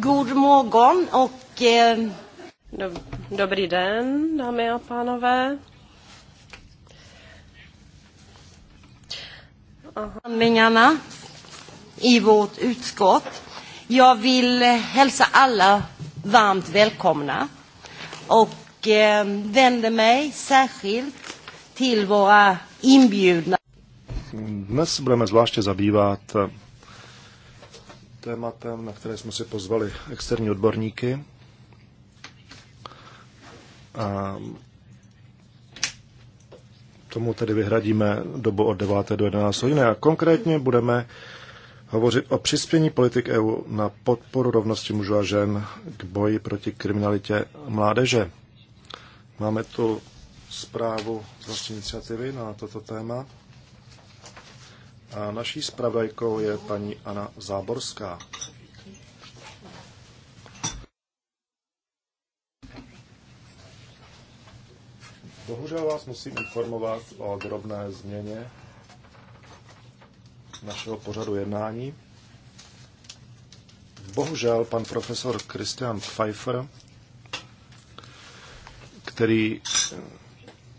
God morgon och... Eh... Dobrý den, dámy a pánové. Handlingarna i vårt utskott. Jag vill hälsa alla varmt välkomna och eh, vänder mig särskilt till våra inbjudna. Dnes budeme zvláště zabývat tématem, na které jsme si pozvali externí odborníky. A tomu tedy vyhradíme dobu od 9. do 11. hodiny a konkrétně budeme hovořit o přispění politik EU na podporu rovnosti mužů a žen k boji proti kriminalitě mládeže. Máme tu zprávu z vlastní iniciativy na toto téma. A naší zpravodajkou je paní Anna Záborská. Bohužel vás musím informovat o drobné změně našeho pořadu jednání. Bohužel pan profesor Christian Pfeiffer, který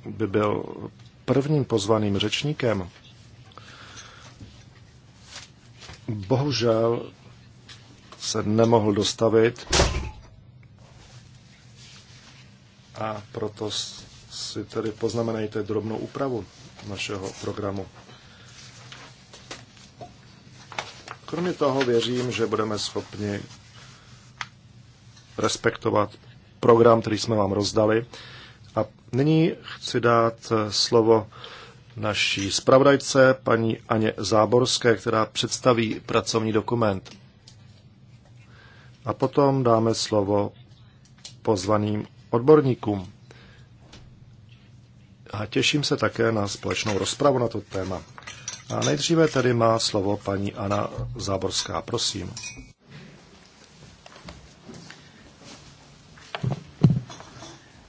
by byl prvním pozvaným řečníkem, Bohužel se nemohl dostavit a proto si tedy poznamenejte drobnou úpravu našeho programu. Kromě toho věřím, že budeme schopni respektovat program, který jsme vám rozdali. A nyní chci dát slovo naší zpravodajce, paní Aně Záborské, která představí pracovní dokument. A potom dáme slovo pozvaným odborníkům. A těším se také na společnou rozpravu na to téma. A nejdříve tedy má slovo paní Anna Záborská. Prosím.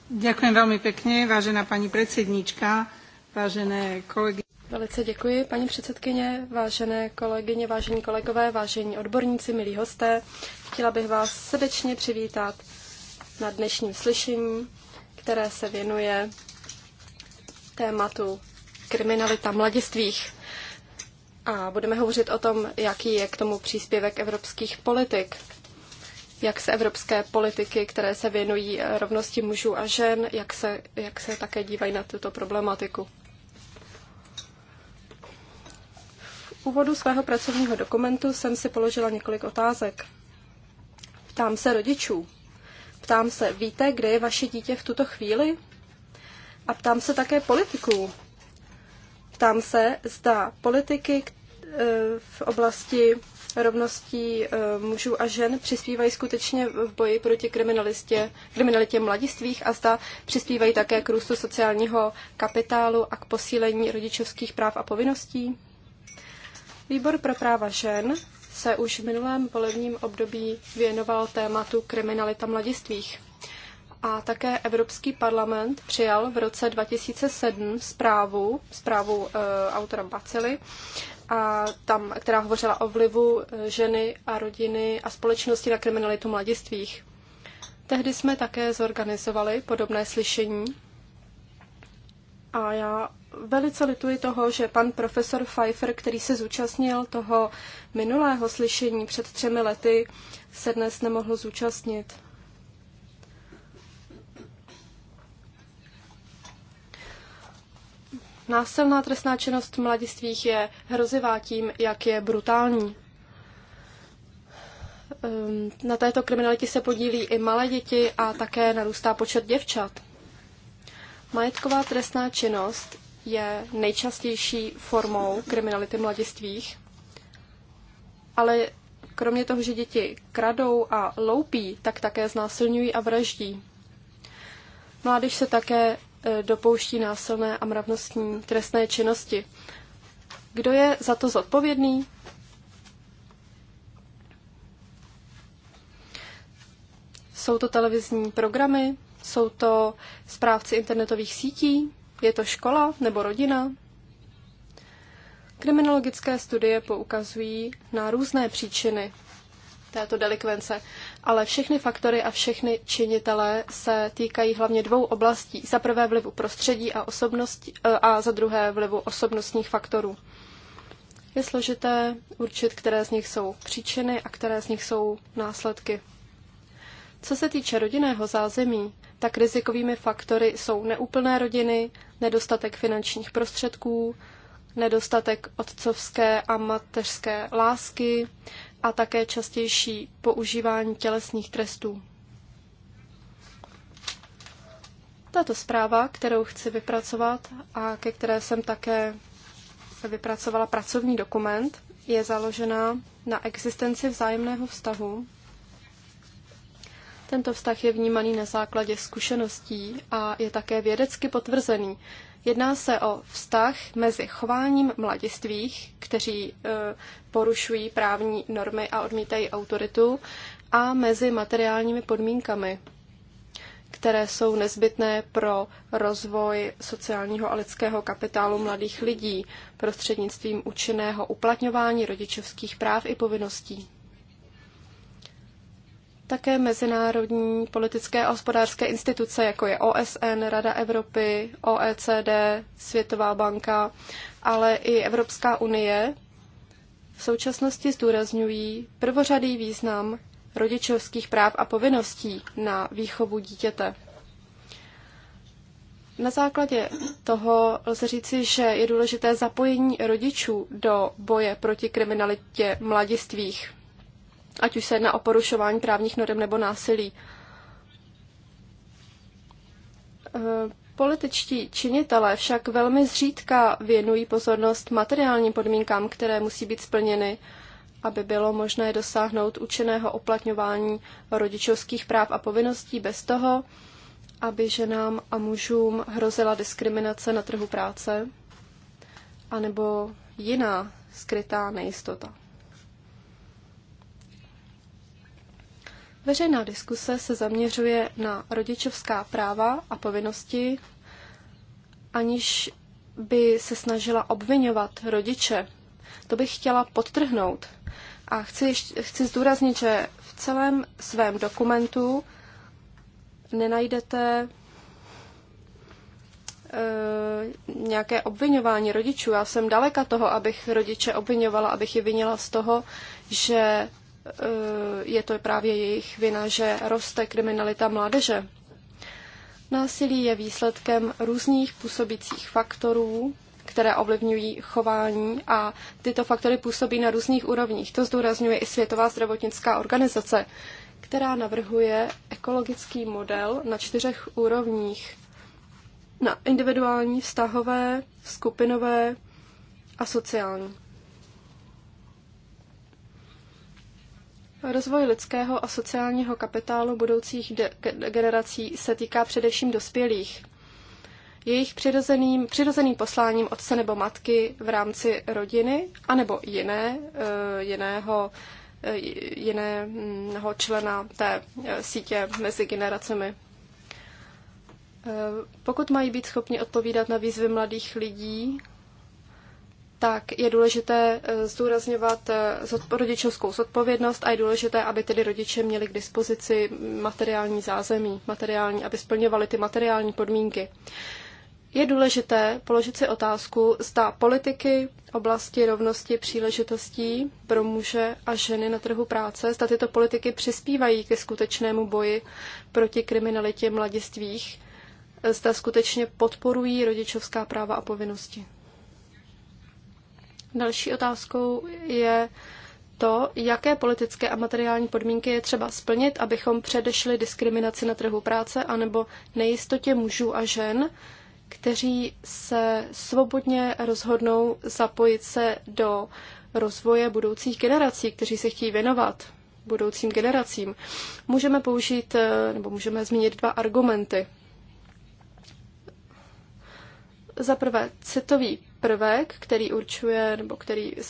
Ďakujem veľmi pekne, vážená pani predsedníčka vážené kolegy. Velice děkuji, paní předsedkyně, vážené kolegyně, vážení kolegové, vážení odborníci, milí hosté. Chtěla bych vás srdečně přivítat na dnešním slyšení, které se věnuje tématu kriminalita mladistvých. A budeme hovořit o tom, jaký je k tomu příspěvek evropských politik jak se evropské politiky, které se věnují rovnosti mužů a žen, jak se, jak se také dívají na tuto problematiku. V úvodu svého pracovního dokumentu jsem si položila několik otázek. Ptám se rodičů. Ptám se, víte, kde je vaše dítě v tuto chvíli? A ptám se také politiků. Ptám se, zda politiky eh, v oblasti rovností eh, mužů a žen přispívají skutečně v boji proti kriminalistě, kriminalitě mladistvých a zda přispívají také k růstu sociálního kapitálu a k posílení rodičovských práv a povinností? Výbor pro práva žen se už v minulém volebním období věnoval tématu kriminalita mladistvých. A také Evropský parlament přijal v roce 2007 zprávu, zprávu e, autora Bacily, a tam, která hovořila o vlivu eh, ženy a rodiny a společnosti na kriminalitu mladistvých. Tehdy jsme také zorganizovali podobné slyšení a já velice lituji toho, že pan profesor Pfeiffer, který se zúčastnil toho minulého slyšení před třemi lety, se dnes nemohl zúčastnit. Násilná trestná činnost mladistvých je hrozivá tím, jak je brutální. Ehm, na této kriminalitě se podílí i malé děti a také narůstá počet děvčat. Majetková trestná činnost je nejčastější formou kriminality mladistvých, ale kromě toho, že děti kradou a loupí, tak také znásilňují a vraždí. Mládež se také E, dopouští násilné a mravnostní trestné činnosti. Kdo je za to zodpovědný? Jsou to televizní programy? Jsou to správci internetových sítí? Je to škola nebo rodina? Kriminologické studie poukazují na různé příčiny této delikvence. Ale všechny faktory a všechny činitelé se týkají hlavně dvou oblastí. Za prvé vlivu prostředí a, osobnosti, eh, a za druhé vlivu osobnostních faktorů. Je složité určit, které z nich jsou příčiny a které z nich jsou následky. Co se týče rodinného zázemí, tak rizikovými faktory jsou neúplné rodiny, nedostatek finančních prostředků, nedostatek otcovské a mateřské lásky, a také častější používání tělesných trestů. Tato zpráva, kterou chci vypracovat a ke které jsem také vypracovala pracovní dokument, je založena na existenci vzájemného vztahu. Tento vztah je vnímaný na základě zkušeností a je také vědecky potvrzený. Jedná se o vztah mezi chováním mladistvých, kteří e, porušují právní normy a odmítají autoritu, a mezi materiálními podmínkami, které jsou nezbytné pro rozvoj sociálního a lidského kapitálu mladých lidí prostřednictvím účinného uplatňování rodičovských práv i povinností. Také mezinárodní politické a hospodářské instituce, jako je OSN, Rada Evropy, OECD, Světová banka, ale i Evropská unie, v současnosti zdůrazňují prvořadý význam rodičovských práv a povinností na výchovu dítěte. Na základě toho lze říci, že je důležité zapojení rodičů do boje proti kriminalitě mladistvých ať už se jedná o porušování právních norm nebo násilí. Eh, političtí činitelé však velmi zřídka věnují pozornost materiálním podmínkám, které musí být splněny, aby bylo možné dosáhnout účinného oplatňování rodičovských práv a povinností bez toho, aby ženám a mužům hrozila diskriminace na trhu práce anebo jiná skrytá nejistota. Veřejná diskuse se zaměřuje na rodičovská práva a povinnosti, aniž by se snažila obvinovat rodiče. To bych chtěla podtrhnout. A chci, chci zdůraznit, že v celém svém dokumentu nenajdete eh, nějaké obvinování rodičů. Já jsem daleka toho, abych rodiče obvinovala, abych je vinila z toho, že Eh, je to právě jejich vina, že roste kriminalita mládeže. Násilí je výsledkem různých působících faktorů, které ovlivňují chování a tyto faktory působí na různých úrovních. To zdůrazňuje i Světová zdravotnická organizace, která navrhuje ekologický model na čtyřech úrovních. Na individuální, vztahové, skupinové a sociální. Rozvoj lidského a sociálního kapitálu budoucích generací se týká především dospělých. Jejich přirozeným, přirozeným posláním otce nebo matky v rámci rodiny anebo jiné, eh, jiného, eh, jiného člena té eh, sítě mezi generacemi. Pokud mají být schopni odpovídat na výzvy mladých lidí, tak je důležité eh, zdůrazňovat eh, rodičovskou zodpovědnost a je důležité, aby tedy rodiče měli k dispozici materiální zázemí, materiální, aby splňovali ty materiální podmínky. Je důležité položit si otázku, zda politiky oblasti rovnosti příležitostí pro muže a ženy na trhu práce, zda tyto politiky přispívají ke skutečnému boji proti kriminalitě mladistvých, eh, zda skutečně podporují rodičovská práva a povinnosti. Další otázkou je to, jaké politické a materiální podmínky je třeba splnit, abychom předešli diskriminaci na trhu práce anebo nejistotě mužů a žen, kteří se svobodně rozhodnou zapojit se do rozvoje budoucích generací, kteří se chtějí věnovat budoucím generacím. Můžeme použít, eh, nebo můžeme zmínit dva argumenty za prvé citový prvek, který určuje nebo který e,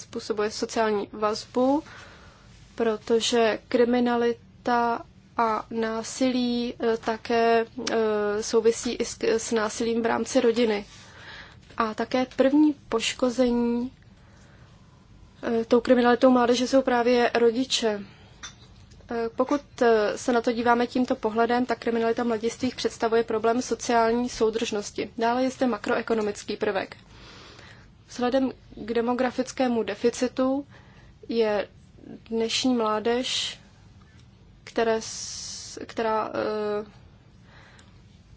způsobuje sociální vazbu, protože kriminalita a násilí e, také e, souvisí i s násilím v rámci rodiny. A také první poškození tou kriminalitou mládeže jsou právě rodiče. Pokud eh, se na to díváme tímto pohledem, tak kriminalita mladistvých představuje problém sociální soudržnosti. Dále je zde makroekonomický prvek. Vzhledem k demografickému deficitu je dnešní mládež, které, která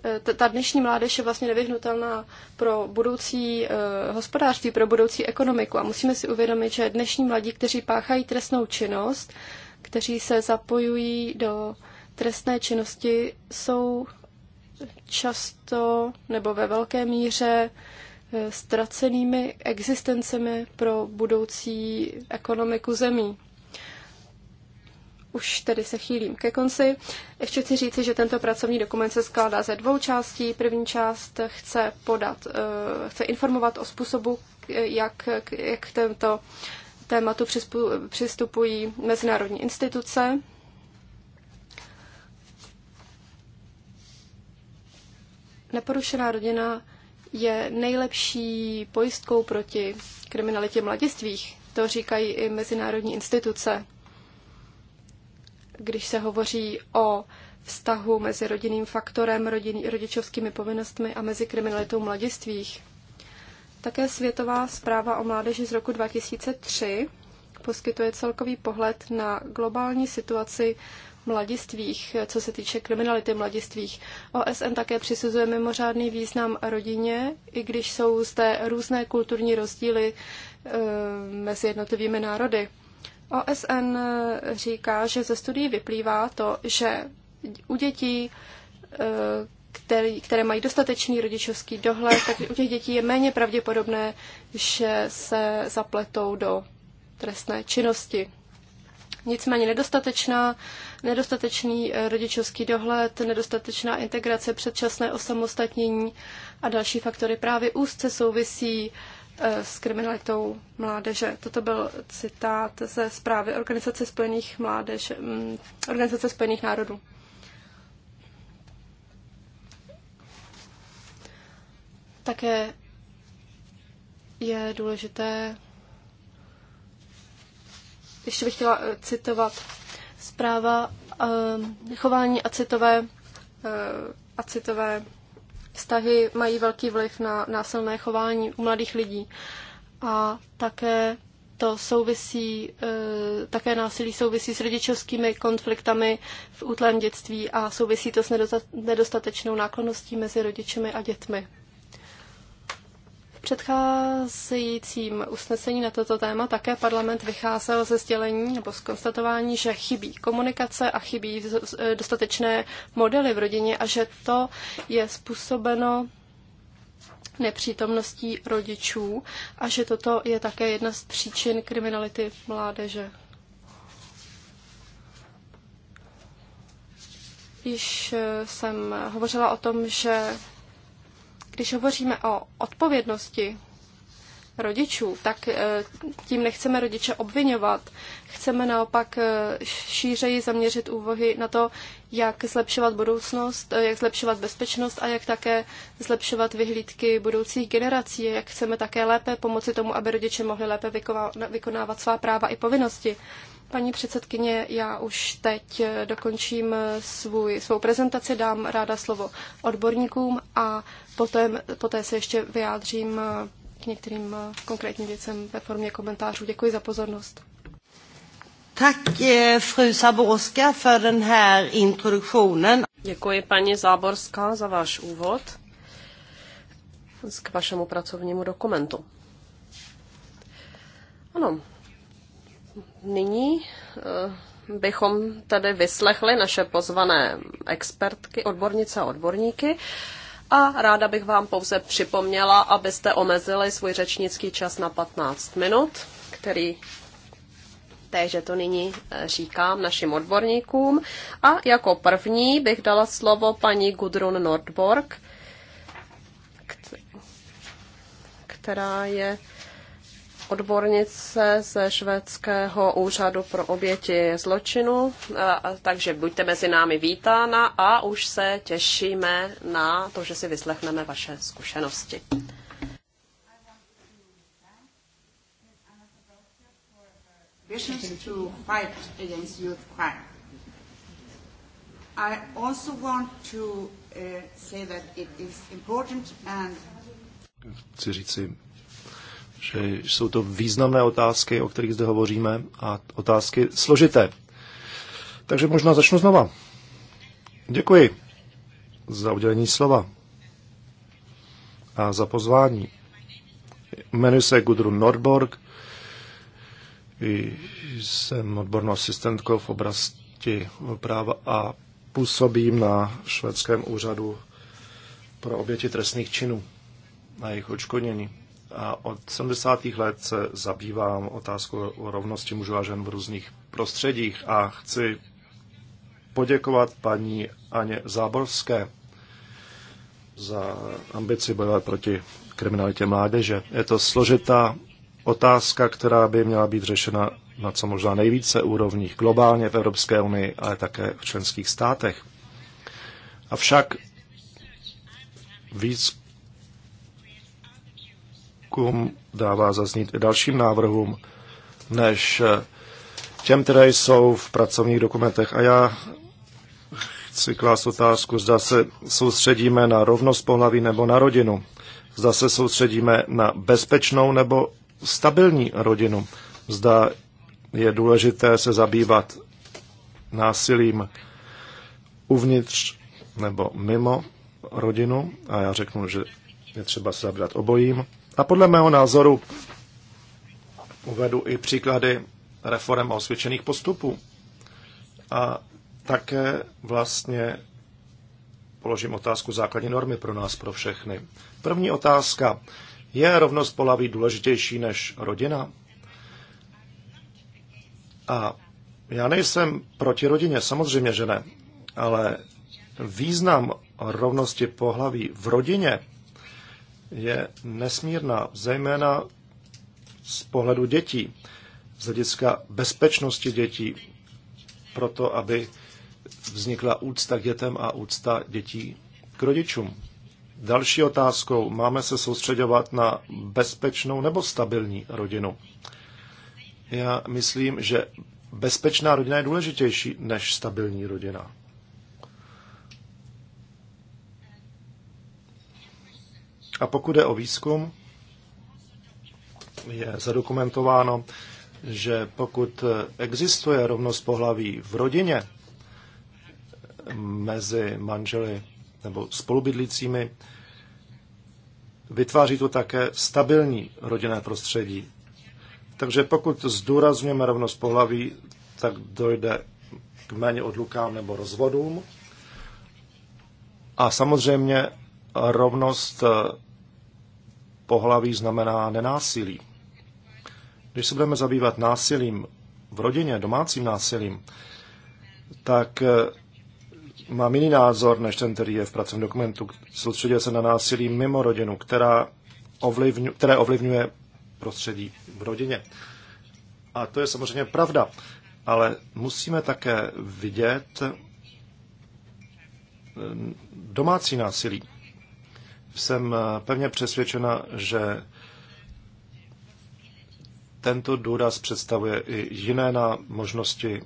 eh, ta dnešní mládež je vlastně nevyhnutelná pro budoucí eh, hospodářství, pro budoucí ekonomiku. A musíme si uvědomit, že dnešní mladí, kteří páchají trestnou činnost, kteří se zapojují do trestné činnosti, jsou často nebo ve velké míře eh, ztracenými existencemi pro budoucí ekonomiku zemí. Už tedy se chýlím ke konci. Ještě chci říci, že tento pracovní dokument se skládá ze dvou částí. První část chce podat, eh, chce informovat o způsobu, jak, jak tento tématu přistupují mezinárodní instituce. Neporušená rodina je nejlepší pojistkou proti kriminalitě mladistvých. To říkají i mezinárodní instituce. Když se hovoří o vztahu mezi rodinným faktorem, rodin, rodičovskými povinnostmi a mezi kriminalitou mladistvých. Také Světová zpráva o mládeži z roku 2003 poskytuje celkový pohled na globální situaci mladistvích, co se týče kriminality mladistvích. OSN také přisuzuje mimořádný význam rodině, i když jsou zde různé kulturní rozdíly e, mezi jednotlivými národy. OSN říká, že ze studií vyplývá to, že u dětí eh, který, které mají dostatečný rodičovský dohled, tak u těch dětí je méně pravděpodobné, že se zapletou do trestné činnosti. Nicméně nedostatečná, nedostatečný eh, rodičovský dohled, nedostatečná integrace, předčasné osamostatnění a další faktory právě úzce souvisí eh, s kriminalitou mládeže. Toto byl citát ze zprávy Organizace spojených, mládež, mm, Organizace spojených národů. Také je důležité, ještě bych chtěla eh, citovat zpráva eh, chování a citové, eh, a citové vztahy mají velký vliv na násilné chování u mladých lidí. A také to souvisí, také násilí souvisí s rodičovskými konfliktami v útlém dětství a souvisí to s nedostatečnou náklonností mezi rodičemi a dětmi předcházejícím usnesení na toto téma také parlament vycházel ze sdělení nebo z konstatování, že chybí komunikace a chybí e, dostatečné modely v rodině a že to je způsobeno nepřítomností rodičů a že toto je také jedna z příčin kriminality mládeže. Již e, jsem hovořila o tom, že když hovoříme o odpovědnosti rodičů, tak eh, tím nechceme rodiče obvinovat. Chceme naopak eh, šířeji zaměřit úvahy na to, jak zlepšovat budoucnost, eh, jak zlepšovat bezpečnost a jak také zlepšovat vyhlídky budoucích generací, jak chceme také lépe pomoci tomu, aby rodiče mohli lépe vykonávat svá práva i povinnosti. Paní předsedkyně, já už teď eh, dokončím eh, svůj, svou prezentaci, dám ráda slovo odborníkům a poté, poté se ještě vyjádřím eh, k některým konkrétním věcem ve formě komentářů. Děkuji za pozornost. Tack fru Zaborska för den här introduktionen. Děkuji paní Záborská za váš úvod k vašemu pracovnímu dokumentu. Ano, Nyní eh, bychom tady vyslechli naše pozvané expertky, odbornice a odborníky. A ráda bych vám pouze připomněla, abyste omezili svůj řečnický čas na 15 minut, který takže to nyní eh, říkám našim odborníkům. A jako první bych dala slovo paní Gudrun Nordborg, která je odbornice ze Švédského úřadu pro oběti zločinu, takže buďte mezi námi vítána a už se těšíme na to, že si vyslechneme vaše zkušenosti. I also want to uh, say that it is important and Chci říci, že jsou to významné otázky, o kterých zde hovoříme, a otázky složité. Takže možná začnu znova. Děkuji za udělení slova a za pozvání. Jmenuji se Gudrun Nordborg. jsem odbornou asistentkou v oblasti práva a působím na švédském úřadu pro oběti trestných činů a jejich očkodnění. A od 70. let se zabývám otázkou o rovnosti mužů a žen v různých prostředích a chci poděkovat paní Aně Záborské za ambici bojovat proti kriminalitě mládeže. Je to složitá otázka, která by měla být řešena na co možná nejvíce úrovních globálně v Evropské unii, ale také v členských státech. Avšak víc krokům dává zaznít i dalším návrhům, než eh, těm, které jsou v pracovních dokumentech. A já chci klást otázku, zda se soustředíme na rovnost pohlaví nebo na rodinu. Zda se soustředíme na bezpečnou nebo stabilní rodinu. Zda je důležité se zabývat násilím uvnitř nebo mimo rodinu. A já řeknu, že je třeba se zabývat obojím. A podle mého názoru uvedu i příklady reform a osvědčených postupů. A také vlastně položím otázku základní normy pro nás, pro všechny. První otázka. Je rovnost pohlaví důležitější než rodina? A já nejsem proti rodině, samozřejmě, že ne, ale význam rovnosti pohlaví v rodině je nesmírná, zejména z pohledu dětí, z hlediska bezpečnosti dětí, proto aby vznikla úcta k dětem a úcta dětí k rodičům. Další otázkou máme se soustředovat na bezpečnou nebo stabilní rodinu. Já myslím, že bezpečná rodina je důležitější než stabilní rodina. A pokud je o výzkum, je zadokumentováno, že pokud existuje rovnost pohlaví v rodině mezi manželi nebo spolubydlícími, vytváří to také stabilní rodinné prostředí. Takže pokud zdůrazňujeme rovnost pohlaví, tak dojde k méně odlukám nebo rozvodům. A samozřejmě rovnost pohlaví znamená nenásilí. Když se budeme zabývat násilím v rodině, domácím násilím, tak eh, mám jiný názor než ten, který je v pracovním dokumentu. Soustředil se na násilí mimo rodinu, která ovlivňu, které ovlivňuje prostředí v rodině. A to je samozřejmě pravda, ale musíme také vidět eh, domácí násilí jsem eh, pevně přesvědčena, že tento důraz představuje i jiné na možnosti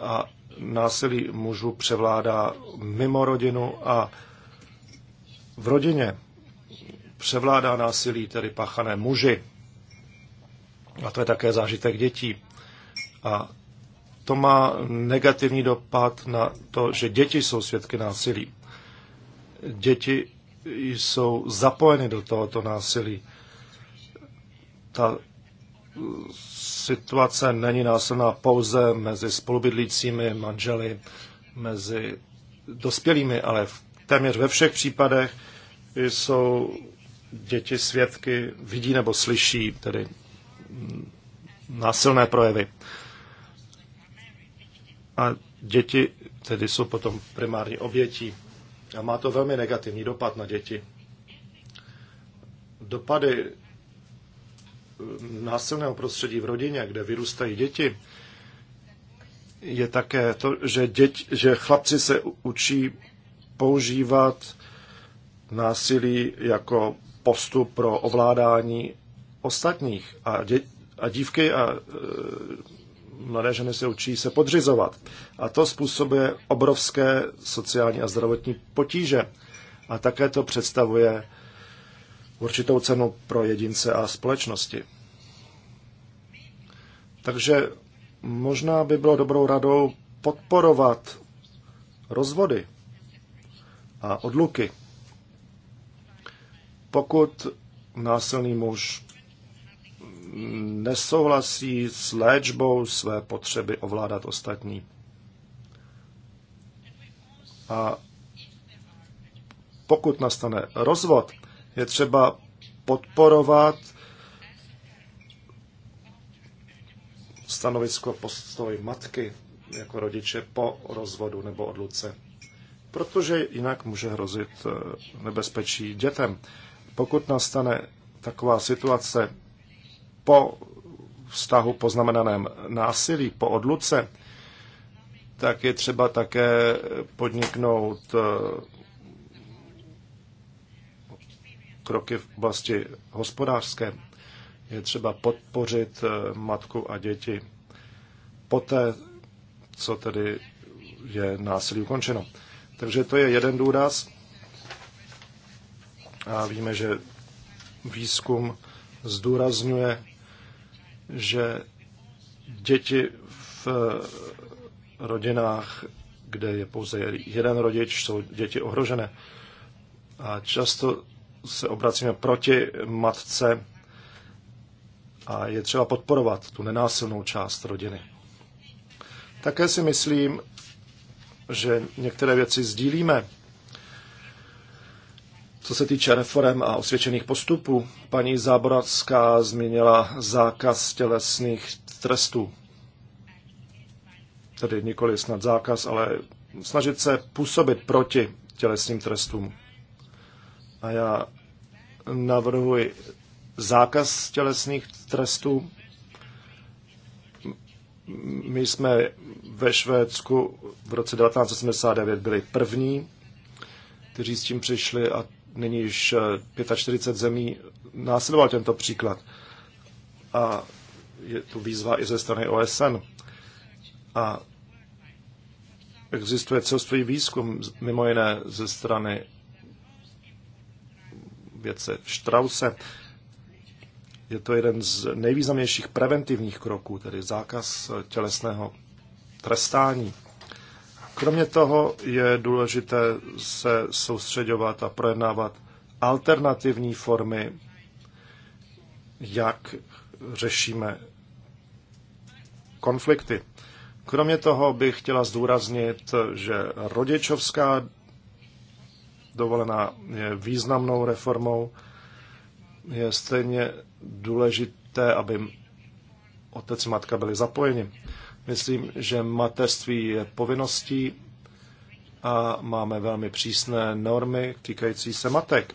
a násilí mužů převládá mimo rodinu a v rodině převládá násilí, tedy páchané muži. A to je také zážitek dětí. A to má negativní dopad na to, že děti jsou svědky násilí. Děti jsou zapojeny do tohoto násilí. Ta situace není násilná pouze mezi spolubydlícími manželi, mezi dospělými, ale v téměř ve všech případech jsou děti svědky, vidí nebo slyší tedy násilné projevy. A děti tedy jsou potom primární obětí. A má to velmi negativní dopad na děti. Dopady eh, násilného prostředí v rodině, kde vyrůstají děti, je také to, že, děť, že chlapci se učí používat násilí jako postup pro ovládání ostatních. A, dě, a dívky a eh, mladé ženy se učí se podřizovat. A to způsobuje obrovské sociální a zdravotní potíže. A také to představuje určitou cenu pro jedince a společnosti. Takže možná by bylo dobrou radou podporovat rozvody a odluky. Pokud násilný muž nesouhlasí s léčbou své potřeby ovládat ostatní. A pokud nastane rozvod, je třeba podporovat stanovisko postoj matky jako rodiče po rozvodu nebo odluce. Protože jinak může hrozit eh, nebezpečí dětem. Pokud nastane taková situace, po vztahu poznamenaném násilí, po odluce, tak je třeba také podniknout eh, kroky v oblasti hospodářské. Je třeba podpořit eh, matku a děti poté, co tedy je násilí ukončeno. Takže to je jeden důraz. A víme, že výzkum zdůrazňuje že děti v rodinách, kde je pouze jeden rodič, jsou děti ohrožené. A často se obracíme proti matce a je třeba podporovat tu nenásilnou část rodiny. Také si myslím, že některé věci sdílíme co se týče reform a osvědčených postupů, paní Záboravská zmínila zákaz tělesných trestů. Tedy nikoli snad zákaz, ale snažit se působit proti tělesným trestům. A já navrhuji zákaz tělesných trestů. My jsme ve Švédsku v roce 1989 byli první, kteří s tím přišli a nyní již 45 eh, zemí následoval tento příklad. A je tu výzva i ze strany OSN. A existuje celostvý výzkum, mimo jiné ze strany věce Strause. Je to jeden z nejvýznamnějších preventivních kroků, tedy zákaz tělesného trestání. Kromě toho je důležité se soustředovat a projednávat alternativní formy, jak řešíme konflikty. Kromě toho bych chtěla zdůraznit, že rodičovská dovolená je významnou reformou. Je stejně důležité, aby otec a matka byli zapojeni. Myslím, že mateřství je povinností a máme velmi přísné normy týkající se matek.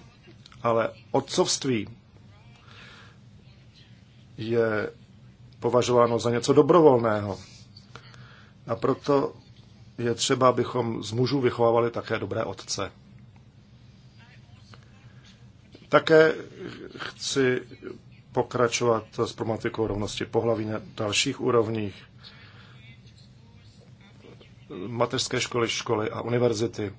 Ale otcovství je považováno za něco dobrovolného. A proto je třeba, abychom z mužů vychovávali také dobré otce. Také chci pokračovat s problematikou rovnosti pohlaví na dalších úrovních mateřské školy, školy a univerzity.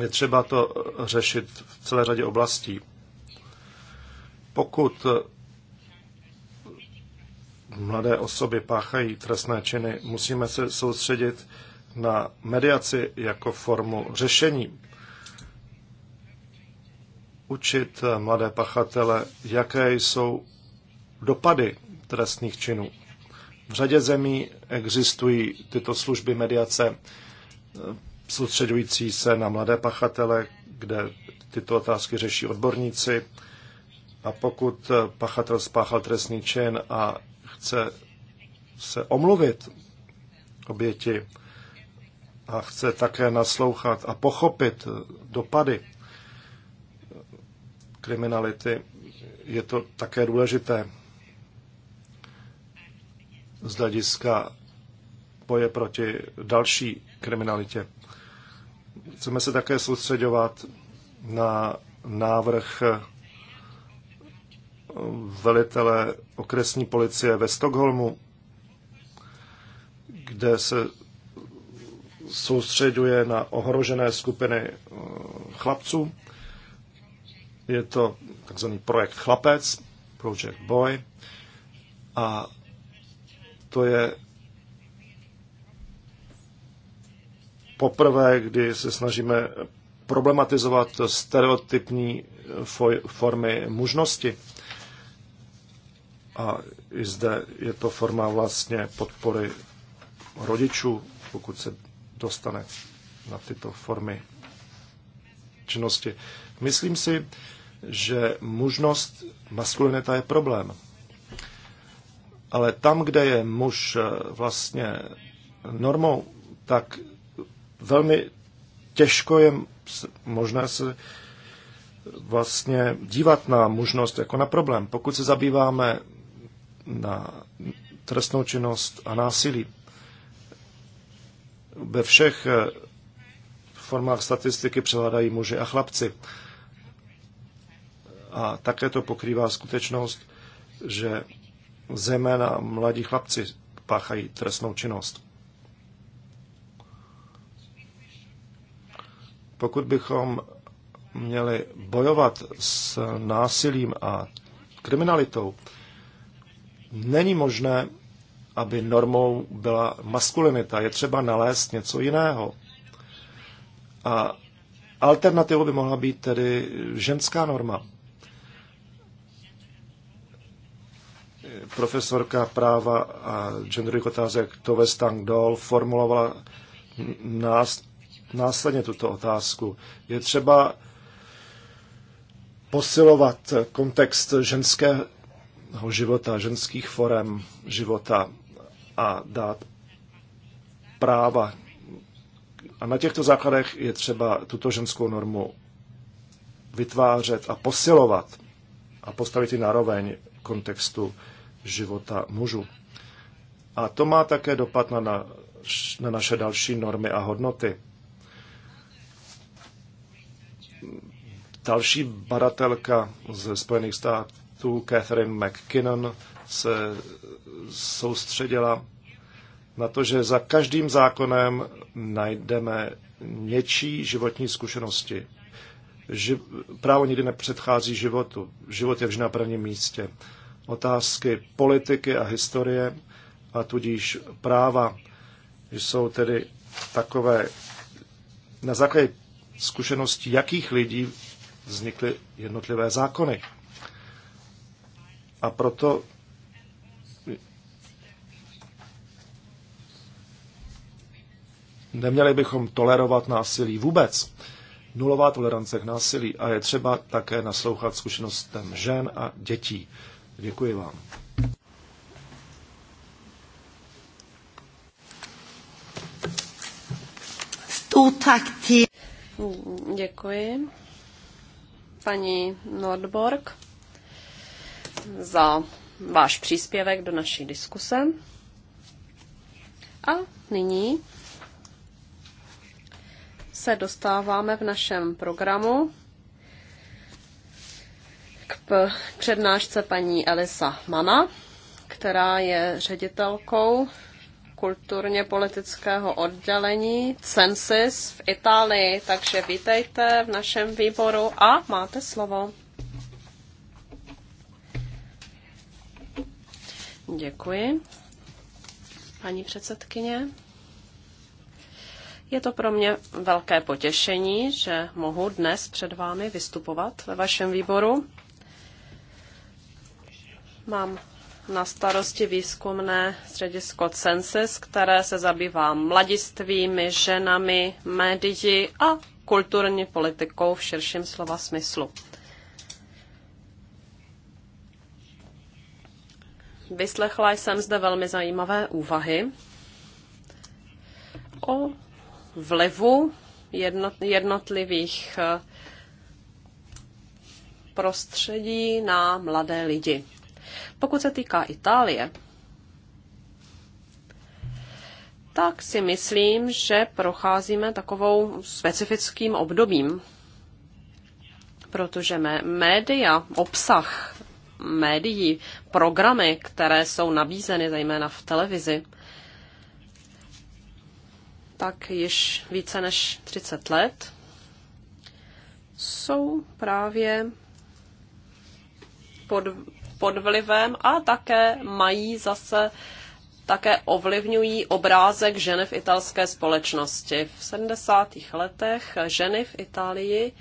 Je třeba to řešit v celé řadě oblastí. Pokud mladé osoby páchají trestné činy, musíme se soustředit na mediaci jako formu řešení. Učit mladé pachatele, jaké jsou dopady trestných činů. V řadě zemí existují tyto služby mediace eh, soustředující se na mladé pachatele, kde tyto otázky řeší odborníci. A pokud eh, pachatel spáchal trestný čin a chce se omluvit oběti a chce také naslouchat a pochopit eh, dopady kriminality, je to také důležité z hlediska boje proti další kriminalitě. Chceme se také soustředovat na návrh velitele okresní policie ve Stockholmu, kde se soustředuje na ohrožené skupiny eh, chlapců. Je to takzvaný projekt Chlapec, Project Boy. A to je poprvé, kdy se snažíme problematizovat stereotypní formy mužnosti. A i zde je to forma vlastně podpory rodičů, pokud se dostane na tyto formy činnosti. Myslím si, že mužnost maskulinita je problém ale tam, kde je muž eh, vlastně normou, tak velmi těžko je možné se vlastně dívat na mužnost jako na problém. Pokud se zabýváme na trestnou činnost a násilí, ve všech eh, formách statistiky převládají muži a chlapci. A také to pokrývá skutečnost, že zejména mladí chlapci páchají trestnou činnost. Pokud bychom měli bojovat s násilím a kriminalitou, není možné, aby normou byla maskulinita. Je třeba nalézt něco jiného. A alternativou by mohla být tedy ženská norma. profesorka práva a genderových otázek Tove Stangdol formulovala nás, následně tuto otázku. Je třeba posilovat kontext ženského života, ženských forem života a dát práva. A na těchto základech je třeba tuto ženskou normu vytvářet a posilovat a postavit ji na roveň kontextu života mužů. A to má také dopad na, na, na naše další normy a hodnoty. Další badatelka ze Spojených států, Catherine McKinnon, se soustředila na to, že za každým zákonem najdeme něčí životní zkušenosti. Ži- právo nikdy nepředchází životu. Život je vždy na prvním místě. Otázky politiky a historie a tudíž práva jsou tedy takové na základě zkušenosti, jakých lidí vznikly jednotlivé zákony. A proto neměli bychom tolerovat násilí vůbec. Nulová tolerance k násilí a je třeba také naslouchat zkušenostem žen a dětí. Děkuji vám. Stutakti. Děkuji. Paní Nordborg za váš příspěvek do naší diskuse. A nyní se dostáváme v našem programu k přednášce paní Elisa Mana, která je ředitelkou kulturně politického oddělení Censis v Itálii. Takže vítejte v našem výboru a máte slovo. Děkuji. Paní předsedkyně. Je to pro mě velké potěšení, že mohu dnes před vámi vystupovat ve vašem výboru. Mám na starosti výzkumné středisko Census, které se zabývá mladistvými, ženami, médií a kulturní politikou v širším slova smyslu. Vyslechla jsem zde velmi zajímavé úvahy o vlivu jednotlivých eh, prostředí na mladé lidi. Pokud se týká Itálie, tak si myslím, že procházíme takovou specifickým obdobím, protože média, obsah médií, programy, které jsou nabízeny zejména v televizi, tak již více než 30 let, jsou právě pod pod vlivem a také mají zase také ovlivňují obrázek ženy v italské společnosti. V 70. letech ženy v Itálii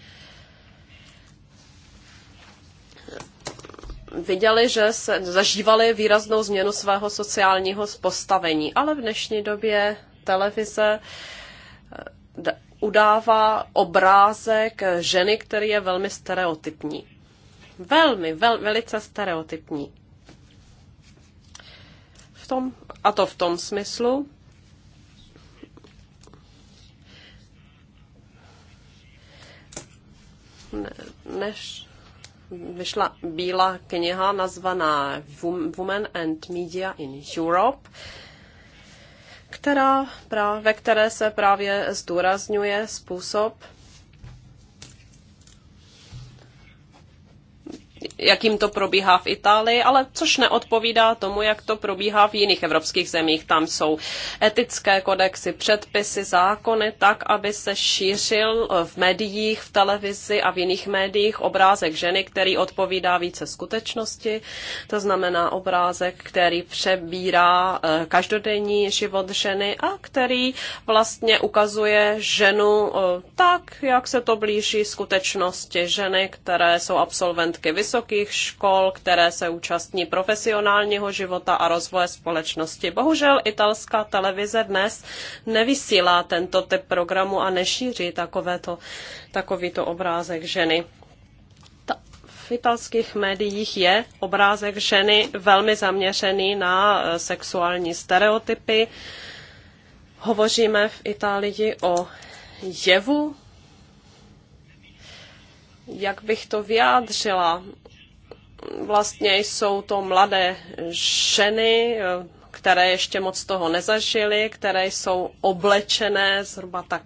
viděli, že se zažívali výraznou změnu svého sociálního postavení, ale v dnešní době televize eh, udává obrázek ženy, který je velmi stereotypní velmi, vel, velice stereotypní. V tom, a to v tom smyslu, než vyšla bílá kniha nazvaná Women and Media in Europe, která, ve které se právě zdůrazňuje způsob, jakým to probíhá v Itálii, ale což neodpovídá tomu, jak to probíhá v jiných evropských zemích. Tam jsou etické kodexy, předpisy, zákony, tak, aby se šířil eh, v médiích, v televizi a v jiných médiích obrázek ženy, který odpovídá více skutečnosti. To znamená obrázek, který přebírá eh, každodenní život ženy a který vlastně ukazuje ženu eh, tak, jak se to blíží skutečnosti ženy, které jsou absolventky vysokých škol, které se účastní profesionálního života a rozvoje společnosti. Bohužel italská televize dnes nevysílá tento typ programu a nešíří takovéto, takovýto obrázek ženy v italských médiích je obrázek ženy velmi zaměřený na eh, sexuální stereotypy. Hovoříme v Itálii o jevu, jak bych to vyjádřila, vlastně jsou to mladé ženy, které ještě moc toho nezažily, které jsou oblečené zhruba tak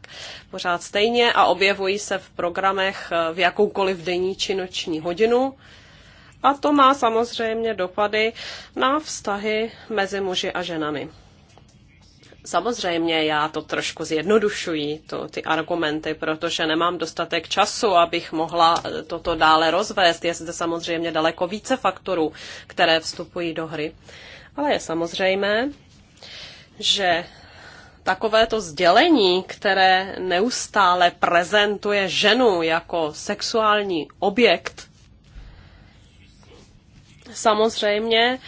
pořád stejně a objevují se v programech v jakoukoliv denní či noční hodinu. A to má samozřejmě dopady na vztahy mezi muži a ženami. Samozřejmě já to trošku zjednodušuji, to, ty argumenty, protože nemám dostatek času, abych mohla eh, toto dále rozvést. Je zde samozřejmě daleko více faktorů, které vstupují do hry. Ale je samozřejmé, že takovéto sdělení, které neustále prezentuje ženu jako sexuální objekt, samozřejmě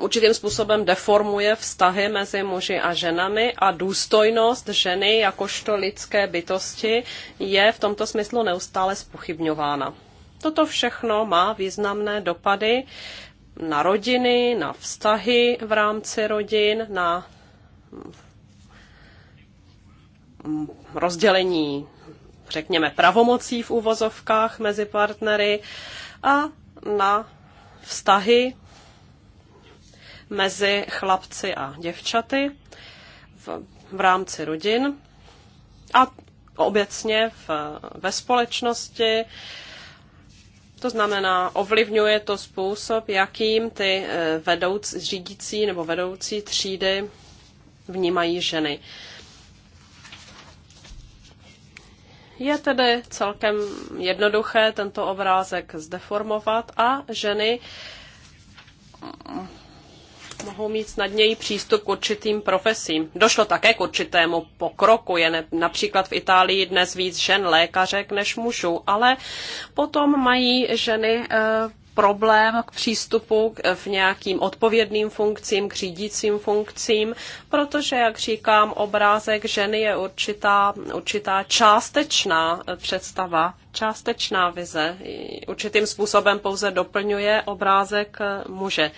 určitým způsobem deformuje vztahy mezi muži a ženami a důstojnost ženy jakožto lidské bytosti je v tomto smyslu neustále spochybňována. Toto všechno má významné dopady na rodiny, na vztahy v rámci rodin, na rozdělení, řekněme, pravomocí v uvozovkách mezi partnery a na vztahy mezi chlapci a děvčaty v, v rámci rodin a obecně v, ve společnosti. To znamená, ovlivňuje to způsob, jakým ty eh, vedoucí, řídící nebo vedoucí třídy vnímají ženy. Je tedy celkem jednoduché tento obrázek zdeformovat a ženy mohou mít snadněji přístup k určitým profesím. Došlo také k určitému pokroku, je například v Itálii dnes víc žen lékařek než mužů, ale potom mají ženy eh, problém k přístupu v nějakým odpovědným funkcím, k řídícím funkcím, protože, jak říkám, obrázek ženy je určitá, určitá částečná eh, představa, částečná vize. Určitým způsobem pouze doplňuje obrázek eh, muže.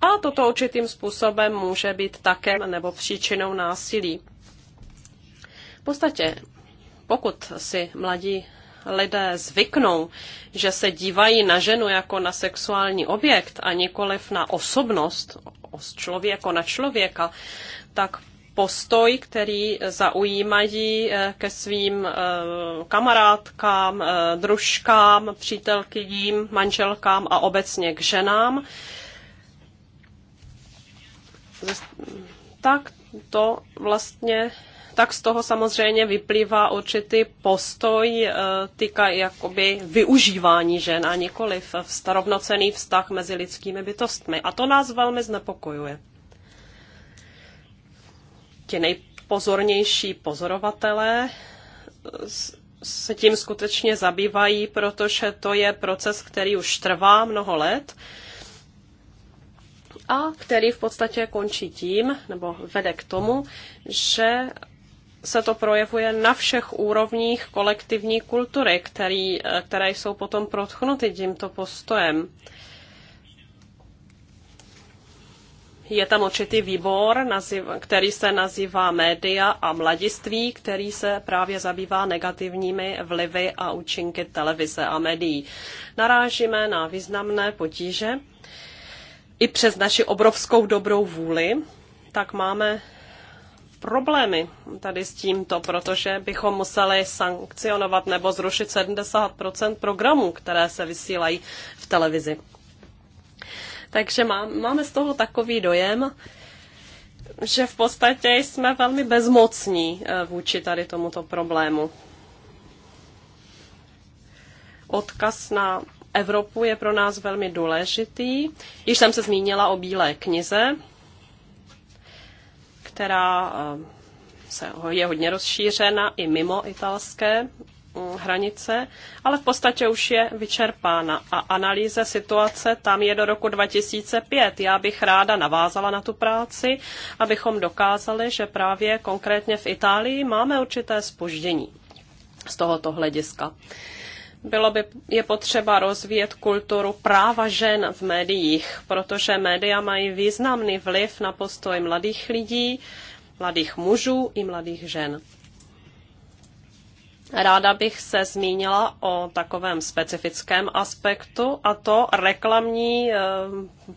A toto určitým způsobem může být také nebo příčinou násilí. V podstatě, pokud si mladí lidé zvyknou, že se dívají na ženu jako na sexuální objekt a nikoliv na osobnost, člověka, na člověka, tak postoj, který zaujímají eh, ke svým eh, kamarádkám, eh, družkám, přítelkyním, manželkám a obecně k ženám, tak to vlastně tak z toho samozřejmě vyplývá určitý postoj eh, týka jakoby využívání žen a nikoliv starovnocený vztah mezi lidskými bytostmi. A to nás velmi znepokojuje. Ti nejpozornější pozorovatelé eh, se tím skutečně zabývají, protože to je proces, který už trvá mnoho let a který v podstatě končí tím, nebo vede k tomu, že se to projevuje na všech úrovních kolektivní kultury, který, které jsou potom protchnuty tímto postojem. Je tam určitý výbor, který se nazývá Média a mladiství, který se právě zabývá negativními vlivy a účinky televize a médií. Narážíme na významné potíže i přes naši obrovskou dobrou vůli, tak máme problémy tady s tímto, protože bychom museli sankcionovat nebo zrušit 70 programů, které se vysílají v televizi. Takže má, máme z toho takový dojem, že v podstatě jsme velmi bezmocní eh, vůči tady tomuto problému. Odkaz na Evropu je pro nás velmi důležitý. Již jsem se zmínila o Bílé knize, která eh, se je hodně rozšířena i mimo italské mm, hranice, ale v podstatě už je vyčerpána a analýze situace tam je do roku 2005. Já bych ráda navázala na tu práci, abychom dokázali, že právě konkrétně v Itálii máme určité spoždění z tohoto hlediska bylo by, je potřeba rozvíjet kulturu práva žen v médiích, protože média mají významný vliv na postoj mladých lidí, mladých mužů i mladých žen. Ráda bych se zmínila o takovém specifickém aspektu a to reklamní eh,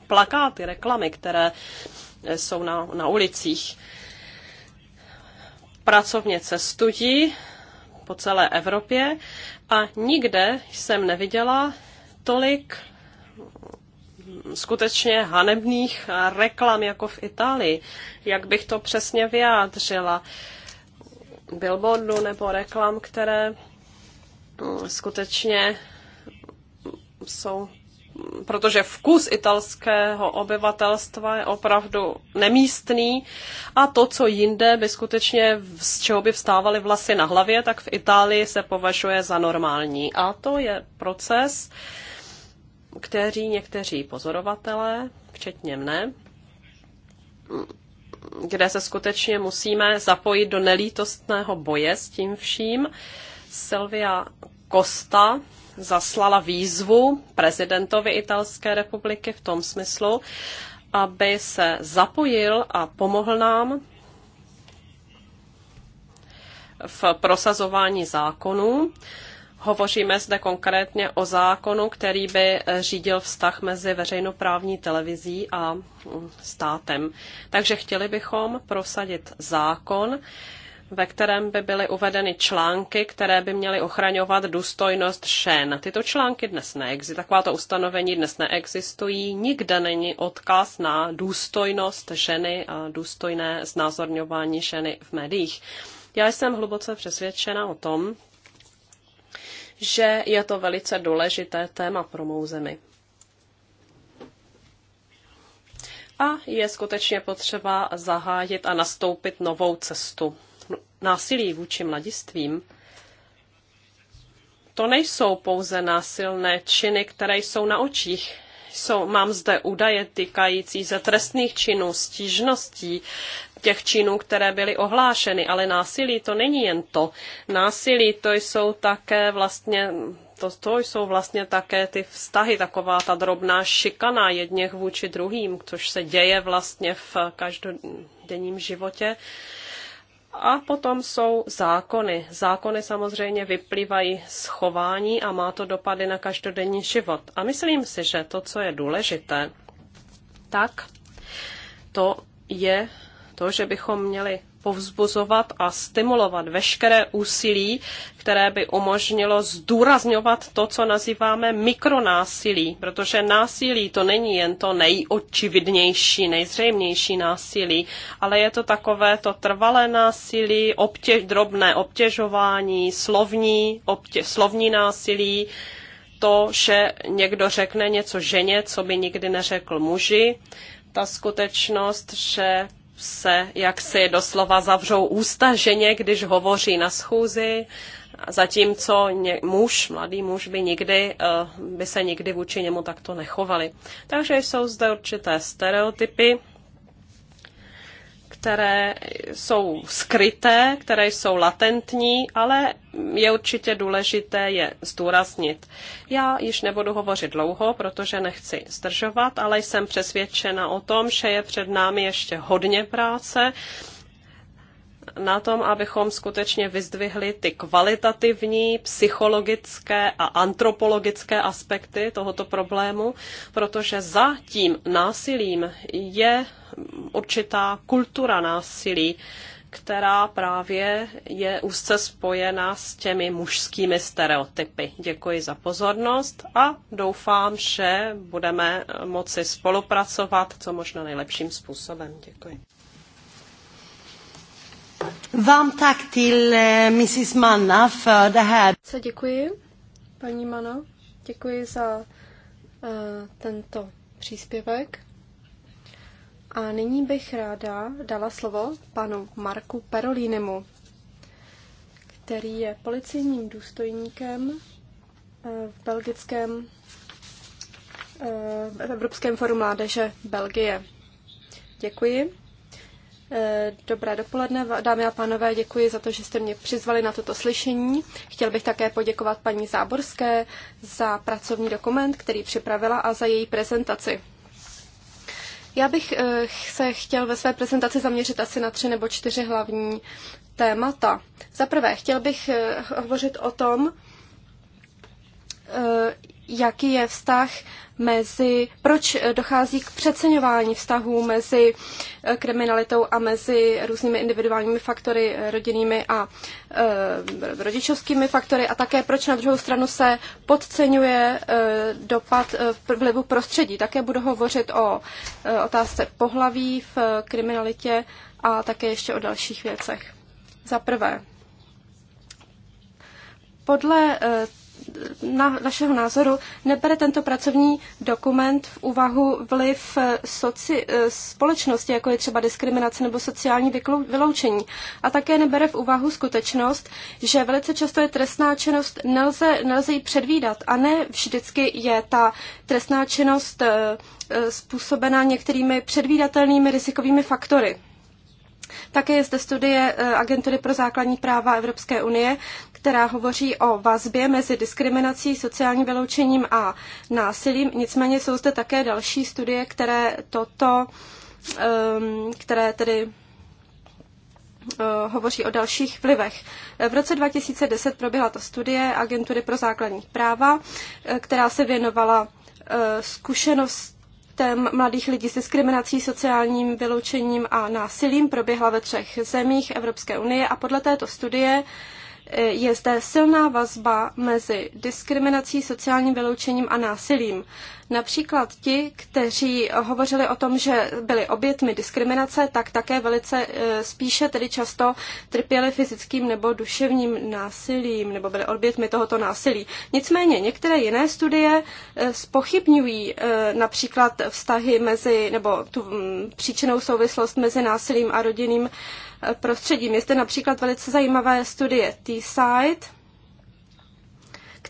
plakáty, reklamy, které jsou na, na ulicích. Pracovnice studí po celé Evropě a nikde jsem neviděla tolik skutečně hanebných reklam jako v Itálii. Jak bych to přesně vyjádřila? Billboardu nebo reklam, které mm, skutečně jsou protože vkus italského obyvatelstva je opravdu nemístný a to, co jinde by skutečně, z čeho by vstávaly vlasy na hlavě, tak v Itálii se považuje za normální. A to je proces, který někteří pozorovatelé, včetně mne, kde se skutečně musíme zapojit do nelítostného boje s tím vším. Silvia Costa, zaslala výzvu prezidentovi Italské republiky v tom smyslu, aby se zapojil a pomohl nám v prosazování zákonů. Hovoříme zde konkrétně o zákonu, který by řídil vztah mezi veřejnoprávní televizí a státem. Takže chtěli bychom prosadit zákon, ve kterém by byly uvedeny články, které by měly ochraňovat důstojnost žen. Tyto články dnes neexistují, takováto ustanovení dnes neexistují, nikde není odkaz na důstojnost ženy a důstojné znázorňování ženy v médiích. Já jsem hluboce přesvědčena o tom, že je to velice důležité téma pro mou zemi. a je skutečně potřeba zahájit a nastoupit novou cestu násilí vůči mladistvím, to nejsou pouze násilné činy, které jsou na očích. Jsou, mám zde údaje týkající se trestných činů, stížností, těch činů, které byly ohlášeny, ale násilí to není jen to. Násilí to jsou také vlastně to, to jsou vlastně také ty vztahy, taková ta drobná šikana jedněch vůči druhým, což se děje vlastně v každodenním životě. Uh, a potom jsou zákony. Zákony samozřejmě vyplývají z chování a má to dopady na každodenní život. A myslím si, že to, co je důležité, tak to je to, že bychom měli povzbuzovat a stimulovat veškeré úsilí, které by umožnilo zdůrazňovat to, co nazýváme mikronásilí, protože násilí to není jen to nejočividnější, nejzřejmější násilí, ale je to takové to trvalé násilí, obtěž, drobné obtěžování, slovní, obtě, slovní násilí, to, že někdo řekne něco ženě, co by nikdy neřekl muži, ta skutečnost, že se jaksi doslova zavřou ústa ženě, když hovoří na schůzi, zatímco ně, muž, mladý muž by nikdy, eh, by se nikdy vůči němu takto nechovali. Takže jsou zde určité stereotypy, které jsou skryté, které jsou latentní, ale je určitě důležité je zdůraznit. Já již nebudu hovořit dlouho, protože nechci zdržovat, ale jsem přesvědčena o tom, že je před námi ještě hodně práce na tom, abychom skutečně vyzdvihli ty kvalitativní, psychologické a antropologické aspekty tohoto problému, protože za tím násilím je určitá kultura násilí, která právě je úzce spojená s těmi mužskými stereotypy. Děkuji za pozornost a doufám, že budeme moci spolupracovat co možná nejlepším způsobem. Děkuji. Vám tak till eh, Mrs. Manna för det här. Co děkuji, paní Mana. Děkuji za uh, tento příspěvek. A nyní bych ráda dala slovo panu Marku Perolínemu, který je policejním důstojníkem eh, v belgickém v Evropském foru mládeže Belgie. Děkuji. Eh, dobré dopoledne, dámy a pánové, děkuji za to, že jste mě přizvali na toto slyšení. Chtěl bych také poděkovat paní Záborské za pracovní dokument, který připravila a za její prezentaci. Já bych eh, se chtěl ve své prezentaci zaměřit asi na tři nebo čtyři hlavní témata. Za prvé, chtěl bych eh, hovořit o tom, Eh, jaký je vztah mezi, proč dochází k přeceňování vztahů mezi eh, kriminalitou a mezi různými individuálními faktory, eh, rodinnými a rodičovskými faktory a také proč na druhou stranu se podceňuje dopad vlivu prostředí. Také budu hovořit o otázce pohlaví v kriminalitě a také ještě o dalších věcech. Za prvé, podle na našeho názoru nebere tento pracovní dokument v úvahu vliv eh, soci, eh, společnosti, jako je třeba diskriminace nebo sociální vyloučení. A také nebere v úvahu skutečnost, že velice často je trestná činnost, nelze, nelze ji předvídat a ne vždycky je ta trestná činnost eh, způsobená některými předvídatelnými rizikovými faktory. Také je zde studie Agentury pro základní práva Evropské unie, která hovoří o vazbě mezi diskriminací, sociálním vyloučením a násilím. Nicméně jsou zde také další studie, které toto, ehm, které tedy eh, hovoří o dalších vlivech. V roce 2010 proběhla ta studie Agentury pro základní práva, eh, která se věnovala eh, zkušenostem mladých lidí s diskriminací, sociálním vyloučením a násilím. Proběhla ve třech zemích Evropské unie a podle této studie je zde silná vazba mezi diskriminací, sociálním vyloučením a násilím. Například ti, kteří hovořili o tom, že byli obětmi diskriminace, tak také velice e, spíše tedy často trpěli fyzickým nebo duševním násilím, nebo byli obětmi tohoto násilí. Nicméně některé jiné studie e, spochybňují e, například vztahy mezi, nebo tu příčinou souvislost mezi násilím a rodinným prostředím. Je zde například velice zajímavé studie T-Side,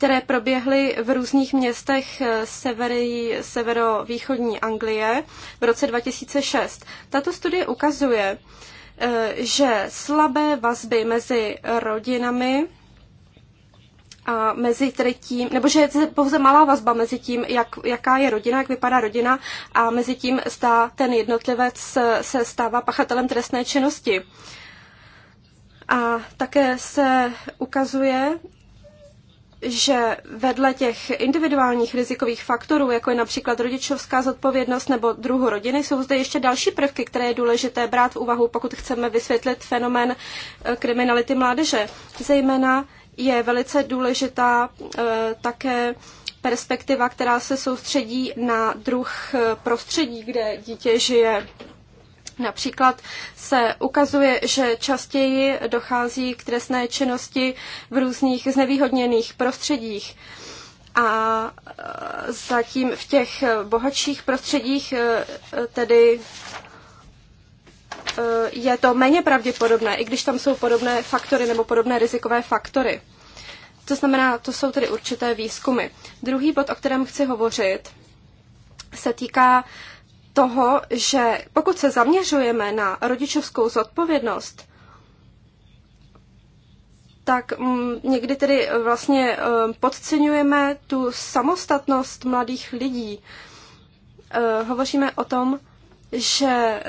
které proběhly v různých městech eh, severi, severovýchodní Anglie v roce 2006. Tato studie ukazuje, eh, že slabé vazby mezi rodinami a mezi tedy tím, nebo že je pouze malá vazba mezi tím, jak, jaká je rodina, jak vypadá rodina a mezi tím stá ten jednotlivec se stává pachatelem trestné činnosti. A také se ukazuje, že vedle těch individuálních rizikových faktorů, jako je například rodičovská zodpovědnost nebo druhu rodiny, jsou zde ještě další prvky, které je důležité brát v úvahu, pokud chceme vysvětlit fenomén eh, kriminality mládeže. Zejména je velice důležitá eh, také perspektiva, která se soustředí na druh eh, prostředí, kde dítě žije. Například se ukazuje, že častěji dochází k trestné činnosti v různých znevýhodněných prostředích. A e, zatím v těch bohatších prostředích e, tedy e, je to méně pravděpodobné, i když tam jsou podobné faktory nebo podobné rizikové faktory. To znamená, to jsou tedy určité výzkumy. Druhý bod, o kterém chci hovořit, se týká toho, že pokud se zaměřujeme na rodičovskou zodpovědnost, tak mm, někdy tedy e, vlastně e, podceňujeme tu samostatnost mladých lidí. E, hovoříme o tom, že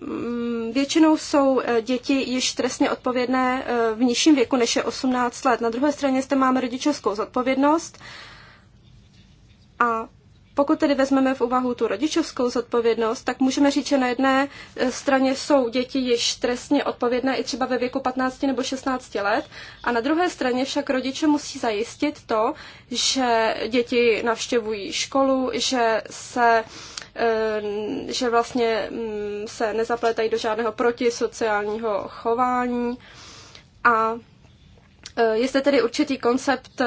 mm, většinou jsou děti již trestně odpovědné v nižším věku než je 18 let. Na druhé straně zde máme rodičovskou zodpovědnost a pokud tedy vezmeme v úvahu tu rodičovskou zodpovědnost, tak můžeme říct, že na jedné e, straně jsou děti již trestně odpovědné i třeba ve věku 15 nebo 16 let, a na druhé straně však rodiče musí zajistit to, že děti navštěvují školu, že se e, že vlastně mm, se nezapletají do žádného protisociálního chování a e, je zde tedy určitý koncept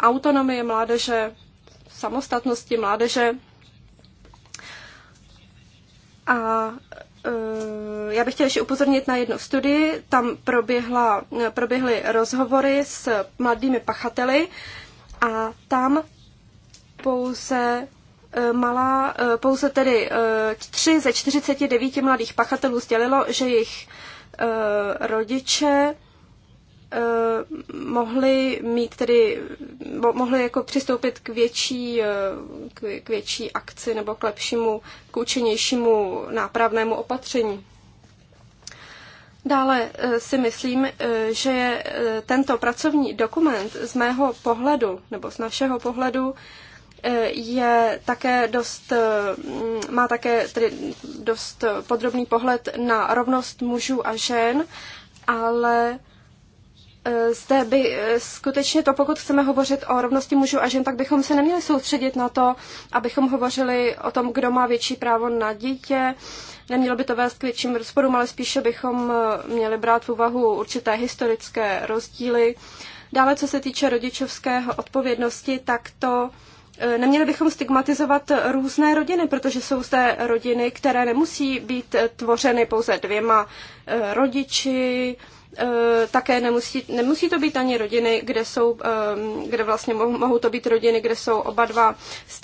autonomie mládeže samostatnosti mládeže. A e, já bych chtěla ještě upozornit na jednu studii. Tam proběhla, proběhly rozhovory s mladými pachateli a tam pouze e, malá, e, pouze tedy 3 ze 49 mladých pachatelů sdělilo, že jejich rodiče Eh, mohli mít tedy, mohli jako přistoupit k větší, eh, k větší akci nebo k lepšímu, k účinnějšímu nápravnému opatření. Dále eh, si myslím, že je tento pracovní dokument z mého pohledu nebo z našeho pohledu je také dost, má také tedy dost podrobný pohled na rovnost mužů a žen, ale Eh, zde by eh, skutečně to, pokud chceme hovořit o rovnosti mužů a žen, tak bychom se neměli soustředit na to, abychom hovořili o tom, kdo má větší právo na dítě. Nemělo by to vést k větším rozporům, ale spíše bychom eh, měli brát v úvahu určité historické rozdíly. Dále, co se týče rodičovského odpovědnosti, tak to Neměli bychom stigmatizovat různé rodiny, protože jsou zde rodiny, které nemusí být tvořeny pouze dvěma rodiči, Eh, také nemusí, nemusí to být ani rodiny, kde jsou, eh, kde vlastně mohou to být rodiny, kde jsou oba dva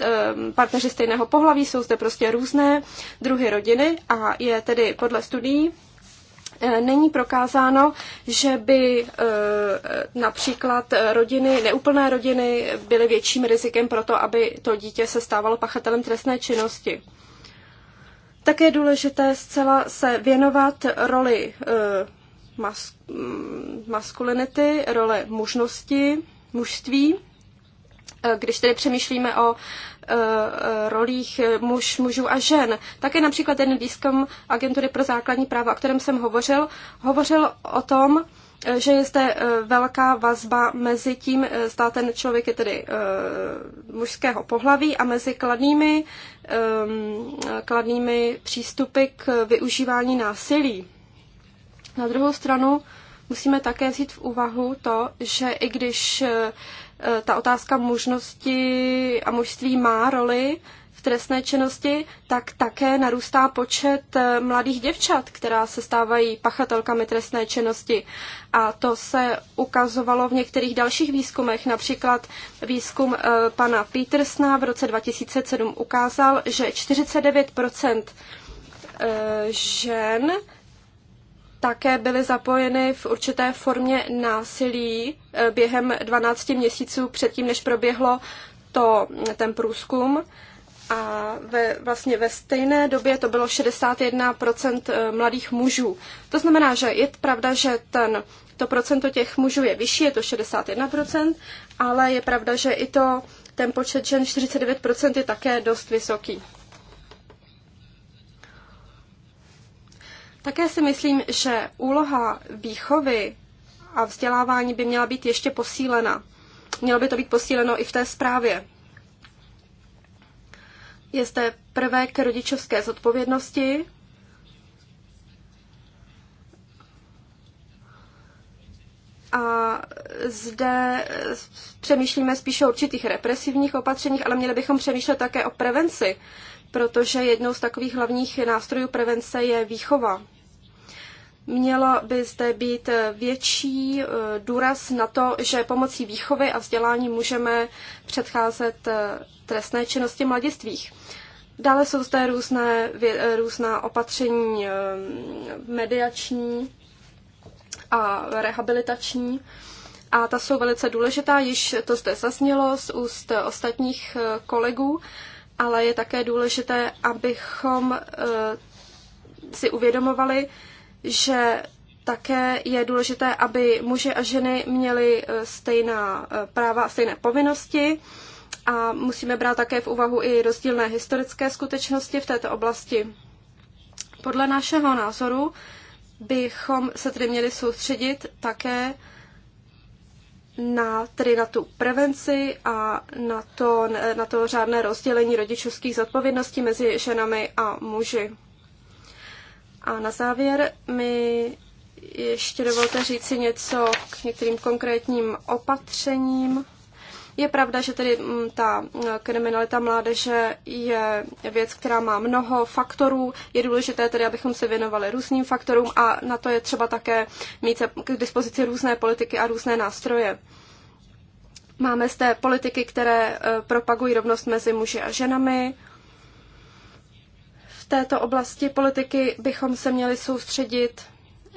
eh, partneři stejného pohlaví, jsou zde prostě různé druhy rodiny a je tedy podle studií není prokázáno, že by například rodiny, neúplné rodiny byly větším rizikem pro to, aby to dítě se stávalo pachatelem trestné činnosti. Také je důležité zcela se věnovat roli mas, maskulinity, role mužnosti, mužství. Eh, když tedy přemýšlíme o eh, eh, rolích muž, mužů a žen. Také například ten výzkum Agentury pro základní práva, o kterém jsem hovořil, hovořil o tom, že je zde velká vazba mezi tím, zda ten člověk je tedy mužského pohlaví a mezi kladnými, kladnými přístupy k využívání násilí. Na druhou stranu musíme také vzít v úvahu to, že i když e, ta otázka možnosti a mužství má roli v trestné činnosti, tak také narůstá počet e, mladých děvčat, která se stávají pachatelkami trestné činnosti. A to se ukazovalo v některých dalších výzkumech. Například výzkum e, pana Petersna v roce 2007 ukázal, že 49 žen také byly zapojeny v určité formě násilí eh, během 12 měsíců předtím, než proběhlo to, mm, ten průzkum. A ve, vlastně ve stejné době to bylo 61% eh, mladých mužů. To znamená, že je pravda, že ten, to procento těch mužů je vyšší, je to 61%, ale je pravda, že i to ten počet žen 49% je také dost vysoký. Také si myslím, že úloha výchovy a vzdělávání by měla být ještě posílena. Mělo by to být posíleno i v té zprávě. Je zde prvek rodičovské zodpovědnosti. A zde přemýšlíme spíše o určitých represivních opatřeních, ale měli bychom přemýšlet také o prevenci protože jednou z takových hlavních nástrojů prevence je výchova. Mělo by zde být větší eh, důraz na to, že pomocí výchovy a vzdělání můžeme předcházet eh, trestné činnosti mladistvých. Dále jsou zde různé, eh, různá opatření mediační a rehabilitační a ta jsou velice důležitá, již to zde zaznělo z úst ostatních kolegů ale je také důležité, abychom eh, si uvědomovali, že také je důležité, aby muži a ženy měli eh, stejná eh, práva a stejné povinnosti. A musíme brát také v úvahu i rozdílné historické skutečnosti v této oblasti. Podle našeho názoru bychom se tedy měli soustředit také na, tedy na tu prevenci a na to, na to řádné rozdělení rodičovských zodpovědností mezi ženami a muži. A na závěr mi ještě dovolte říci něco k některým konkrétním opatřením. Je pravda, že tedy mm, ta mm, kriminalita mládeže je věc, která má mnoho faktorů. Je důležité tedy, abychom se věnovali různým faktorům a na to je třeba také mít k dispozici různé politiky a různé nástroje. Máme zde politiky, které e, propagují rovnost mezi muži a ženami. V této oblasti politiky bychom se měli soustředit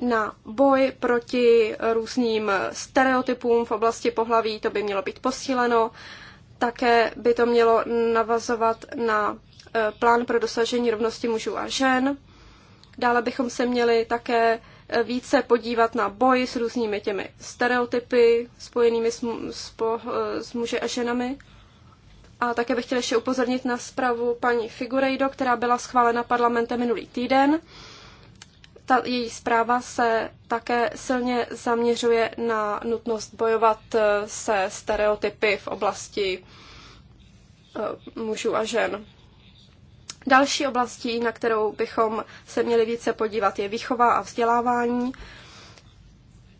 na boj proti různým stereotypům v oblasti pohlaví, to by mělo být posíleno. Také by to mělo navazovat na e, plán pro dosažení rovnosti mužů a žen. Dále bychom se měli také e, více podívat na boj s různými těmi stereotypy spojenými s, s, e, s muži a ženami. A také bych chtěla ještě upozornit na zprávu paní Figurejdo, která byla schválena parlamentem minulý týden ta její zpráva se také silně zaměřuje na nutnost bojovat eh, se stereotypy v oblasti eh, mužů a žen. Další oblastí, na kterou bychom se měli více podívat, je výchova a vzdělávání.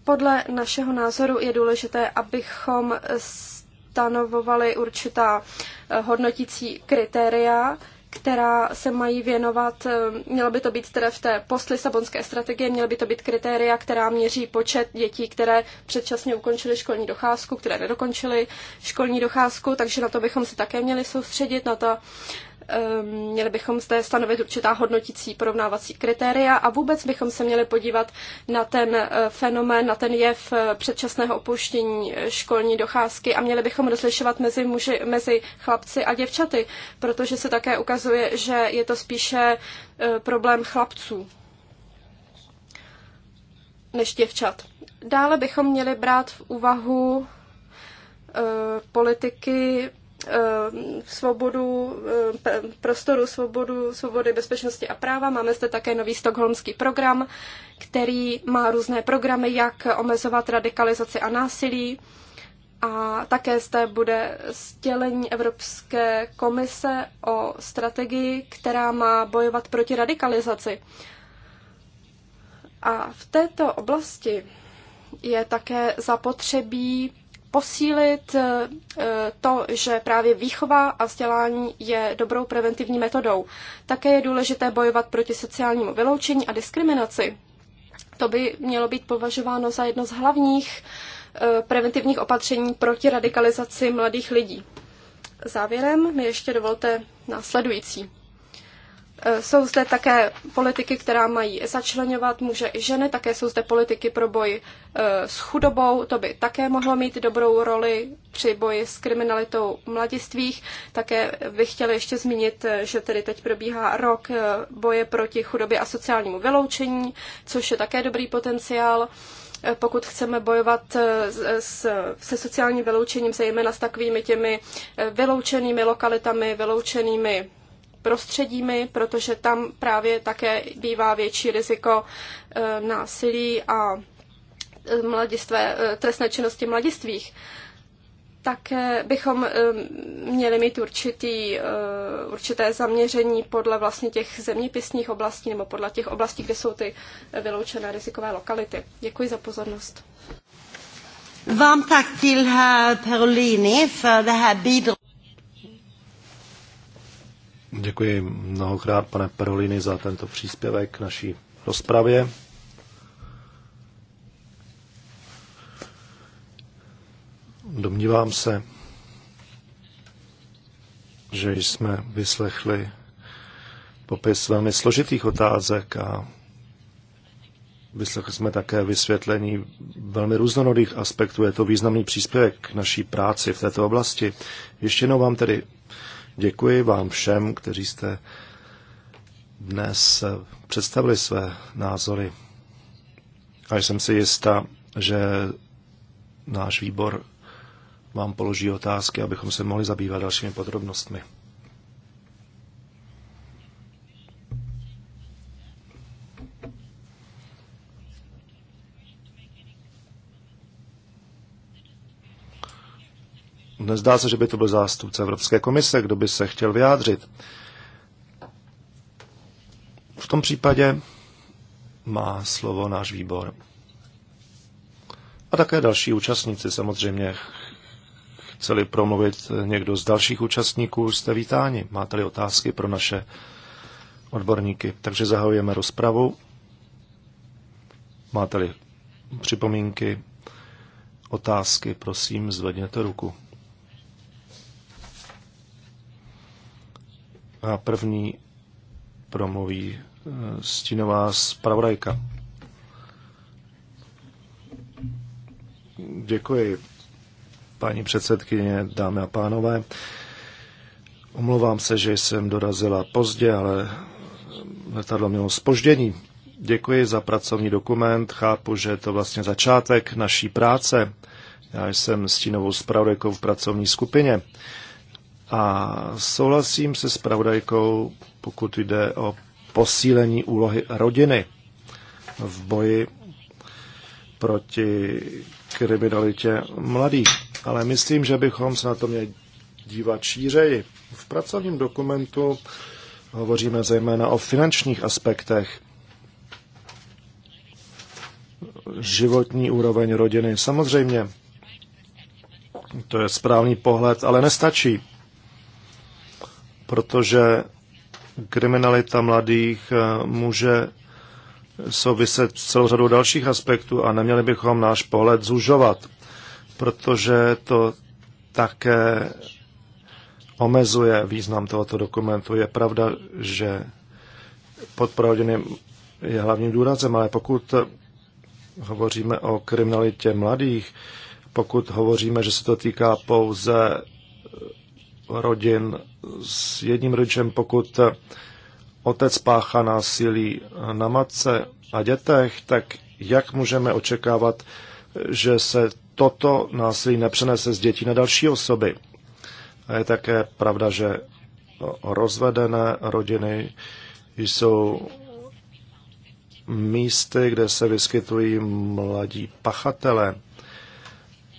Podle našeho názoru je důležité, abychom stanovovali určitá eh, hodnotící kritéria, která se mají věnovat, eh, měla by to být teda v té postlisabonské strategie, měla by to být kritéria, která měří počet dětí, které předčasně ukončily školní docházku, které nedokončily školní docházku, takže na to bychom se také měli soustředit, na to Ehm, měli bychom zde stanovit určitá hodnotící porovnávací kritéria a vůbec bychom se měli podívat na ten eh, fenomén, na ten jev eh, předčasného opuštění eh, školní docházky a měli bychom rozlišovat mezi, muži, mezi chlapci a děvčaty, protože se také ukazuje, že je to spíše problém chlapců než děvčat. Dále bychom měli brát v úvahu politiky Eh, svobodu, eh, prostoru svobodu, svobody, bezpečnosti a práva. Máme zde také nový stokholmský program, který má různé programy, jak omezovat radikalizaci a násilí. A také zde bude sdělení Evropské komise o strategii, která má bojovat proti radikalizaci. A v této oblasti je také zapotřebí posílit eh, eh, to, že právě výchova a vzdělání je dobrou preventivní metodou. Také je důležité bojovat proti sociálnímu vyloučení a diskriminaci. To by mělo být považováno za jedno z hlavních eh, preventivních opatření proti radikalizaci mladých lidí. Závěrem mi ještě dovolte následující. Jsou zde také politiky, která mají začlenovat muže i ženy, také jsou zde politiky pro boj e, s chudobou, to by také mohlo mít dobrou roli při boji s kriminalitou mladistvých. Také bych chtěla ještě zmínit, e, že tedy teď probíhá rok e, boje proti chudobě a sociálnímu vyloučení, což je také dobrý potenciál pokud chceme bojovat se sociálním vyloučením, zejména s takovými těmi vyloučenými lokalitami, vyloučenými prostředími, protože tam právě také bývá větší riziko eh, násilí a eh, mladistvé, eh, trestné činnosti mladistvých. Tak bychom měli mít určitý, určité zaměření podle vlastně těch zeměpisních oblastí nebo podle těch oblastí, kde jsou ty vyloučené rizikové lokality. Děkuji za pozornost. Vám tak till Perolini för det Děkuji mnohokrát, pane Perolini, za tento příspěvek k naší rozpravě. Domnívám se, že jsme vyslechli popis velmi složitých otázek a vyslechli jsme také vysvětlení velmi různorodých aspektů. Je to významný příspěvek k naší práci v této oblasti. Ještě jednou vám tedy Děkuji vám všem, kteří jste dnes představili své názory. A jsem si jistá, že náš výbor vám položí otázky, abychom se mohli zabývat dalšími podrobnostmi. Nezdá se, že by to byl zástupce Evropské komise, kdo by se chtěl vyjádřit. V tom případě má slovo náš výbor. A také další účastníci samozřejmě chceli promluvit eh, někdo z dalších účastníků, jste vítáni. Máte-li otázky pro naše odborníky. Takže zahajujeme rozpravu. Máte-li připomínky, otázky, prosím, zvedněte ruku. A první promluví eh, stínová zpravodajka. Děkuji, paní předsedkyně, dámy a pánové. Omlouvám se, že jsem dorazila pozdě, ale letadlo mělo spoždění. Děkuji za pracovní dokument. Chápu, že je to vlastně začátek naší práce. Já jsem stínovou zpravodajkou v pracovní skupině. A souhlasím se pravdajkou, pokud jde o posílení úlohy rodiny v boji proti kriminalitě mladých. Ale myslím, že bychom se na to měli dívat šířeji. V pracovním dokumentu hovoříme zejména o finančních aspektech životní úroveň rodiny. Samozřejmě, to je správný pohled, ale nestačí protože kriminalita mladých eh, může souviset s celou řadou dalších aspektů a neměli bychom náš pohled zužovat, protože to také omezuje význam tohoto dokumentu. Je pravda, že podpora rodiny je hlavním důrazem, ale pokud hovoříme o kriminalitě mladých, pokud hovoříme, že se to týká pouze rodin s jedním rodičem, pokud otec páchá násilí na matce a dětech, tak jak můžeme očekávat, že se toto násilí nepřenese z dětí na další osoby? A je také pravda, že rozvedené rodiny jsou místy, kde se vyskytují mladí pachatelé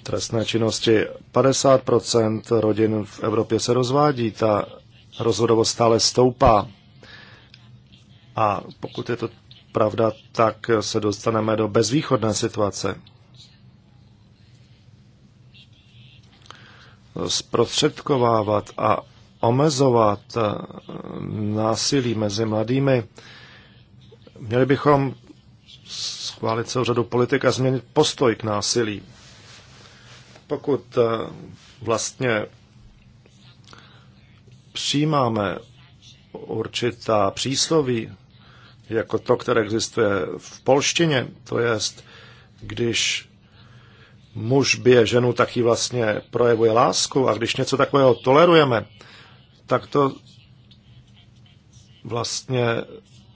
trestné činnosti. 50% rodin v Evropě se rozvádí, ta rozvodovost stále stoupá. A pokud je to pravda, tak se dostaneme do bezvýchodné situace. Zprostředkovávat a omezovat násilí mezi mladými, měli bychom schválit celou řadu politik a změnit postoj k násilí. Pokud eh, vlastně přijímáme určitá přísloví, jako to, které existuje v polštině, to jest, když muž bije ženu, tak ji vlastně projevuje lásku a když něco takového tolerujeme, tak to vlastně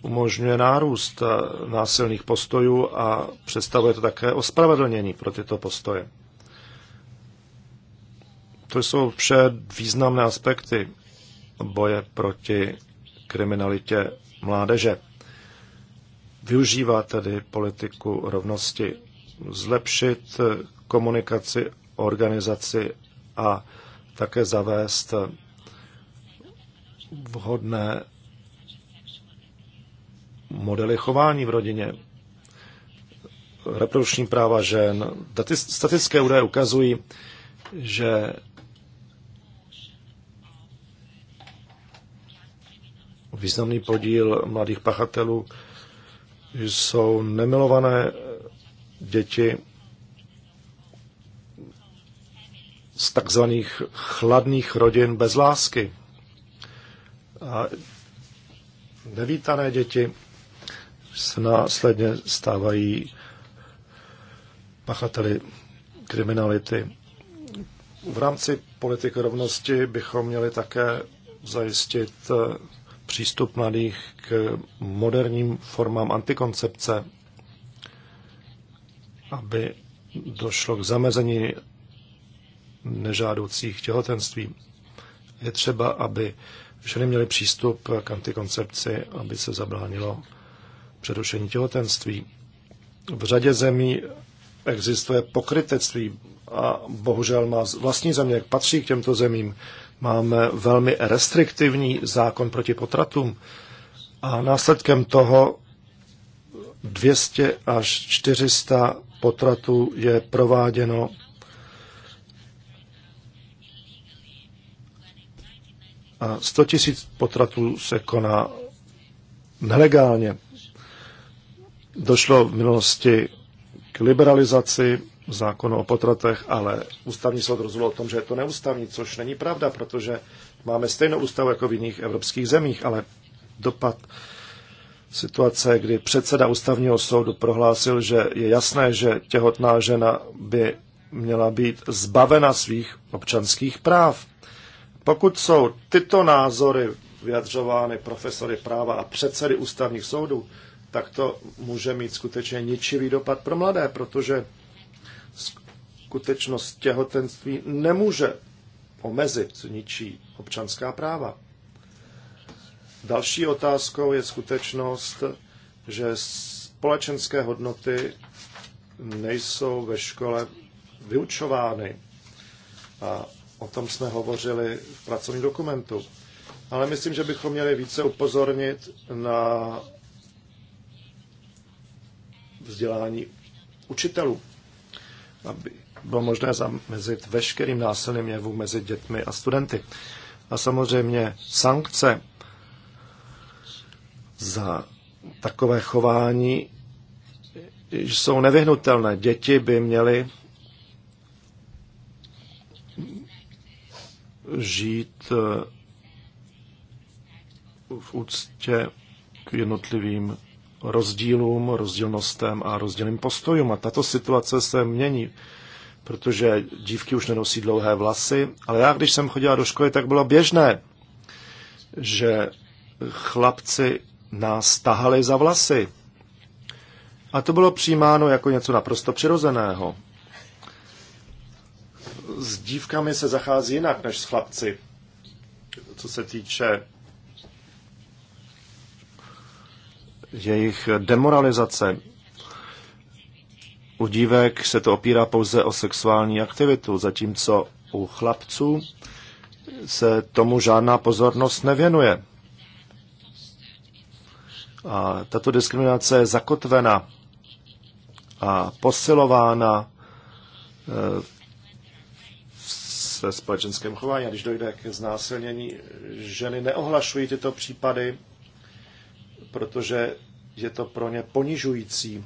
umožňuje nárůst eh, násilných postojů a představuje to také ospravedlnění pro tyto postoje. To jsou vše významné aspekty boje proti kriminalitě mládeže. Využívá tedy politiku rovnosti, zlepšit komunikaci, organizaci a také zavést vhodné modely chování v rodině, reprodukční práva žen. Statistické údaje ukazují, že významný podíl mladých pachatelů jsou nemilované děti z takzvaných chladných rodin bez lásky. A nevítané děti se následně stávají pachateli kriminality. V rámci politiky rovnosti bychom měli také zajistit přístup mladých k moderním formám antikoncepce, aby došlo k zamezení nežádoucích těhotenství. Je třeba, aby ženy měly přístup k antikoncepci, aby se zabránilo přerušení těhotenství. V řadě zemí existuje pokrytectví a bohužel má vlastní země, patří k těmto zemím, Máme velmi restriktivní zákon proti potratům a následkem toho 200 až 400 potratů je prováděno a 100 tisíc potratů se koná nelegálně. Došlo v minulosti k liberalizaci zákonu o potratech, ale ústavní soud rozhodl o tom, že je to neústavní, což není pravda, protože máme stejnou ústavu jako v jiných evropských zemích, ale dopad situace, kdy předseda ústavního soudu prohlásil, že je jasné, že těhotná žena by měla být zbavena svých občanských práv. Pokud jsou tyto názory vyjadřovány profesory práva a předsedy ústavních soudů, tak to může mít skutečně ničivý dopad pro mladé, protože skutečnost těhotenství nemůže omezit ničí občanská práva. Další otázkou je skutečnost, že společenské hodnoty nejsou ve škole vyučovány. A o tom jsme hovořili v pracovním dokumentu. Ale myslím, že bychom měli více upozornit na vzdělání učitelů, aby bylo možné zamezit veškerým násilným jevům mezi dětmi a studenty. A samozřejmě sankce za takové chování jsou nevyhnutelné. Děti by měly žít eh, v úctě k jednotlivým rozdílům, rozdílnostem a rozdílným postojům. A tato situace se mění protože dívky už nenosí dlouhé vlasy, ale já, když jsem chodila do školy, tak bylo běžné, že chlapci nás tahali za vlasy. A to bylo přijímáno jako něco naprosto přirozeného. S dívkami se zachází jinak než s chlapci, co se týče jejich demoralizace, u dívek se to opírá pouze o sexuální aktivitu, zatímco u chlapců se tomu žádná pozornost nevěnuje. A tato diskriminace je zakotvena a posilována e, se společenském chování. A když dojde k znásilnění, ženy neohlašují tyto případy, protože je to pro ně ponižující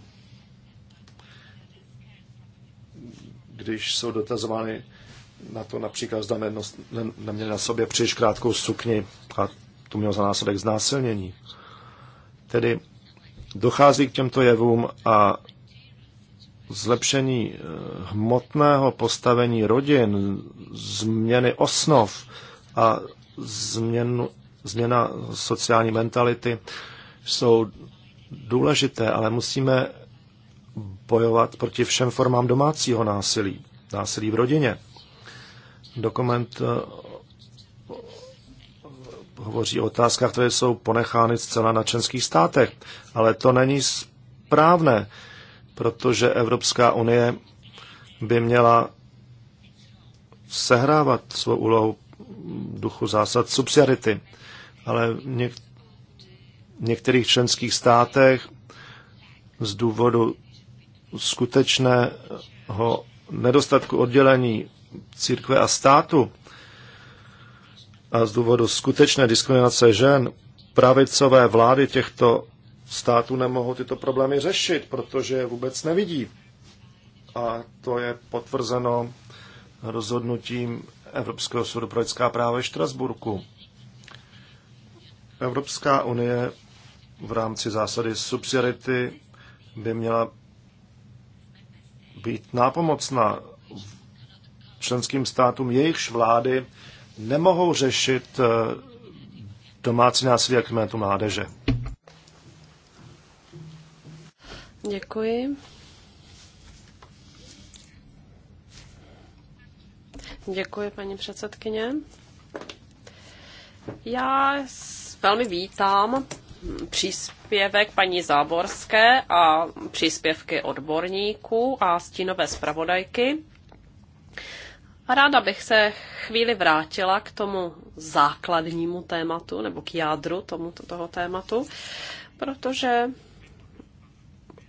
když jsou dotazovány na to například, zda neměli na sobě příliš krátkou sukni a to mělo za následek znásilnění. Tedy dochází k těmto jevům a zlepšení eh, hmotného postavení rodin, změny osnov a změnu, změna sociální mentality jsou důležité, ale musíme bojovat proti všem formám domácího násilí, násilí v rodině. Dokument eh, hovoří o otázkách, které jsou ponechány zcela na členských státech, ale to není správné, protože Evropská unie by měla sehrávat svou úlohu duchu zásad subsidiarity. Ale v, v některých členských státech z důvodu skutečného nedostatku oddělení církve a státu a z důvodu skutečné diskriminace žen pravicové vlády těchto států nemohou tyto problémy řešit, protože je vůbec nevidí. A to je potvrzeno rozhodnutím Evropského soudu pro lidská práva v Štrasburku. Evropská unie v rámci zásady subsidiarity by měla být nápomocná členským státům, jejichž vlády nemohou řešit eh, domácí násilí a kriminalitu mládeže. Děkuji. Děkuji, paní předsedkyně. Já velmi vítám příspěvek paní Záborské a příspěvky odborníků a stínové zpravodajky. A ráda bych se chvíli vrátila k tomu základnímu tématu, nebo k jádru tomuto, toho tématu, protože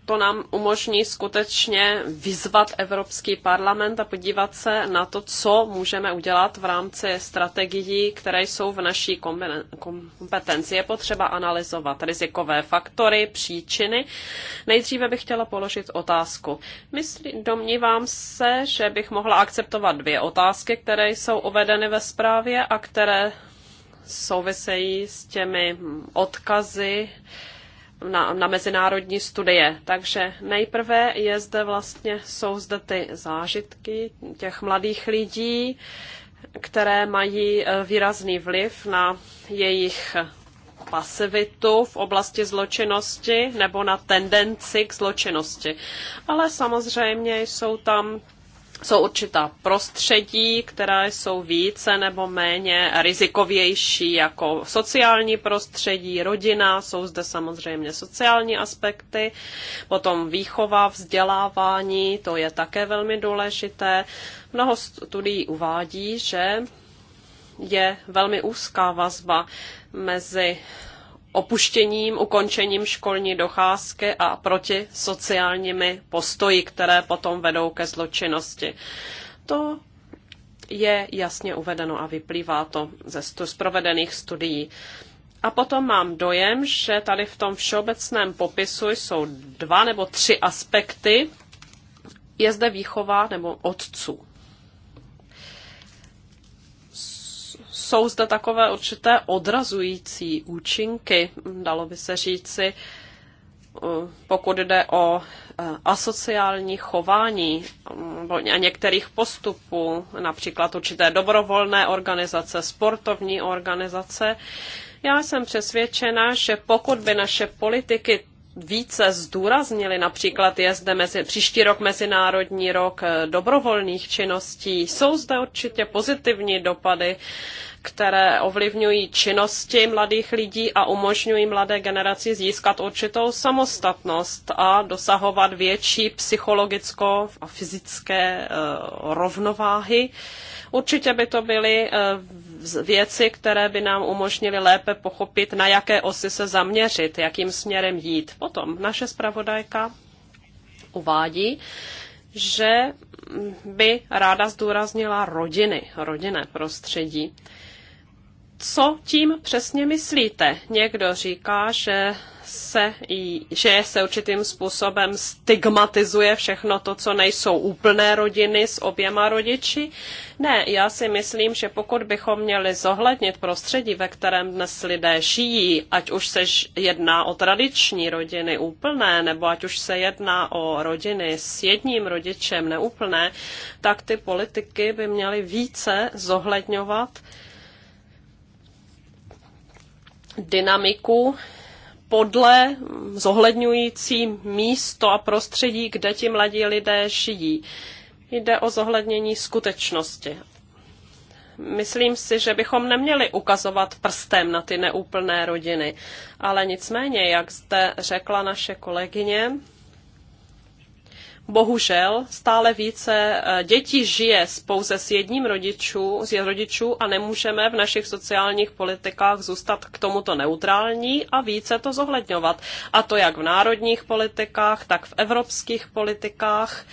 to nám umožní skutečně vyzvat Evropský parlament a podívat se na to, co můžeme udělat v rámci strategií, které jsou v naší kompetenci. Je potřeba analyzovat rizikové faktory, příčiny. Nejdříve bych chtěla položit otázku. Myslí, domnívám se, že bych mohla akceptovat dvě otázky, které jsou uvedeny ve zprávě a které souvisejí s těmi odkazy, na, na mezinárodní studie. Takže nejprve je zde vlastně, jsou zde ty zážitky těch mladých lidí, které mají e, výrazný vliv na jejich pasivitu v oblasti zločinnosti nebo na tendenci k zločinnosti. Ale samozřejmě jsou tam jsou určitá prostředí, která jsou více nebo méně rizikovější, jako sociální prostředí, rodina, jsou zde samozřejmě sociální aspekty, potom výchova, vzdělávání, to je také velmi důležité. Mnoho studií uvádí, že je velmi úzká vazba mezi opuštěním, ukončením školní docházky a proti sociálními postoji, které potom vedou ke zločinnosti. To je jasně uvedeno a vyplývá to ze stu, z provedených studií. A potom mám dojem, že tady v tom všeobecném popisu jsou dva nebo tři aspekty. Je zde výchova nebo otců. jsou zde takové určité odrazující účinky, dalo by se říci, pokud jde o eh, asociální chování mm, a některých postupů, například určité dobrovolné organizace, sportovní organizace. Já jsem přesvědčena, že pokud by naše politiky více zdůraznili, například je zde mezi, příští rok Mezinárodní rok eh, dobrovolných činností. Jsou zde určitě pozitivní dopady které ovlivňují činnosti mladých lidí a umožňují mladé generaci získat určitou samostatnost a dosahovat větší psychologickou a fyzické eh, rovnováhy. Určitě by to byly eh, věci, které by nám umožnily lépe pochopit, na jaké osy se zaměřit, jakým směrem jít. Potom naše zpravodajka uvádí, že by ráda zdůraznila rodiny, rodinné prostředí co tím přesně myslíte? Někdo říká, že se, že se určitým způsobem stigmatizuje všechno to, co nejsou úplné rodiny s oběma rodiči. Ne, já si myslím, že pokud bychom měli zohlednit prostředí, ve kterém dnes lidé žijí, ať už se jedná o tradiční rodiny úplné, nebo ať už se jedná o rodiny s jedním rodičem neúplné, tak ty politiky by měly více zohledňovat dynamiku podle zohledňující místo a prostředí, kde ti mladí lidé žijí. Jde o zohlednění skutečnosti. Myslím si, že bychom neměli ukazovat prstem na ty neúplné rodiny, ale nicméně, jak zde řekla naše kolegyně, Bohužel stále více eh, dětí žije pouze s jedním rodičů, z rodičů a nemůžeme v našich sociálních politikách zůstat k tomuto neutrální a více to zohledňovat. A to jak v národních politikách, tak v evropských politikách.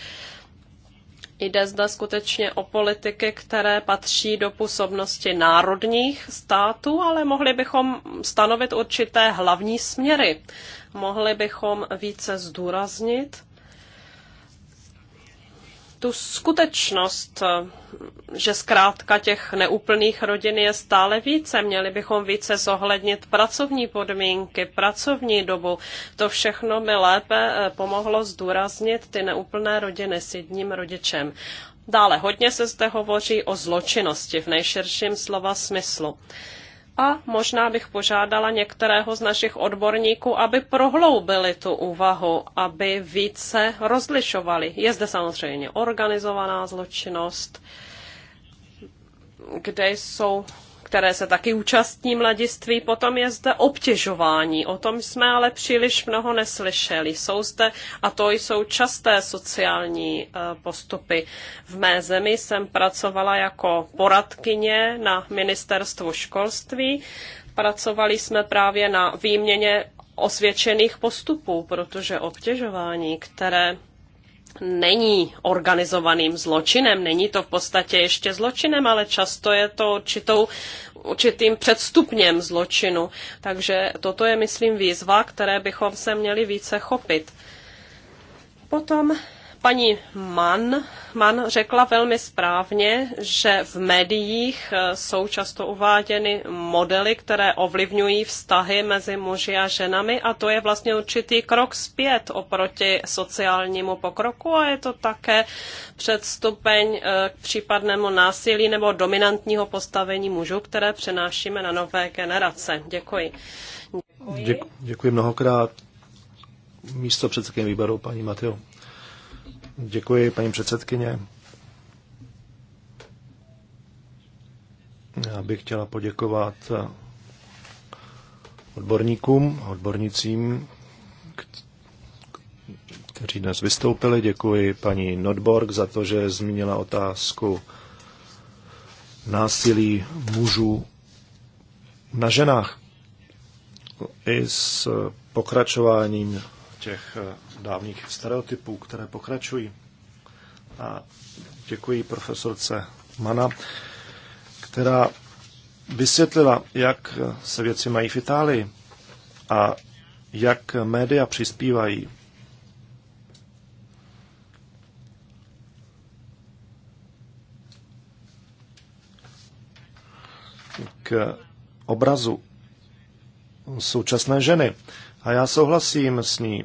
Jde zde skutečně o politiky, které patří do působnosti národních států, ale mohli bychom stanovit určité hlavní směry. Mohli bychom více zdůraznit tu skutečnost, že zkrátka těch neúplných rodin je stále více. Měli bychom více zohlednit pracovní podmínky, pracovní dobu. To všechno by lépe eh, pomohlo zdůraznit ty neúplné rodiny s jedním rodičem. Dále hodně se zde hovoří o zločinnosti v nejširším slova smyslu a možná bych požádala některého z našich odborníků, aby prohloubili tu úvahu, aby více rozlišovali. Je zde samozřejmě organizovaná zločinnost, kde jsou které se taky účastní mladiství. Potom je zde obtěžování, o tom jsme ale příliš mnoho neslyšeli. Jsou zde, a to jsou časté sociální eh, postupy. V mé zemi jsem pracovala jako poradkyně na ministerstvu školství. Pracovali jsme právě na výměně osvědčených postupů, protože obtěžování, které není organizovaným zločinem, není to v podstatě ještě zločinem, ale často je to určitou, určitým předstupněm zločinu. Takže toto je, myslím, výzva, které bychom se měli více chopit. Potom Paní Mann, Mann řekla velmi správně, že v médiích eh, jsou často uváděny modely, které ovlivňují vztahy mezi muži a ženami a to je vlastně určitý krok zpět oproti sociálnímu pokroku a je to také předstupeň eh, k případnému násilí nebo dominantního postavení mužů, které přenášíme na nové generace. Děkuji. Děkuji, Děkuji mnohokrát místo předsedkyně výboru paní Mateo. Děkuji, paní předsedkyně. Já bych chtěla poděkovat odborníkům, odbornicím, kteří dnes vystoupili. Děkuji paní Notborg za to, že zmínila otázku násilí mužů na ženách i s pokračováním těch dávných stereotypů, které pokračují. A děkuji profesorce Mana, která vysvětlila, jak se věci mají v Itálii a jak média přispívají k obrazu současné ženy. A já souhlasím s ní.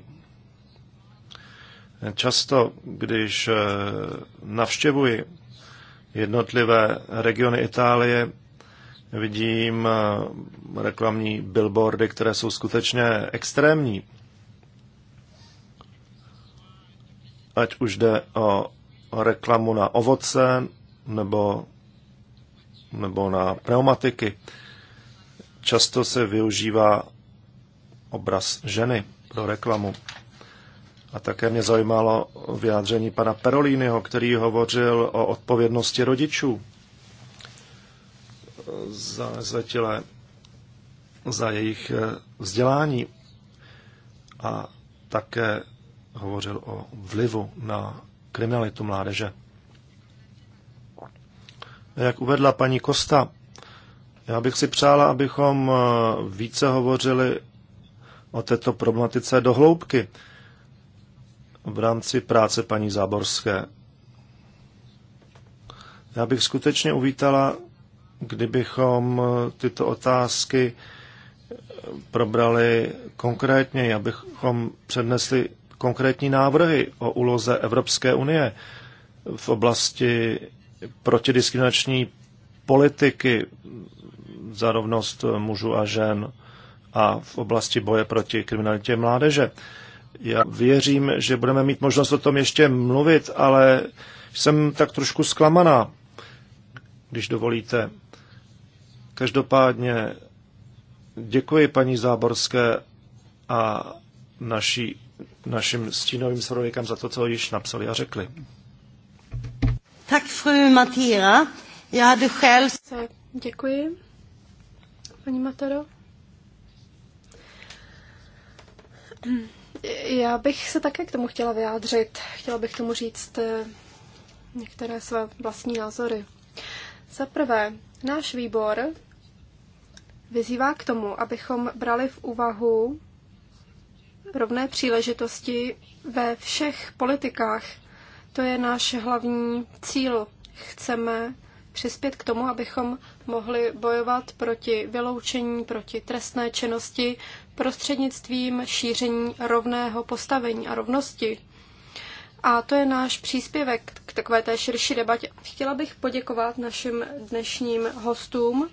Často, když eh, navštěvuji jednotlivé regiony Itálie, vidím eh, reklamní billboardy, které jsou skutečně extrémní. Ať už jde o reklamu na ovoce nebo, nebo na pneumatiky. Často se využívá obraz ženy pro reklamu. A také mě zajímalo vyjádření pana Perolínyho, který hovořil o odpovědnosti rodičů za nezletilé, za jejich eh, vzdělání a také hovořil o vlivu na kriminalitu mládeže. Jak uvedla paní Kosta, já bych si přála, abychom eh, více hovořili o této problematice do hloubky v rámci práce paní Záborské. Já bych skutečně uvítala, kdybychom tyto otázky probrali konkrétně, abychom přednesli konkrétní návrhy o úloze Evropské unie v oblasti protidiskriminační politiky za rovnost mužů a žen a v oblasti boje proti kriminalitě mládeže. Já věřím, že budeme mít možnost o tom ještě mluvit, ale jsem tak trošku zklamaná, když dovolíte. Každopádně děkuji paní Záborské a naší, našim stínovým srovnikám za to, co již napsali a řekli. Tak, fru Matýra, já jdu Děkuji, paní Mataro. Já bych se také k tomu chtěla vyjádřit. Chtěla bych k tomu říct eh, některé své vlastní názory. Za prvé, náš výbor vyzývá k tomu, abychom brali v úvahu rovné příležitosti ve všech politikách. To je náš hlavní cíl. Chceme přispět k tomu, abychom mohli bojovat proti vyloučení, proti trestné činnosti prostřednictvím šíření rovného postavení a rovnosti. A to je náš příspěvek k takové té širší debatě. Chtěla bych poděkovat našim dnešním hostům,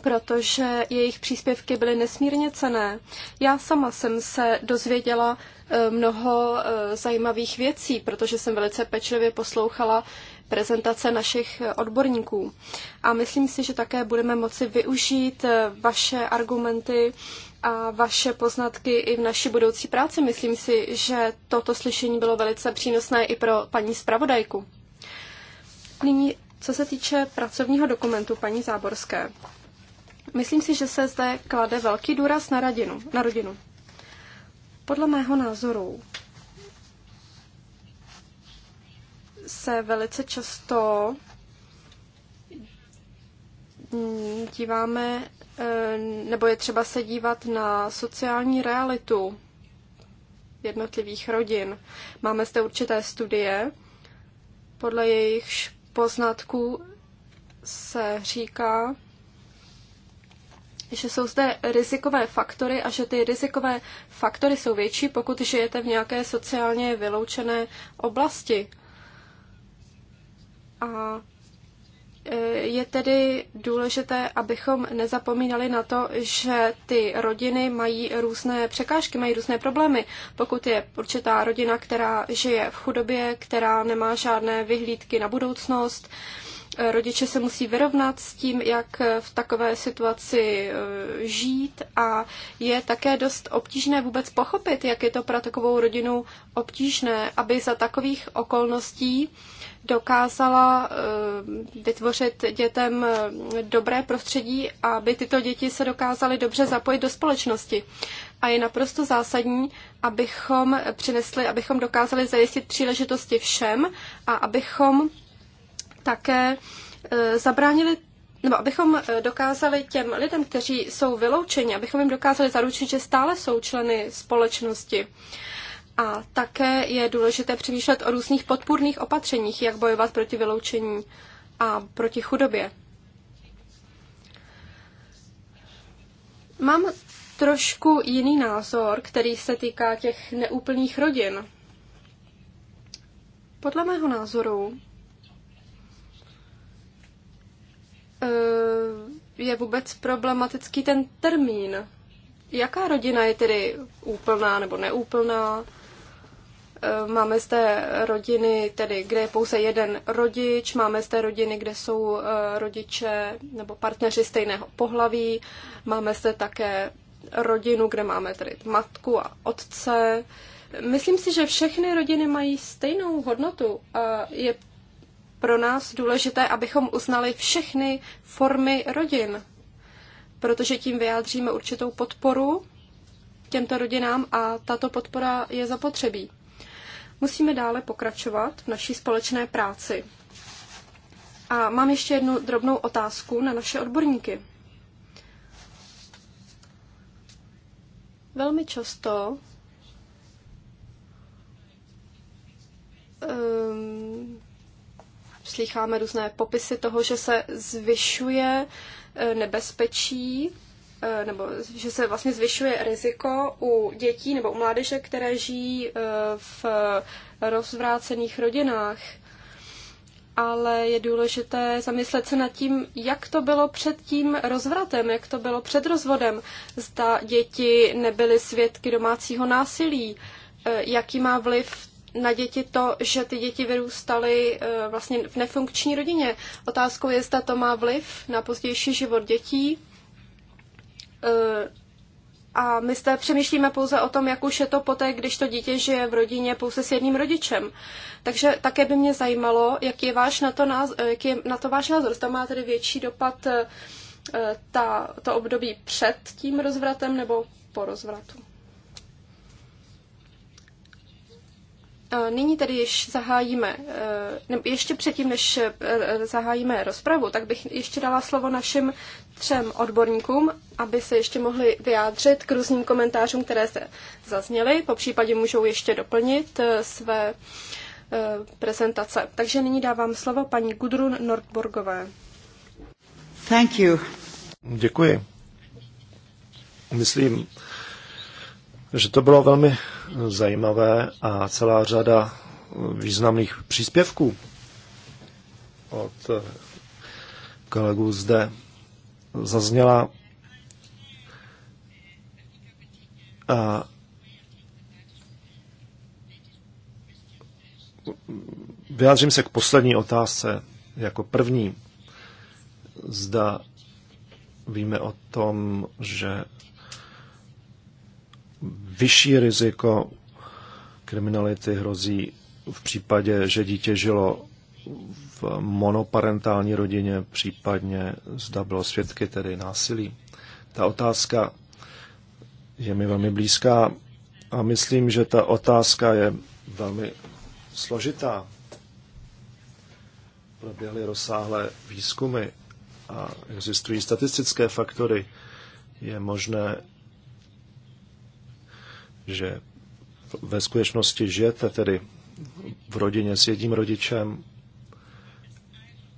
protože jejich příspěvky byly nesmírně cené. Já sama jsem se dozvěděla eh, mnoho eh, zajímavých věcí, protože jsem velice pečlivě poslouchala prezentace našich odborníků. A myslím si, že také budeme moci využít eh, vaše argumenty a vaše poznatky i v naší budoucí práci. Myslím si, že toto slyšení bylo velice přínosné i pro paní zpravodajku. Nyní, co se týče pracovního dokumentu paní Záborské. Myslím si, že se zde klade velký důraz na, radinu, na rodinu. Podle mého názoru se velice často díváme, eh, nebo je třeba se dívat na sociální realitu jednotlivých rodin. Máme zde určité studie, podle jejich poznatků se říká, že jsou zde rizikové faktory a že ty rizikové faktory jsou větší, pokud žijete v nějaké sociálně vyloučené oblasti. A e, je tedy důležité, abychom nezapomínali na to, že ty rodiny mají různé překážky, mají různé problémy. Pokud je určitá rodina, která žije v chudobě, která nemá žádné vyhlídky na budoucnost, Rodiče se musí vyrovnat s tím, jak v takové situaci e, žít a je také dost obtížné vůbec pochopit, jak je to pro takovou rodinu obtížné, aby za takových okolností dokázala e, vytvořit dětem e, dobré prostředí, aby tyto děti se dokázaly dobře zapojit do společnosti. A je naprosto zásadní, abychom přinesli, abychom dokázali zajistit příležitosti všem a abychom také e, zabránili nebo abychom e, dokázali těm lidem, kteří jsou vyloučeni, abychom jim dokázali zaručit, že stále jsou členy společnosti. A také je důležité přemýšlet o různých podpůrných opatřeních, jak bojovat proti vyloučení a proti chudobě. Mám trošku jiný názor, který se týká těch neúplných rodin. Podle mého názoru Eh, je vůbec problematický ten termín. Jaká rodina je tedy úplná nebo neúplná? Eh, máme zde rodiny, tedy, kde je pouze jeden rodič, máme zde rodiny, kde jsou eh, rodiče nebo partneři stejného pohlaví, máme zde také rodinu, kde máme tedy matku a otce. Myslím si, že všechny rodiny mají stejnou hodnotu a je pro nás důležité, abychom uznali všechny formy rodin, protože tím vyjádříme určitou podporu těmto rodinám a tato podpora je zapotřebí. Musíme dále pokračovat v naší společné práci. A mám ještě jednu drobnou otázku na naše odborníky. Velmi často um, slycháme různé popisy toho, že se zvyšuje eh, nebezpečí eh, nebo že se vlastně zvyšuje riziko u dětí nebo u mládeže, které žijí eh, v rozvrácených rodinách. Ale je důležité zamyslet se nad tím, jak to bylo před tím rozvratem, jak to bylo před rozvodem. Zda děti nebyly svědky domácího násilí, jaký má vliv na děti to, že ty děti vyrůstaly eh, vlastně v nefunkční rodině. Otázkou je, zda to má vliv na pozdější život dětí. Eh, a my zde přemýšlíme pouze o tom, jak už je to poté, když to dítě žije v rodině pouze s jedním rodičem. Takže také by mě zajímalo, jaký je, váš na to názor, eh, jaký je na to váš názor. Zda má tedy větší dopad ta, to období před tím rozvratem nebo po rozvratu. Nyní tedy již zahájíme, eh, nebo ještě předtím, než eh, zahájíme rozpravu, tak bych ještě dala slovo našim třem odborníkům, aby se ještě mohli vyjádřit k různým komentářům, které se zazněly. Po případě můžou ještě doplnit eh, své prezentace. Takže nyní dávám slovo paní Gudrun Nordborgové. Thank you. Děkuji. Myslím, že to bylo velmi zajímavé a celá řada významných příspěvků od kolegů zde zazněla. A vyjádřím se k poslední otázce jako první. Zda víme o tom, že vyšší riziko kriminality hrozí v případě, že dítě žilo v monoparentální rodině, případně zda bylo svědky tedy násilí. Ta otázka je mi velmi blízká a myslím, že ta otázka je velmi složitá. Proběhly rozsáhlé výzkumy a existují statistické faktory. Je možné že ve skutečnosti žijete tedy v rodině s jedním rodičem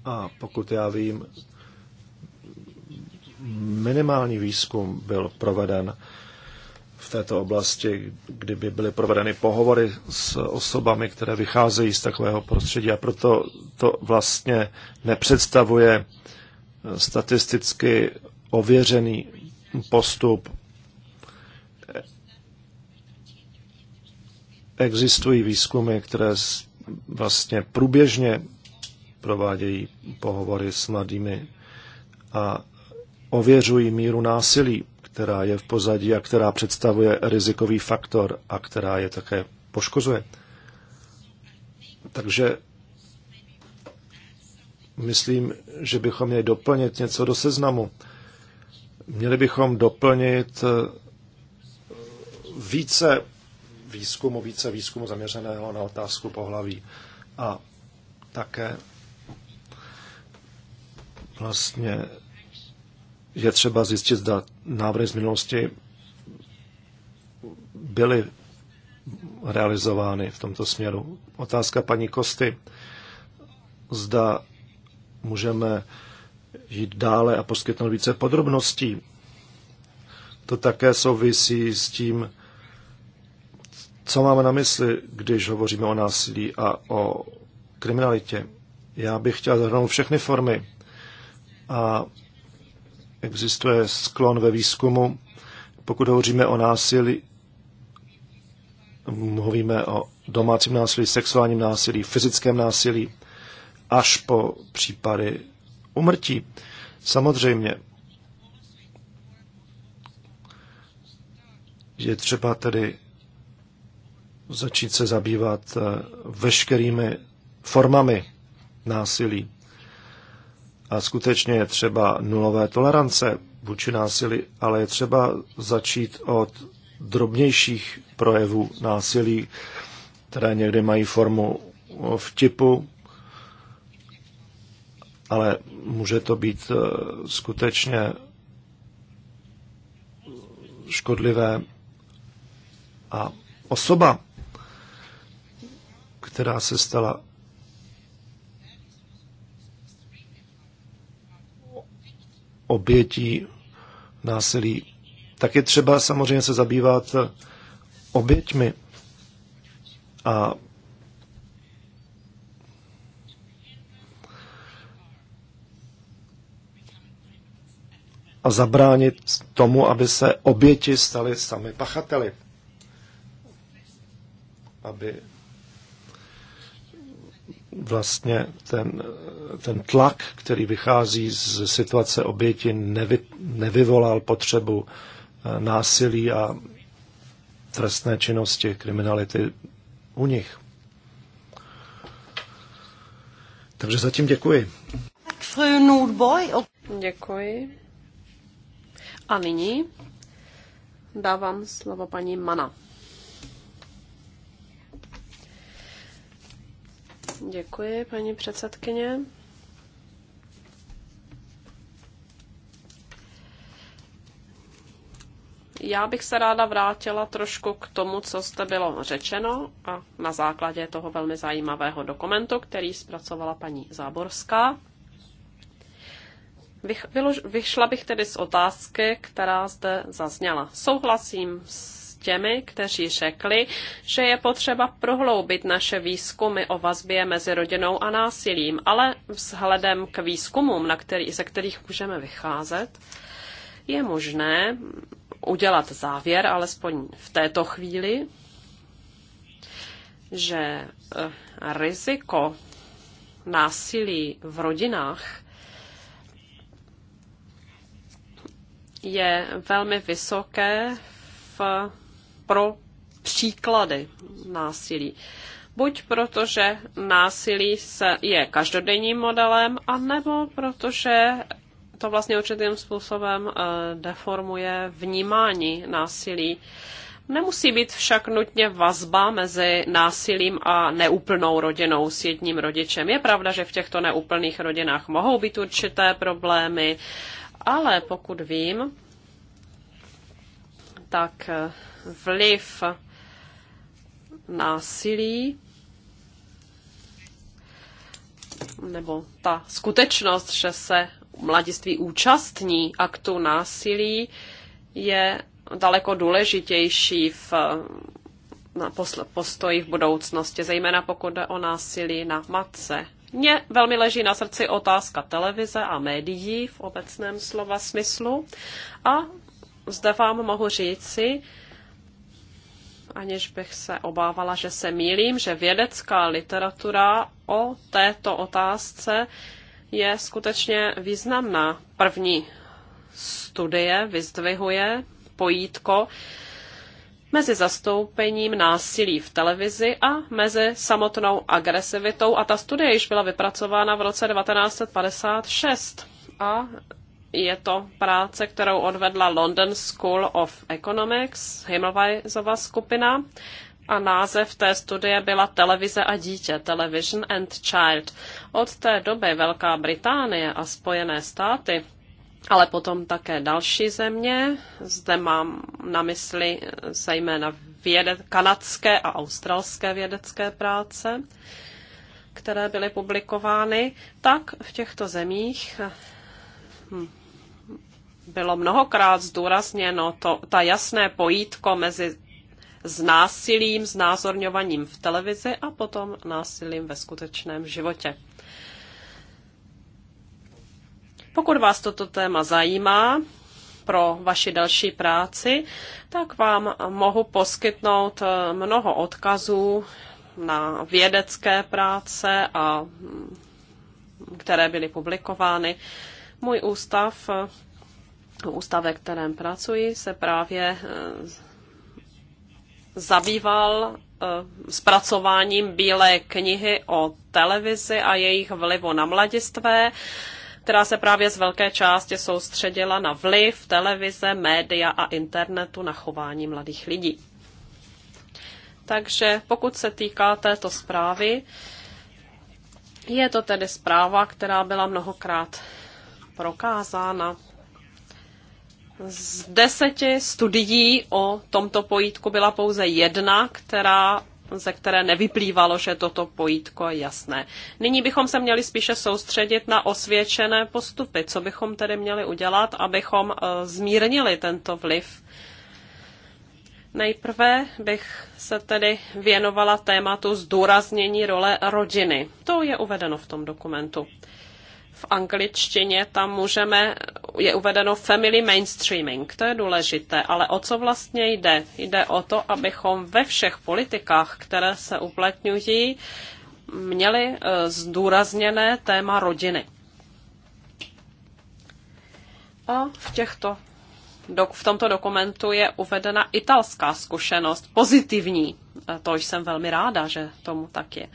a pokud já vím, minimální výzkum byl proveden v této oblasti, kdyby byly provedeny pohovory s osobami, které vycházejí z takového prostředí a proto to vlastně nepředstavuje statisticky ověřený postup existují výzkumy, které vlastně průběžně provádějí pohovory s mladými a ověřují míru násilí, která je v pozadí a která představuje rizikový faktor a která je také poškozuje. Takže myslím, že bychom měli doplnit něco do seznamu. Měli bychom doplnit eh, více výzkumu, více výzkumu zaměřeného na otázku pohlaví. A také vlastně je třeba zjistit, zda návrhy z minulosti byly realizovány v tomto směru. Otázka paní Kosty. Zda můžeme jít dále a poskytnout více podrobností. To také souvisí s tím, co máme na mysli, když hovoříme o násilí a o kriminalitě. Já bych chtěl zahrnout všechny formy a existuje sklon ve výzkumu. Pokud hovoříme o násilí, mluvíme o domácím násilí, sexuálním násilí, fyzickém násilí, až po případy umrtí. Samozřejmě je třeba tedy začít se zabývat eh, veškerými formami násilí. A skutečně je třeba nulové tolerance vůči násilí, ale je třeba začít od drobnějších projevů násilí, které někdy mají formu eh, vtipu, ale může to být eh, skutečně škodlivé. A osoba, která se stala obětí násilí, tak je třeba samozřejmě se zabývat oběťmi a a zabránit tomu, aby se oběti staly sami pachateli. Aby vlastně ten, ten tlak, který vychází z situace oběti, nevy, nevyvolal potřebu eh, násilí a trestné činnosti, kriminality u nich. Takže zatím děkuji. Děkuji. A nyní dávám slovo paní Mana. Děkuji, paní předsedkyně. Já bych se ráda vrátila trošku k tomu, co jste bylo řečeno a na základě toho velmi zajímavého dokumentu, který zpracovala paní Záborská. Vyšla bych tedy z otázky, která zde zazněla. Souhlasím s těmi, kteří řekli, že je potřeba prohloubit naše výzkumy o vazbě mezi rodinou a násilím, ale vzhledem k výzkumům, na který, ze kterých můžeme vycházet, je možné udělat závěr, alespoň v této chvíli, že eh, riziko násilí v rodinách je velmi vysoké v pro příklady násilí. Buď protože násilí se je každodenním modelem, anebo protože to vlastně určitým způsobem eh, deformuje vnímání násilí. Nemusí být však nutně vazba mezi násilím a neúplnou rodinou s jedním rodičem. Je pravda, že v těchto neúplných rodinách mohou být určité problémy, ale pokud vím, tak vliv násilí nebo ta skutečnost, že se mladiství účastní aktu násilí, je daleko důležitější v na postoji v budoucnosti, zejména pokud jde o násilí na matce. Mně velmi leží na srdci otázka televize a médií v obecném slova smyslu a zde vám mohu říci, aniž bych se obávala, že se mýlím, že vědecká literatura o této otázce je skutečně významná. První studie vyzdvihuje pojítko mezi zastoupením násilí v televizi a mezi samotnou agresivitou. A ta studie již byla vypracována v roce 1956 a je to práce, kterou odvedla London School of Economics, Himmelweisova skupina. A název té studie byla Televize a dítě, Television and Child. Od té doby Velká Británie a Spojené státy, ale potom také další země, zde mám na mysli zejména věde- kanadské a australské vědecké práce, které byly publikovány, tak v těchto zemích hm, bylo mnohokrát zdůrazněno to, ta jasné pojítko mezi s násilím, s v televizi a potom násilím ve skutečném životě. Pokud vás toto téma zajímá pro vaši další práci, tak vám mohu poskytnout eh, mnoho odkazů na vědecké práce, a, mm, které byly publikovány. Můj ústav eh, Ústav, ve kterém pracuji, se právě eh, zabýval eh, zpracováním Bílé knihy o televizi a jejich vlivu na mladistvé, která se právě z velké části soustředila na vliv televize, média a internetu na chování mladých lidí. Takže pokud se týká této zprávy, je to tedy zpráva, která byla mnohokrát prokázána z deseti studií o tomto pojítku byla pouze jedna, která ze které nevyplývalo, že toto pojítko je jasné. Nyní bychom se měli spíše soustředit na osvědčené postupy. Co bychom tedy měli udělat, abychom eh, zmírnili tento vliv? Nejprve bych se tedy věnovala tématu zdůraznění role rodiny. To je uvedeno v tom dokumentu angličtině tam můžeme, je uvedeno family mainstreaming, to je důležité, ale o co vlastně jde? Jde o to, abychom ve všech politikách, které se uplatňují, měli eh, zdůrazněné téma rodiny. A v těchto v tomto dokumentu je uvedena italská zkušenost, pozitivní. To jsem velmi ráda, že tomu tak je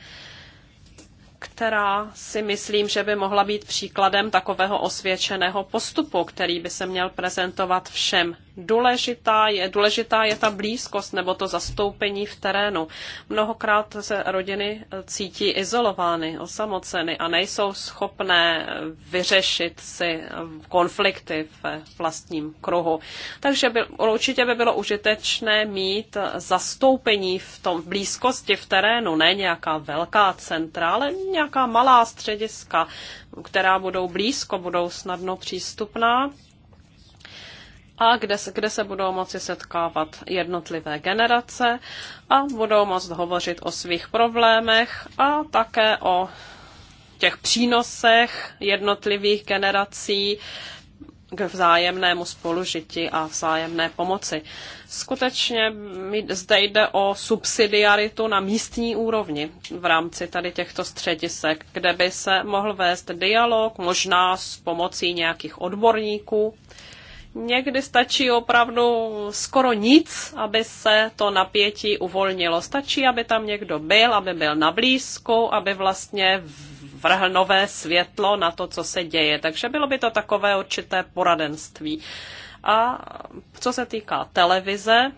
která si myslím, že by mohla být příkladem takového osvědčeného postupu, který by se měl prezentovat všem důležitá je, důležitá je ta blízkost nebo to zastoupení v terénu. Mnohokrát se rodiny cítí izolovány, osamoceny a nejsou schopné vyřešit si konflikty v vlastním kruhu. Takže by, určitě by bylo užitečné mít zastoupení v tom v blízkosti v terénu, ne nějaká velká centra, ale nějaká malá střediska, která budou blízko, budou snadno přístupná a kde se, kde se budou moci setkávat jednotlivé generace a budou moct hovořit o svých problémech a také o těch přínosech jednotlivých generací k vzájemnému spolužití a vzájemné pomoci. Skutečně zde jde o subsidiaritu na místní úrovni v rámci tady těchto středisek, kde by se mohl vést dialog, možná s pomocí nějakých odborníků, Někdy stačí opravdu skoro nic, aby se to napětí uvolnilo. Stačí, aby tam někdo byl, aby byl na blízku, aby vlastně vrhl nové světlo na to, co se děje. Takže bylo by to takové určité poradenství. A co se týká televize,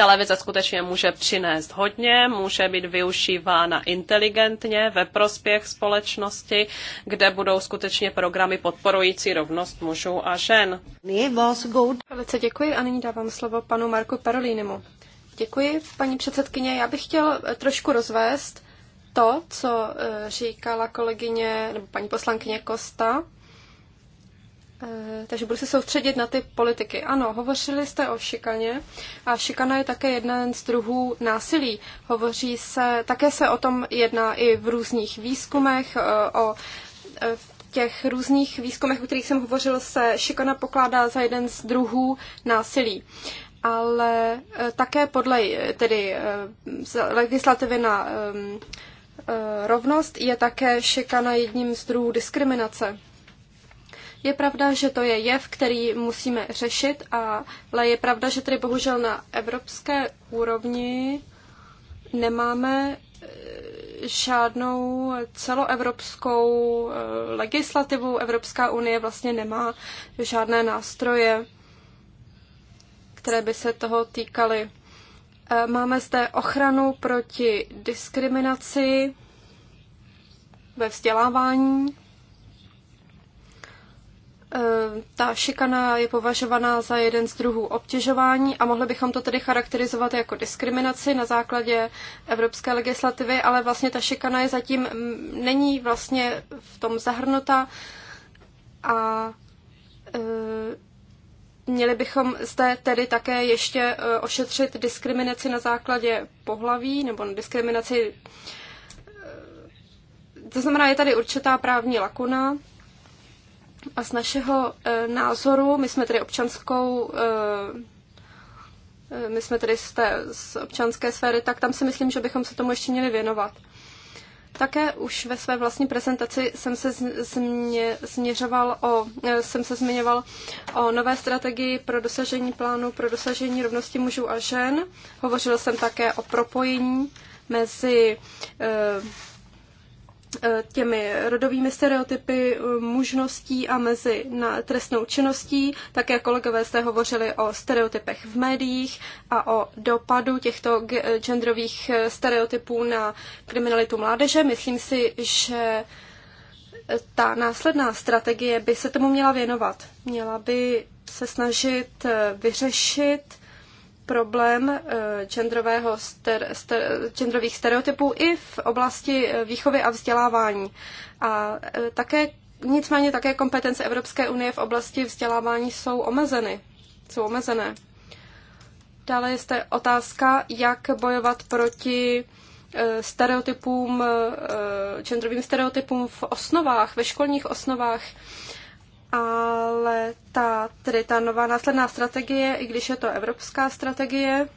televize skutečně může přinést hodně, může být využívána inteligentně ve prospěch společnosti, kde budou skutečně programy podporující rovnost mužů a žen. Velice děkuji a nyní dávám slovo panu Marku Parolínimu. Děkuji, paní předsedkyně. Já bych chtěl eh, trošku rozvést to, co eh, říkala kolegyně nebo paní poslankyně Kosta Eh, takže budu se soustředit na ty politiky. Ano, hovořili jste o šikaně a šikana je také jeden z druhů násilí. Hovoří se, také se o tom jedná i v různých výzkumech, eh, o eh, těch různých výzkumech, o kterých jsem hovořil, se šikana pokládá za jeden z druhů násilí. Ale také podle tedy legislativy na rovnost je také šikana jedním z druhů diskriminace. Je pravda, že to je jev, který musíme řešit, ale je pravda, že tady bohužel na evropské úrovni nemáme eh, žádnou celoevropskou eh, legislativu. Evropská unie vlastně nemá žádné nástroje, které by se toho týkaly. Eh, máme zde ochranu proti diskriminaci ve vzdělávání. Eh, ta šikana je považovaná za jeden z druhů obtěžování a mohli bychom to tedy charakterizovat jako diskriminaci na základě evropské legislativy, ale vlastně ta šikana je zatím mm, není vlastně v tom zahrnuta a eh, měli bychom zde tedy také ještě eh, ošetřit diskriminaci na základě pohlaví nebo diskriminaci to znamená, je tady určitá právní lakuna, a z našeho e, názoru, my jsme tedy občanskou, e, my jsme tedy z, té, z občanské sféry, tak tam si myslím, že bychom se tomu ještě měli věnovat. Také už ve své vlastní prezentaci jsem se změ, změřoval o, jsem se zmiňoval o nové strategii pro dosažení plánu pro dosažení rovnosti mužů a žen. Hovořil jsem také o propojení mezi Eh, těmi rodovými stereotypy eh, mužností a mezi na trestnou činností. Také kolegové jste hovořili o stereotypech v médiích a o dopadu těchto eh, genderových stereotypů na kriminalitu mládeže. Myslím si, že ta následná strategie by se tomu měla věnovat. Měla by se snažit vyřešit problém eh, genderového ster, ster, genderových stereotypů i v oblasti eh, výchovy a vzdělávání. A eh, také, nicméně také kompetence Evropské unie v oblasti vzdělávání jsou omezeny. Jsou omezené. Dále je zde otázka, jak bojovat proti stereotypům, genderovým stereotypům v osnovách, ve školních osnovách ale ta, tedy ta nová následná strategie, i když je to evropská strategie,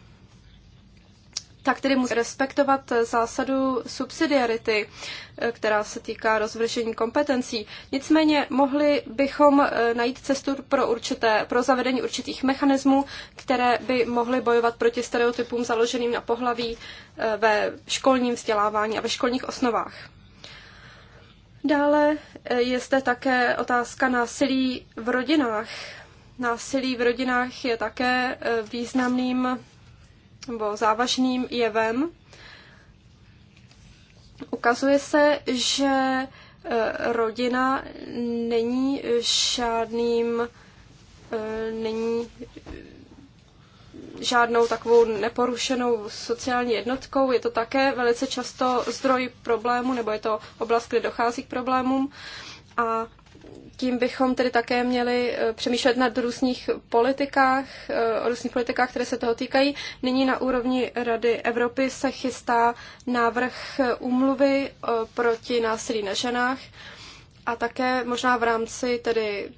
tak tedy musí respektovat zásadu subsidiarity, eh, která se týká rozvržení kompetencí. Nicméně mohli bychom eh, najít cestu pro, určité, pro zavedení určitých mechanismů, které by mohly bojovat proti stereotypům založeným na pohlaví eh, ve školním vzdělávání a ve školních osnovách. Dále eh, je zde také otázka násilí v rodinách. Násilí v rodinách je také eh, významným nebo závažným jevem. Ukazuje se, že eh, rodina není žádným není žádnou takovou neporušenou sociální jednotkou. Je to také velice často zdroj problému, nebo je to oblast, kde dochází k problémům. A tím bychom tedy také měli eh, přemýšlet nad různých politikách, eh, o různých politikách, které se toho týkají. Nyní na úrovni Rady Evropy se chystá návrh úmluvy eh, proti násilí na ženách a také možná v rámci tedy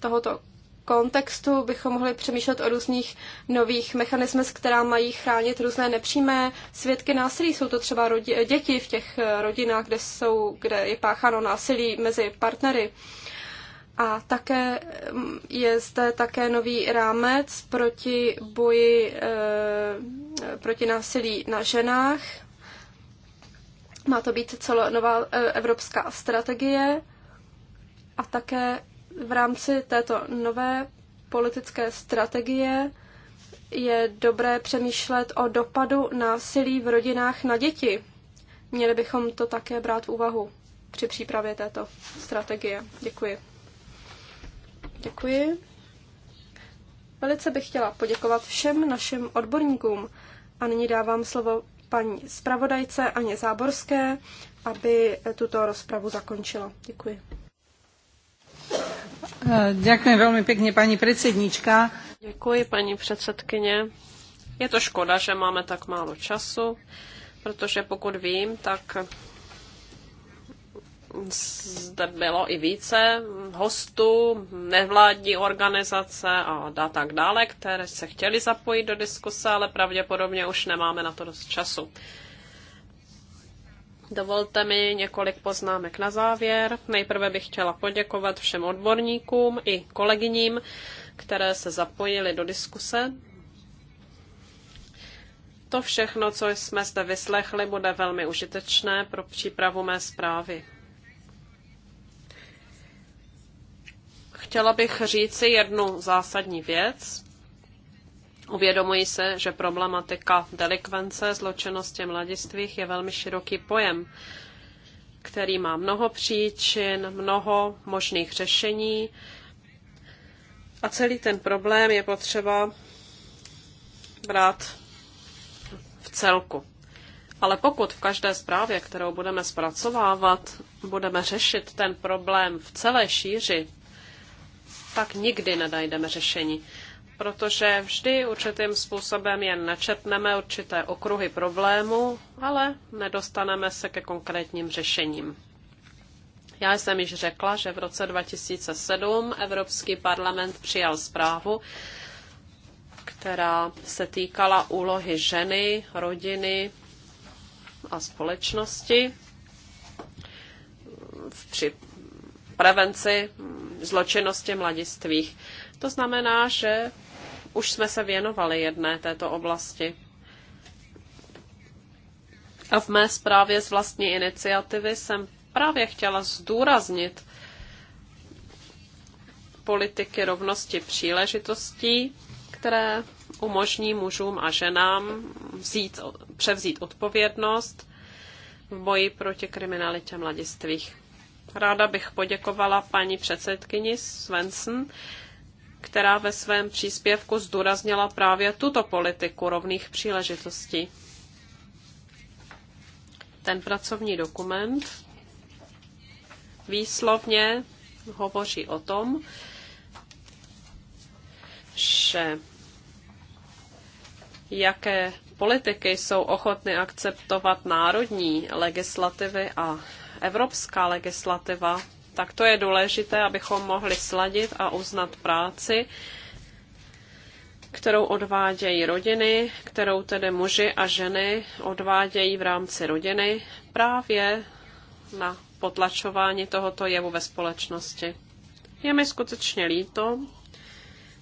tohoto kontextu bychom mohli přemýšlet o různých nových mechanismech, která mají chránit různé nepřímé svědky násilí. Jsou to třeba rodi- děti v těch eh, rodinách, kde, jsou, kde je pácháno násilí mezi partnery. A také mm, je zde také nový rámec proti boji e, proti násilí na ženách. Má to být nová eh, evropská strategie a také v rámci této nové politické strategie je dobré přemýšlet o dopadu násilí v rodinách na děti. Měli bychom to také brát v úvahu při přípravě této strategie. Děkuji. Děkuji. Velice bych chtěla poděkovat všem našim odborníkům a nyní dávám slovo paní zpravodajce Aně Záborské, aby tuto rozpravu zakončila. Děkuji. Děkuji eh, velmi pěkně, paní předsednička. Děkuji, paní předsedkyně. Je to škoda, že máme tak málo času, protože pokud vím, tak zde bylo i více hostů, nevládní organizace a tak dále, které se chtěli zapojit do diskuse, ale pravděpodobně už nemáme na to dost času. Dovolte mi několik poznámek na závěr. Nejprve bych chtěla poděkovat všem odborníkům i kolegyním, které se zapojili do diskuse. To všechno, co jsme zde vyslechli, bude velmi užitečné pro přípravu mé zprávy. Chtěla bych říci jednu zásadní věc. Uvědomuji se, že problematika delikvence, zločinnosti mladistvých je velmi široký pojem, který má mnoho příčin, mnoho možných řešení a celý ten problém je potřeba brát v celku. Ale pokud v každé zprávě, kterou budeme zpracovávat, budeme řešit ten problém v celé šíři, tak nikdy nedajdeme řešení protože vždy určitým způsobem jen načetneme určité okruhy problémů, ale nedostaneme se ke konkrétním řešením. Já jsem již řekla, že v roce 2007 Evropský parlament přijal zprávu, která se týkala úlohy ženy, rodiny a společnosti při prevenci zločinnosti mladistvých. To znamená, že už jsme se věnovali jedné této oblasti. A v mé zprávě z vlastní iniciativy jsem právě chtěla zdůraznit politiky rovnosti příležitostí, které umožní mužům a ženám vzít, převzít odpovědnost v boji proti kriminalitě mladistvých. Ráda bych poděkovala paní předsedkyni Svensson která ve svém příspěvku zdůraznila právě tuto politiku rovných příležitostí. Ten pracovní dokument výslovně hovoří o tom, že jaké politiky jsou ochotny akceptovat národní legislativy a evropská legislativa tak to je důležité, abychom mohli sladit a uznat práci, kterou odvádějí rodiny, kterou tedy muži a ženy odvádějí v rámci rodiny právě na potlačování tohoto jevu ve společnosti. Je mi skutečně líto,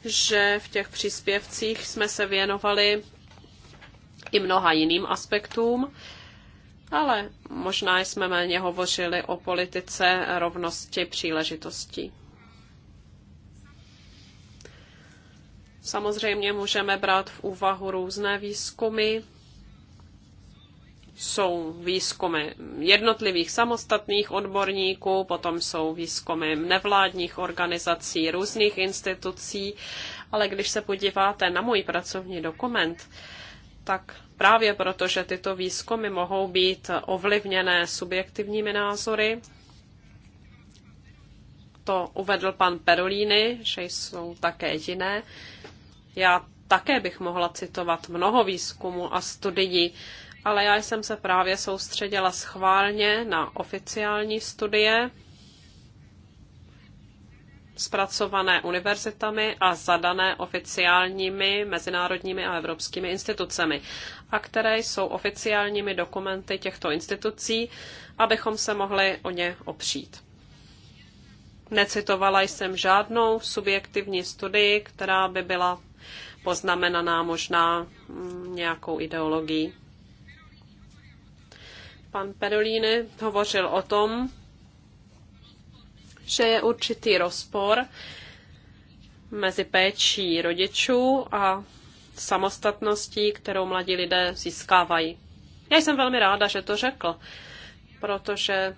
že v těch příspěvcích jsme se věnovali i mnoha jiným aspektům, ale možná jsme méně hovořili o politice rovnosti příležitostí. Samozřejmě můžeme brát v úvahu různé výzkumy. Jsou výzkumy jednotlivých samostatných odborníků, potom jsou výzkumy nevládních organizací, různých institucí, ale když se podíváte na můj pracovní dokument, tak právě proto, že tyto výzkumy mohou být ovlivněné subjektivními názory. To uvedl pan Perolíny, že jsou také jiné. Já také bych mohla citovat mnoho výzkumu a studií, ale já jsem se právě soustředila schválně na oficiální studie, zpracované univerzitami a zadané oficiálními mezinárodními a evropskými institucemi, a které jsou oficiálními dokumenty těchto institucí, abychom se mohli o ně opřít. Necitovala jsem žádnou subjektivní studii, která by byla poznamenaná možná mm, nějakou ideologií. Pan Perolíny hovořil o tom, že je určitý rozpor mezi péčí rodičů a samostatností, kterou mladí lidé získávají. Já jsem velmi ráda, že to řekl, protože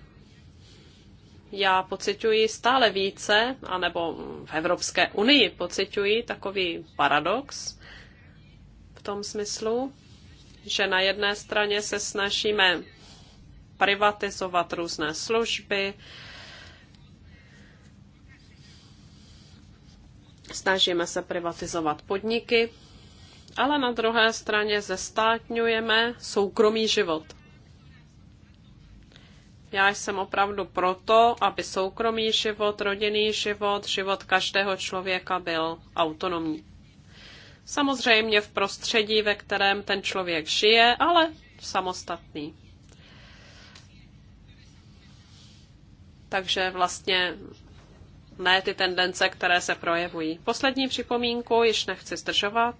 já pociťuji stále více, anebo v Evropské unii pociťuji takový paradox v tom smyslu, že na jedné straně se snažíme privatizovat různé služby, Snažíme se privatizovat podniky, ale na druhé straně zestátňujeme soukromý život. Já jsem opravdu proto, aby soukromý život, rodinný život, život každého člověka byl autonomní. Samozřejmě v prostředí, ve kterém ten člověk žije, ale samostatný. Takže vlastně ne ty tendence, které se projevují. Poslední připomínku, již nechci zdržovat.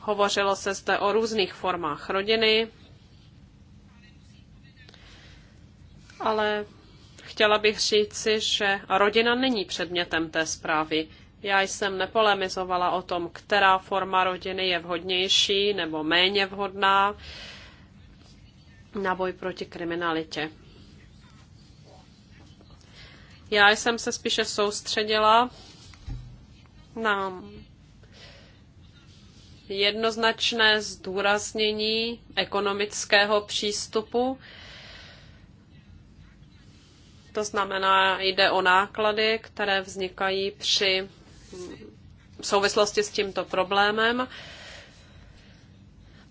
Hovořilo se zde o různých formách rodiny, ale chtěla bych říci, že rodina není předmětem té zprávy. Já jsem nepolemizovala o tom, která forma rodiny je vhodnější nebo méně vhodná na boj proti kriminalitě. Já jsem se spíše soustředila na jednoznačné zdůraznění ekonomického přístupu. To znamená, jde o náklady, které vznikají při souvislosti s tímto problémem.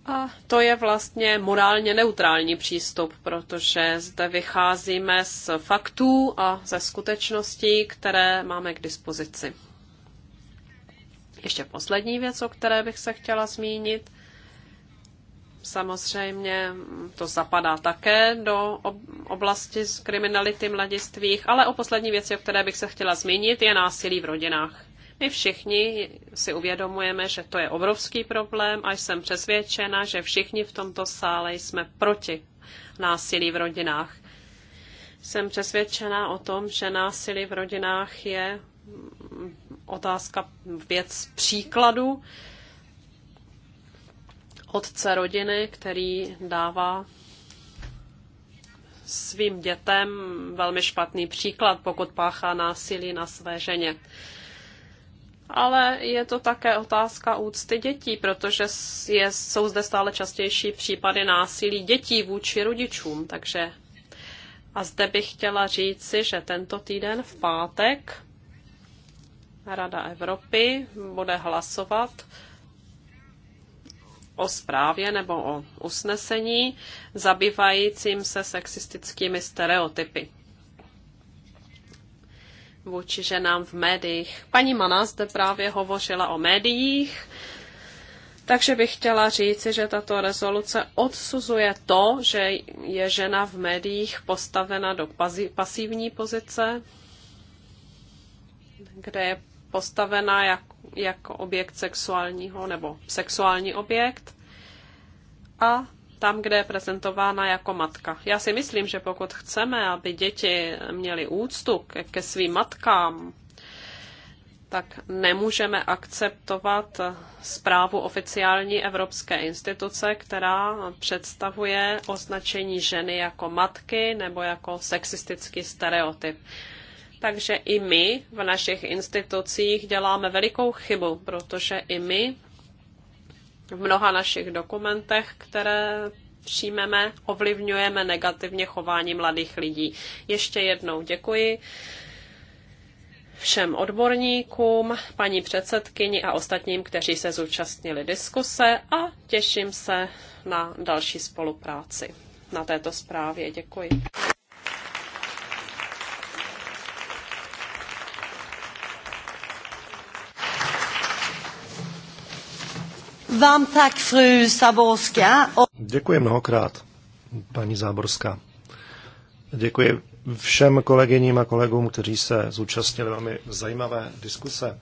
A to je vlastně morálně neutrální přístup, protože zde vycházíme z faktů a ze skutečností, které máme k dispozici. Ještě poslední věc, o které bych se chtěla zmínit. Samozřejmě to zapadá také do oblasti z kriminality mladistvých, ale o poslední věci, o které bych se chtěla zmínit, je násilí v rodinách. My všichni si uvědomujeme, že to je obrovský problém a jsem přesvědčena, že všichni v tomto sále jsme proti násilí v rodinách. Jsem přesvědčena o tom, že násilí v rodinách je otázka věc příkladu otce rodiny, který dává svým dětem velmi špatný příklad, pokud páchá násilí na své ženě ale je to také otázka úcty dětí, protože je, jsou zde stále častější případy násilí dětí vůči rodičům, takže a zde bych chtěla říci, že tento týden v pátek Rada Evropy bude hlasovat o zprávě nebo o usnesení zabývajícím se sexistickými stereotypy vůči ženám v médiích. Paní Mana zde právě hovořila o médiích, takže bych chtěla říci, že tato rezoluce odsuzuje to, že je žena v médiích postavena do pasivní pozice, kde je postavena jak, jako objekt sexuálního nebo sexuální objekt a tam, kde je prezentována jako matka. Já si myslím, že pokud chceme, aby děti měly úctu ke, svým matkám, tak nemůžeme akceptovat zprávu oficiální evropské instituce, která představuje označení ženy jako matky nebo jako sexistický stereotyp. Takže i my v našich institucích děláme velikou chybu, protože i my v mnoha našich dokumentech, které přijmeme, ovlivňujeme negativně chování mladých lidí. Ještě jednou děkuji všem odborníkům, paní předsedkyni a ostatním, kteří se zúčastnili diskuse a těším se na další spolupráci na této zprávě. Děkuji. Vám tak, fru Saborská. Děkuji mnohokrát, paní Záborská. Děkuji všem kolegyním a kolegům, kteří se zúčastnili velmi zajímavé diskuse.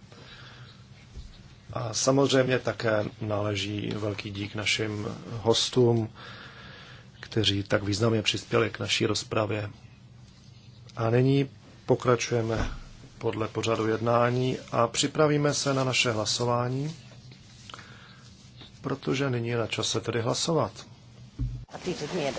A samozřejmě také náleží velký dík našim hostům, kteří tak významně přispěli k naší rozpravě. A nyní pokračujeme podle pořadu jednání a připravíme se na naše hlasování protože nyní je na čase tedy hlasovat. A ty to mě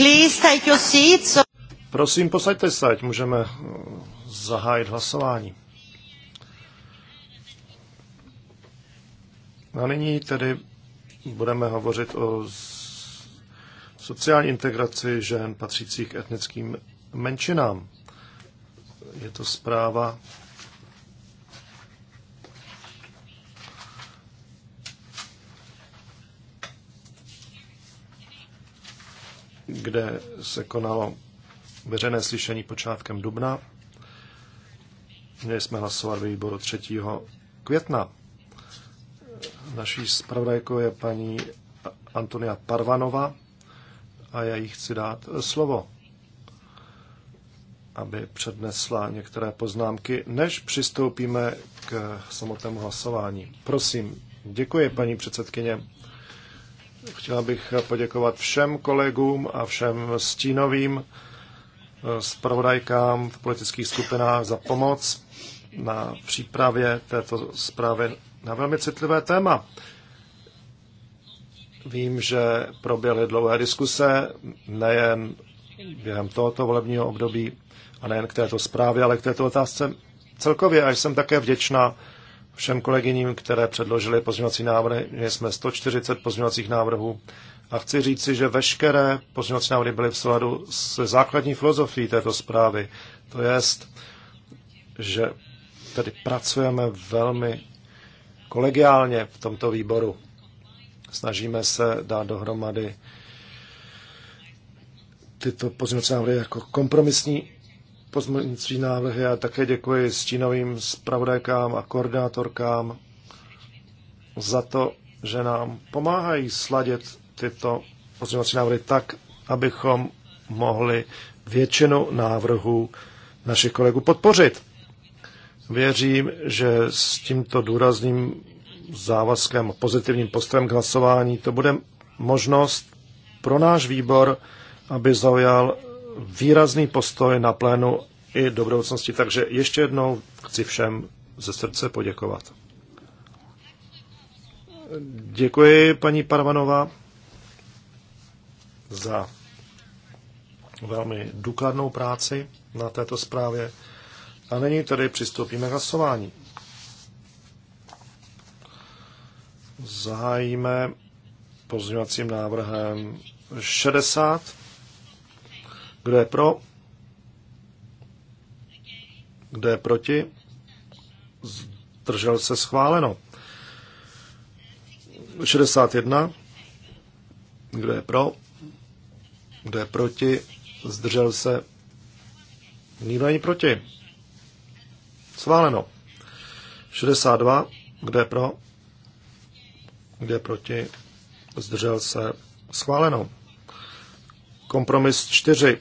Please take your seats. Prosím, posaďte se, ať můžeme eh, zahájit hlasování. A nyní tedy budeme hovořit o sociální integraci žen patřících etnickým menšinám. Je to zpráva kde se konalo veřejné slyšení počátkem dubna. Měli jsme hlasovat ve výboru 3. května. Naší zpravodajkou je paní Antonia Parvanova a já jí chci dát slovo, aby přednesla některé poznámky, než přistoupíme k samotnému hlasování. Prosím, děkuji, paní předsedkyně. Chtěla bych poděkovat všem kolegům a všem stínovým eh, zpravodajkám v politických skupinách za pomoc na přípravě této zprávy na velmi citlivé téma. Vím, že proběhly dlouhé diskuse, nejen během tohoto volebního období a nejen k této zprávě, ale k této otázce celkově. A jsem také vděčná všem kolegyním, které předložily pozměňovací návrhy. Měli jsme 140 pozměňovacích návrhů a chci říci, že veškeré pozměňovací návrhy byly v souladu s základní filozofií této zprávy. To je, že tedy pracujeme velmi kolegiálně v tomto výboru. Snažíme se dát dohromady tyto pozměňovací návrhy jako kompromisní pozměňující návrhy a také děkuji stínovým zpravodajkám a koordinátorkám za to, že nám pomáhají sladit tyto pozměňovací návrhy tak, abychom mohli většinu návrhů našich kolegů podpořit. Věřím, že s tímto důrazným závazkem a pozitivním postojem k hlasování to bude možnost pro náš výbor, aby zaujal výrazný postoj na plénu i do budoucnosti. Takže ještě jednou chci všem ze srdce poděkovat. Děkuji, paní Parvanová, za velmi důkladnou práci na této zprávě. A nyní tedy přistoupíme k hlasování. Zahájíme pozměňovacím návrhem 60. Kdo je pro? Kdo je proti? Zdržel se schváleno. 61. Kdo je pro? Kdo je proti? Zdržel se. Nikdo není proti. Schváleno. 62. Kdo je pro? Kdo je proti? Zdržel se. Schváleno. Kompromis 4.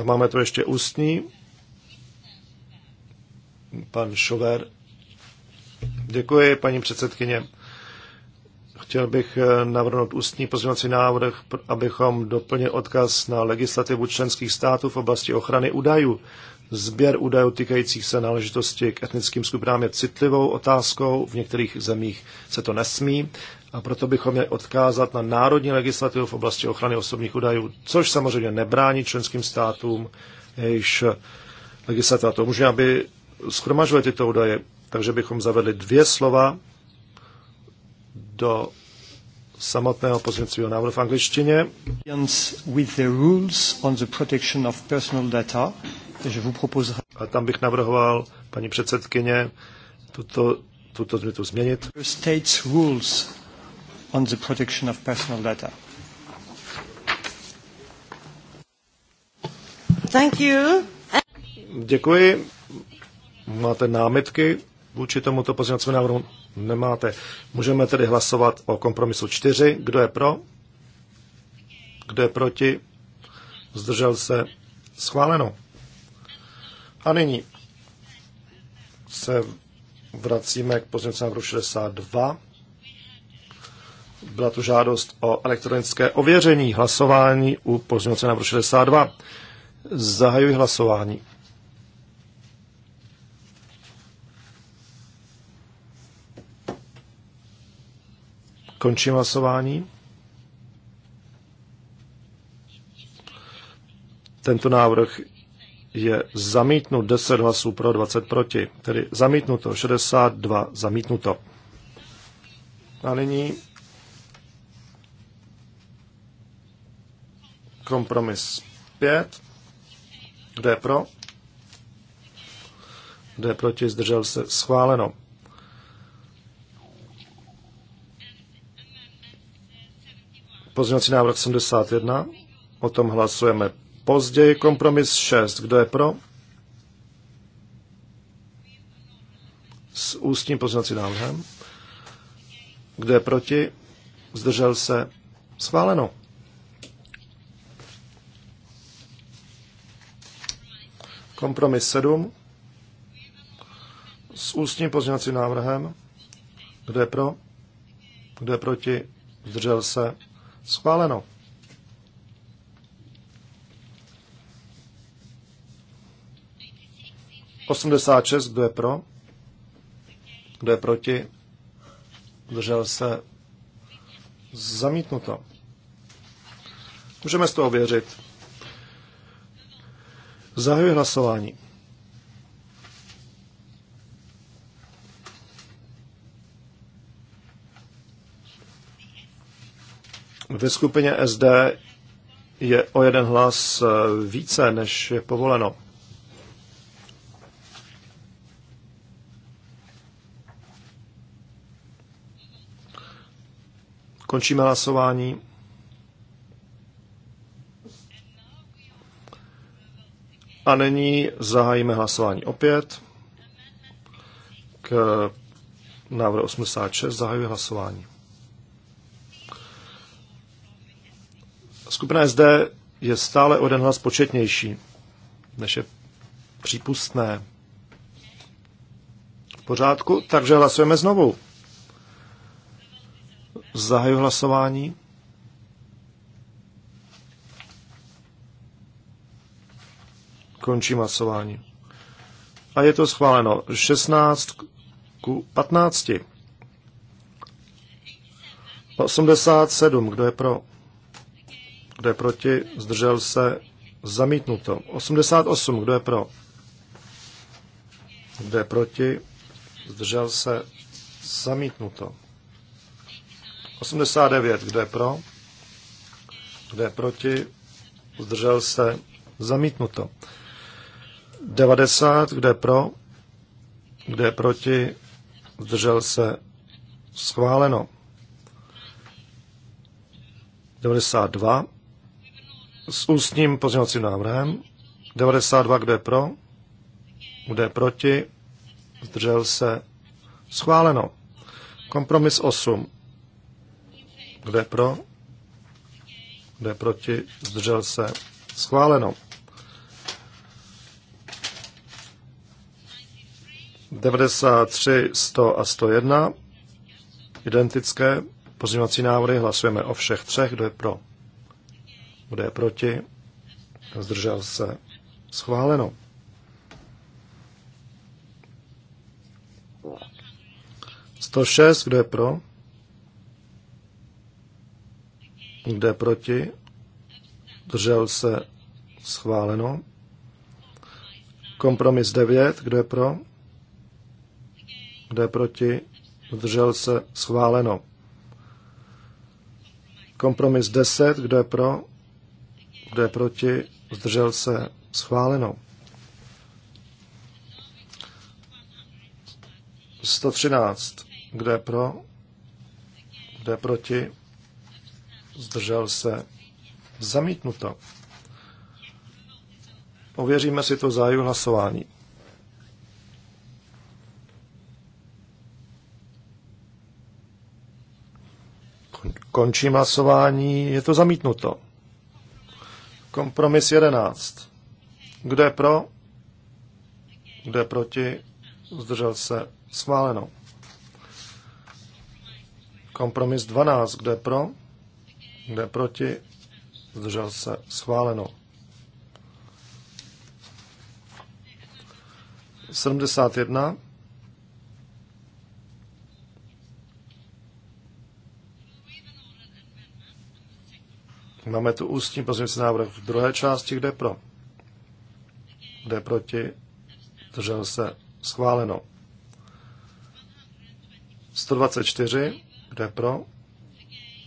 A máme tu ještě ústní. Pan Šover. Děkuji, paní předsedkyně. Chtěl bych eh, navrhnout ústní pozměňovací návrh, abychom doplnili odkaz na legislativu členských států v oblasti ochrany údajů, Sběr údajů týkajících se náležitosti k etnickým skupinám je citlivou otázkou, v některých zemích se to nesmí a proto bychom měli odkázat na národní legislativu v oblasti ochrany osobních údajů, což samozřejmě nebrání členským státům, jejichž legislativa to může, aby schromažovali tyto údaje. Takže bychom zavedli dvě slova do samotného pozměňovacího návrhu v angličtině. With the rules on the protection of personal data že vous proposerai... A tam bych navrhoval, paní předsedkyně, tuto, tuto změtu změnit. States rules on the protection of personal data. Thank you. Děkuji. Máte námitky vůči tomuto pozměňovacímu návrhu? Nemáte. Můžeme tedy hlasovat o kompromisu 4. Kdo je pro? Kdo je proti? Zdržel se? Schváleno. A nyní se vracíme k pozměnce návrhu 62. Byla tu žádost o elektronické ověření hlasování u pozměnce návrhu 62. Zahajuji hlasování. Končím hlasování. Tento návrh je zamítnut 10 hlasů pro 20 proti, tedy zamítnuto 62 zamítnuto. A nyní kompromis 5. Kdo je pro? Kdo je proti? Zdržel se schváleno. Pozměňovací návrh 71. O tom hlasujeme Později kompromis 6. Kdo je pro? S ústním poznací návrhem. Kdo je proti? Zdržel se? Schváleno. Kompromis 7 s ústním pozměňovacím návrhem. Kdo je pro? Kdo je proti? Zdržel se? Schváleno. 86, kdo je pro? Kdo je proti? Držel se zamítnuto. Můžeme z toho věřit. Zahajuji hlasování. Ve skupině SD je o jeden hlas více, než je povoleno. Končíme hlasování. A nyní zahájíme hlasování opět. K návrhu 86 zahajuji hlasování. Skupina SD je stále o jeden hlas početnější, než je přípustné. V pořádku, takže hlasujeme znovu. Zahaju hlasování. Končím hlasování. A je to schváleno 16 ku 15. 87. Kdo je pro? Kdo je proti? Zdržel se? Zamítnuto. 88. Kdo je pro? Kdo je proti? Zdržel se? Zamítnuto. 89, kdo je pro? Kdo je proti? Zdržel se? Zamítnuto. 90, kdo je pro? Kdo je proti? Zdržel se? Schváleno. 92 s ústním pozměňovacím návrhem. 92, kdo je pro? Kdo je proti? Zdržel se? Schváleno. Kompromis 8. Kdo je pro? Kdo je proti? Zdržel se? Schváleno. 93, 100 a 101. Identické pozměňovací návrhy. Hlasujeme o všech třech. Kdo je pro? Kdo je proti? Zdržel se? Schváleno. Sto šest, kdo je pro? Jde proti. Držel se schváleno. Kompromis 9. Kdo je pro? Kdo je proti? Držel se schváleno. Kompromis 10. Kdo je pro? Kdo je proti? Zdržel se schváleno. 113. Kdo je pro? Kdo je proti? zdržel se, zamítnuto. Ověříme si to zájmu hlasování. Končím hlasování, je to zamítnuto. Kompromis 11. Kdo je pro? Kdo je proti? Zdržel se. Schváleno. Kompromis 12. Kdo je pro? Kde proti? Zdržel se. Schváleno. 71. Máme tu ústní pozměnící návrh v druhé části, kde pro. Kde proti. Držel se. Schváleno. 124. Kde pro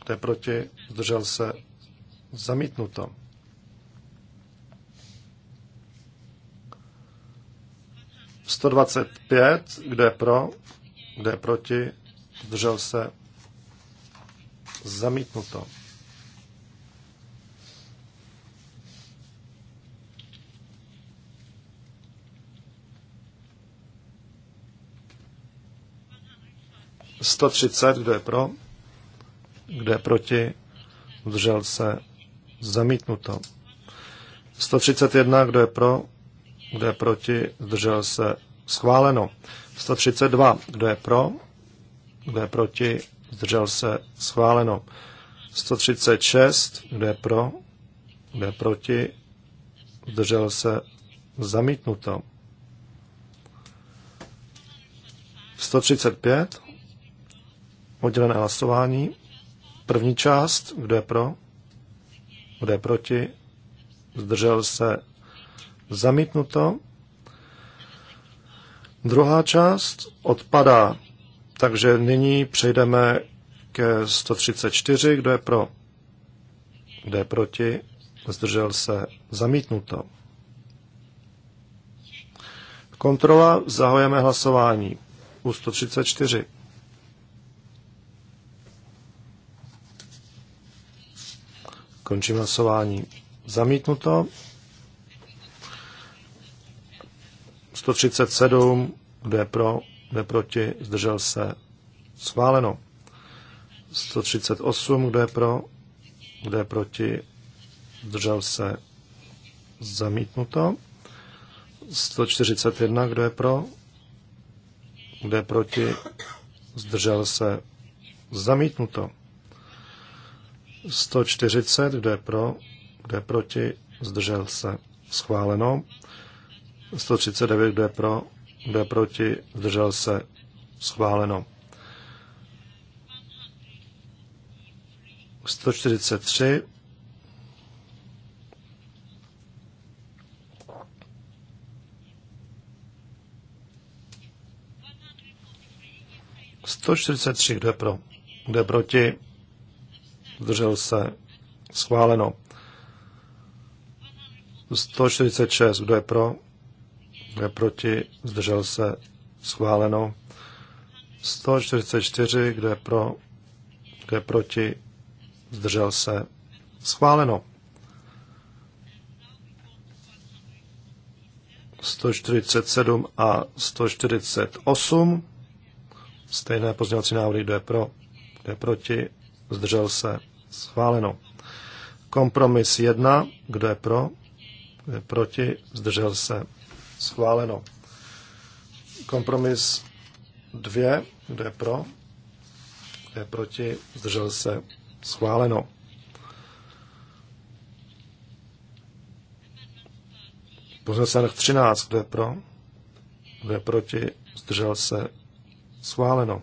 to je proti, zdržel se, zamítnuto. V 125, kde je pro, kde je proti, zdržel se, zamítnuto. Sto třicet, kdo je pro? kde proti, zdržel se, zamítnuto. 131, kdo je pro, kdo je proti, zdržel se, schváleno. 132, kdo je pro, kdo je proti, zdržel se, schváleno. 136, kdo je pro, kdo je proti, zdržel se, zamítnuto. 135, oddělené hlasování, První část, kdo je pro, kdo je proti, zdržel se zamítnuto. Druhá část odpadá, takže nyní přejdeme ke 134, kdo je pro, kdo je proti, zdržel se zamítnuto. Kontrola, zahajeme hlasování u 134. Končím hlasování. Zamítnuto. 137, kdo je pro, kdo je proti, zdržel se. Schváleno. 138, kdo je pro, kdo je proti, zdržel se. Zamítnuto. 141, kdo je pro, kdo je proti, zdržel se. Zamítnuto. 140, kdo je pro, kdo je proti, zdržel se, schváleno. 139, kdo je pro, kdo je proti, zdržel se, schváleno. 143, Sto čtyřicet tři, kdo je pro? Kdo je proti? zdržel se, schváleno. 146, kdo je pro, kdo je proti, zdržel se, schváleno. 144, kdo je pro, kdo je proti, zdržel se, schváleno. 147 a 148. Stejné pozdělací návrhy, kdo je pro, kdo je proti, zdržel se, Schváleno. Kompromis 1. Kdo je pro? Kdo je proti? Zdržel se. Schváleno. Kompromis 2. Kdo je pro? Kdo je proti? Zdržel se. Schváleno. Pozměnce 13. Kdo je pro? Kdo je proti? Zdržel se. Schváleno.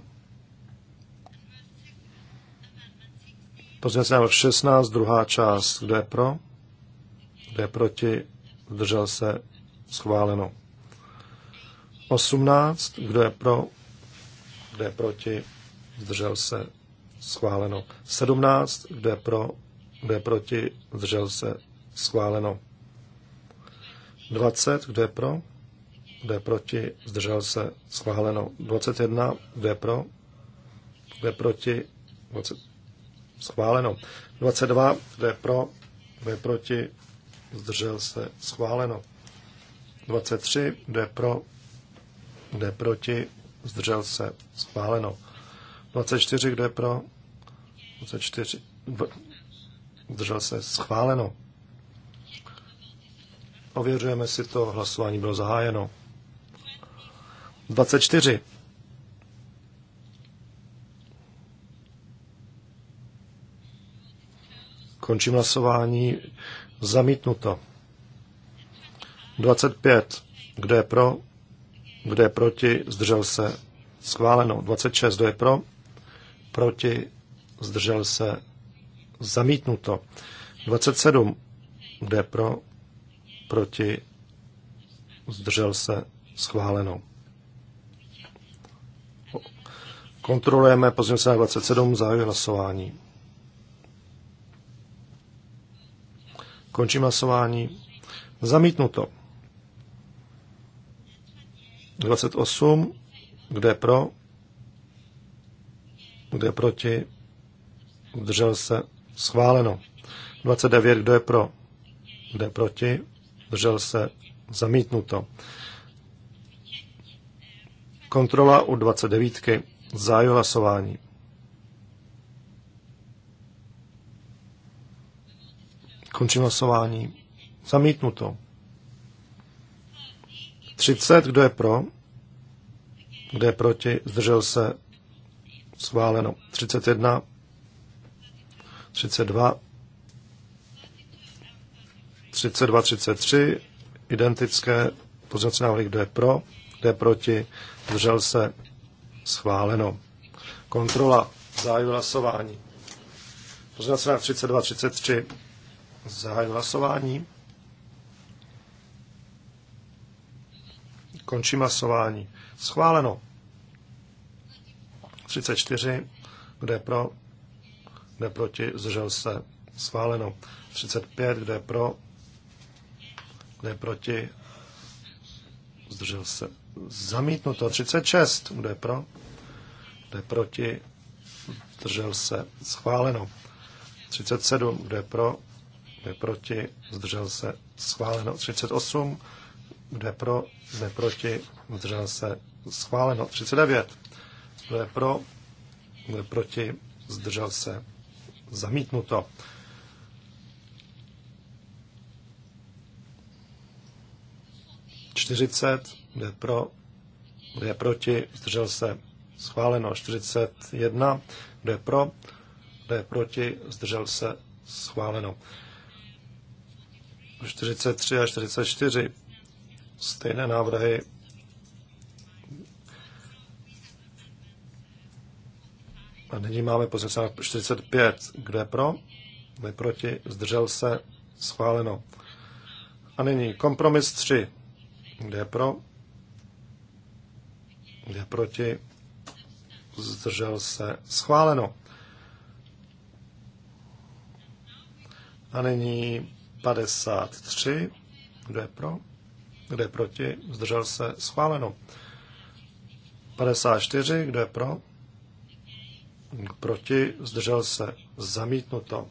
Pozměňovací návrh 16, druhá část. Kdo je pro? Kdo je proti? Zdržel se? Schváleno. 18. Kdo je pro? Kdo je proti? Zdržel se? Schváleno. 17. Kdo je pro? Kdo je proti? Zdržel se? Schváleno. 20. Kdo je pro? Kdo je proti? Zdržel se? Schváleno. 21. Kdo je pro? Kdo je proti? 20 schváleno. 22, kdo je pro, kdo je proti, zdržel se, schváleno. 23, kdo je pro, kdo je proti, zdržel se, schváleno. 24, kdo je pro, 24, zdržel se, schváleno. Ověřujeme si to, hlasování bylo zahájeno. 24. Končím hlasování. Zamítnuto. 25. Kdo je pro? Kdo je proti? Zdržel se. Schváleno. 26. Kdo je pro? Proti? Zdržel se. Zamítnuto. 27. Kdo je pro? Proti? Zdržel se. Schváleno. Kontrolujeme pozměnce 27. Zahajuji hlasování. Končím hlasování. Zamítnuto. 28. Kdo je pro? Kdo je proti? Držel se. Schváleno. 29. Kdo je pro? Kdo je proti? Držel se. Zamítnuto. Kontrola u 29. Zájo hlasování. Končím hlasování. Zamítnuto. 30, kdo je pro? Kdo je proti? Zdržel se? Schváleno. 31. 32. 32, 33. Identické pozvací návrhy, kdo je pro? Kdo je proti? Zdržel se? Schváleno. Kontrola zájmu hlasování. Pozvací návrh 32, 33. Zahajuji hlasování. Končím hlasování. Schváleno. 34. Kdo je pro? Kdo je proti? Zdržel se. Schváleno. 35. Kdo je pro? Kdo je proti? Zdržel se. Zamítnuto. 36. Kdo je pro? Kdo je proti? Zdržel se. Schváleno. 37. Kdo je pro? kde proti, zdržel se schváleno 38, kde pro, kde proti, zdržel se schváleno 39, kde pro, kde proti, zdržel se zamítnuto. Čtyřicet, kde pro, kde proti, zdržel se schváleno 41, kde pro, kde proti, zdržel se schváleno. 43 a 44. Stejné návrhy. A nyní máme pozici 45. Kdo je pro? Kdo proti? Zdržel se? Schváleno. A nyní kompromis 3. Kdo je pro? Kdo je proti? Zdržel se? Schváleno. A nyní 53. Kdo je pro? Kdo je proti? Zdržel se? Schváleno. 54. Kdo je pro? Proti? Zdržel se? Zamítnuto.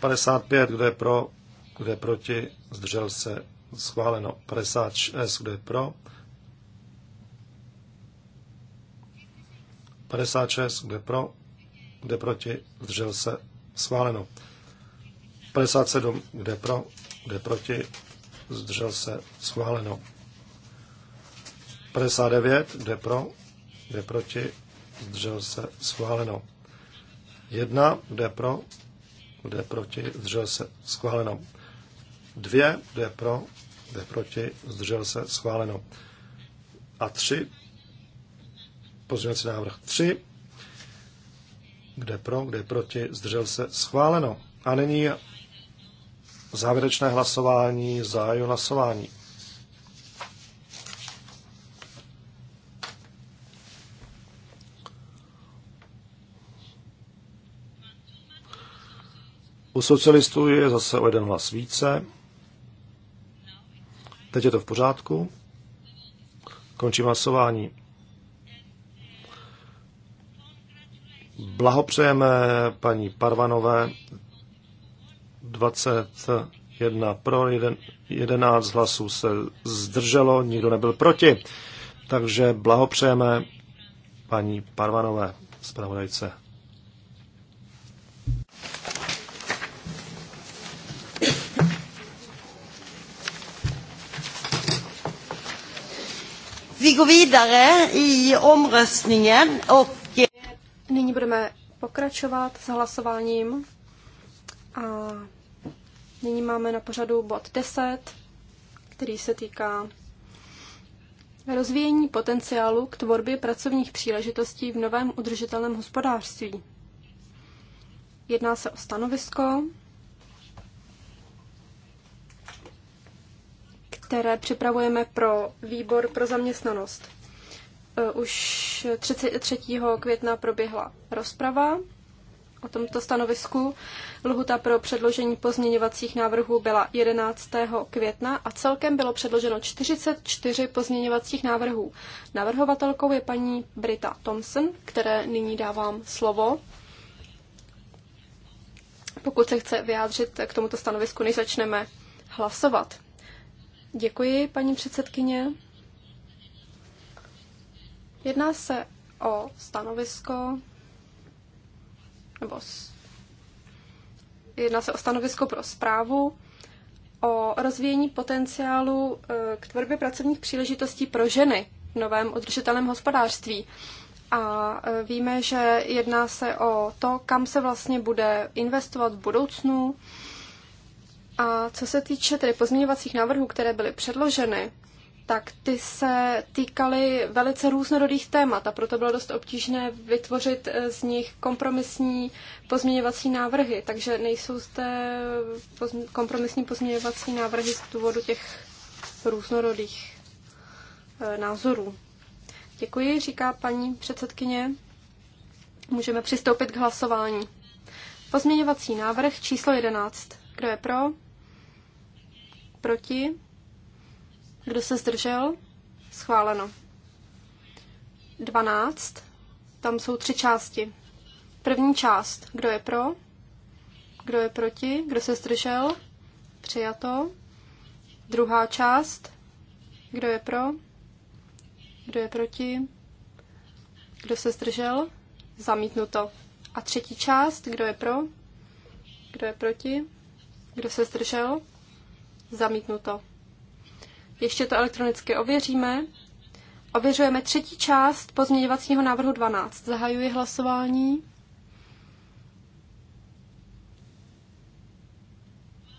55. Kdo je pro? Kdo je proti? Zdržel se? Schváleno. 56. Kdo je pro? 56. Kdo je pro? Kdo je proti? Zdržel se? Schváleno. 57, kde pro, kde proti, zdržel se, schváleno. 59, kde pro, kde proti, zdržel se, schváleno. 1, kde pro, kde proti, zdržel se, schváleno. 2, kde pro, kde proti, zdržel se, schváleno. A 3, pozměňovací návrh 3, kde pro, kde proti, zdržel se, schváleno. A nyní Závěrečné hlasování, zahájil hlasování. U socialistů je zase o jeden hlas více. Teď je to v pořádku. Končím hlasování. Blahopřejeme paní Parvanové 21 pro, 11 hlasů se zdrželo, nikdo nebyl proti. Takže blahopřejeme paní Parvanové, zpravodajce. Vi går vidare i omröstningen och... Nyní budeme pokračovat s hlasováním. A Nyní máme na pořadu bod 10, který se týká rozvíjení potenciálu k tvorbě pracovních příležitostí v novém udržitelném hospodářství. Jedná se o stanovisko, které připravujeme pro výbor pro zaměstnanost. E, už 33. května proběhla rozprava o tomto stanovisku. Lhuta pro předložení pozměňovacích návrhů byla 11. května a celkem bylo předloženo 44 pozměňovacích návrhů. Navrhovatelkou je paní Brita Thompson, které nyní dávám slovo. Pokud se chce vyjádřit k tomuto stanovisku, než začneme hlasovat. Děkuji, paní předsedkyně. Jedná se o stanovisko nebo jedná se o stanovisko pro zprávu o rozvíjení potenciálu e, k tvorbě pracovních příležitostí pro ženy v novém udržitelném hospodářství. A e, víme, že jedná se o to, kam se vlastně bude investovat v budoucnu. A co se týče tedy pozměňovacích návrhů, které byly předloženy, tak ty se týkaly velice různorodých témat a proto bylo dost obtížné vytvořit eh, z nich kompromisní pozměňovací návrhy. Takže nejsou zde kompromisní pozměňovací návrhy z důvodu těch různorodých eh, názorů. Děkuji, říká paní předsedkyně. Můžeme přistoupit k hlasování. Pozměňovací návrh číslo 11. Kdo je pro? Proti? Kdo se zdržel? Schváleno. 12. Tam jsou tři části. První část. Kdo je pro? Kdo je proti? Kdo se zdržel? Přijato. Druhá část. Kdo je pro? Kdo je proti? Kdo se zdržel? Zamítnuto. A třetí část. Kdo je pro? Kdo je proti? Kdo se zdržel? Zamítnuto. Ještě to elektronicky ověříme. Ověřujeme třetí část pozměňovacího návrhu 12. Zahajuji hlasování.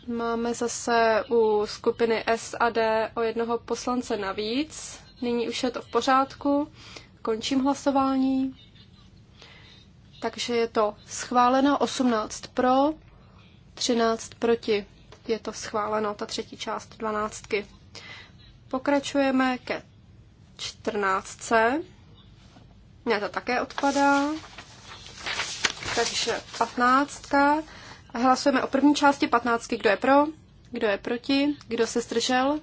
Máme zase u skupiny S a D o jednoho poslance navíc. Nyní už je to v pořádku. Končím hlasování. Takže je to schváleno 18 pro, 13 proti. Je to schváleno, ta třetí část 12. Pokračujeme ke 14. Ne, to také odpadá. Takže 15. Hlasujeme o první části 15. Kdo je pro? Kdo je proti? Kdo se zdržel?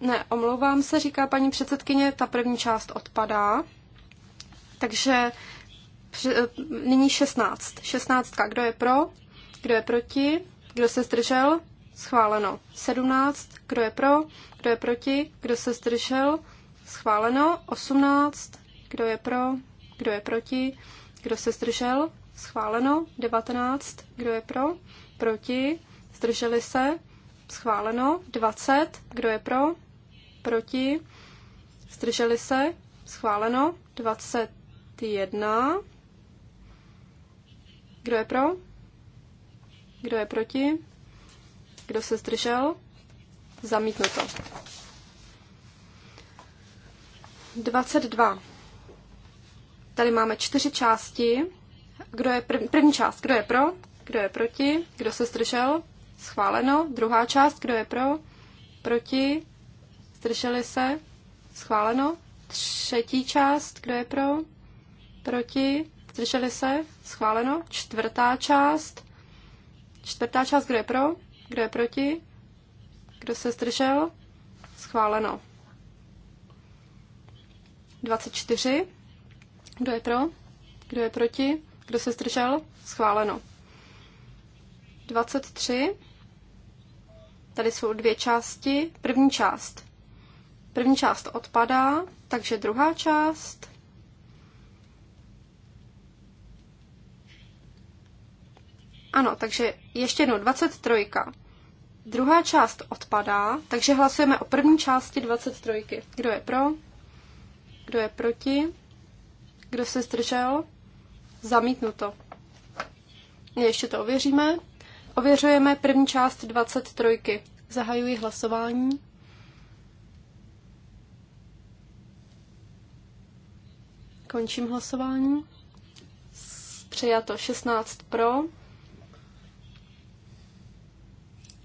Ne, omlouvám se, říká paní předsedkyně, ta první část odpadá. Takže nyní 16. 16. Kdo je pro? Kdo je proti? Kdo se zdržel? Schváleno. 17. Kdo je pro? Kdo je proti? Kdo se zdržel? Schváleno. 18. Kdo je pro? Kdo je proti? Kdo se zdržel? Schváleno. 19. Kdo je pro? Proti? Zdrželi se? Schváleno. 20. Kdo je pro? Proti? Zdrželi se? Schváleno. 21. Kdo je pro? Kdo je proti? Kdo se zdržel? Zamítnuto. 22. Tady máme čtyři části. Kdo je prv, první část, kdo je pro, kdo je proti, kdo se zdržel, schváleno. Druhá část, kdo je pro, proti, zdrželi se, schváleno. Třetí část, kdo je pro, proti, zdrželi se, schváleno. Čtvrtá část, čtvrtá část, kdo je pro, kdo je proti? Kdo se zdržel? Schváleno. 24. Kdo je pro? Kdo je proti? Kdo se zdržel? Schváleno. 23. Tady jsou dvě části. První část. První část odpadá, takže druhá část. Ano, takže ještě jednou 23. Druhá část odpadá, takže hlasujeme o první části 23. Kdo je pro? Kdo je proti? Kdo se zdržel? Zamítnuto. Ještě to ověříme. Ověřujeme první část 23. Zahajuji hlasování. Končím hlasování. Přijato 16 pro,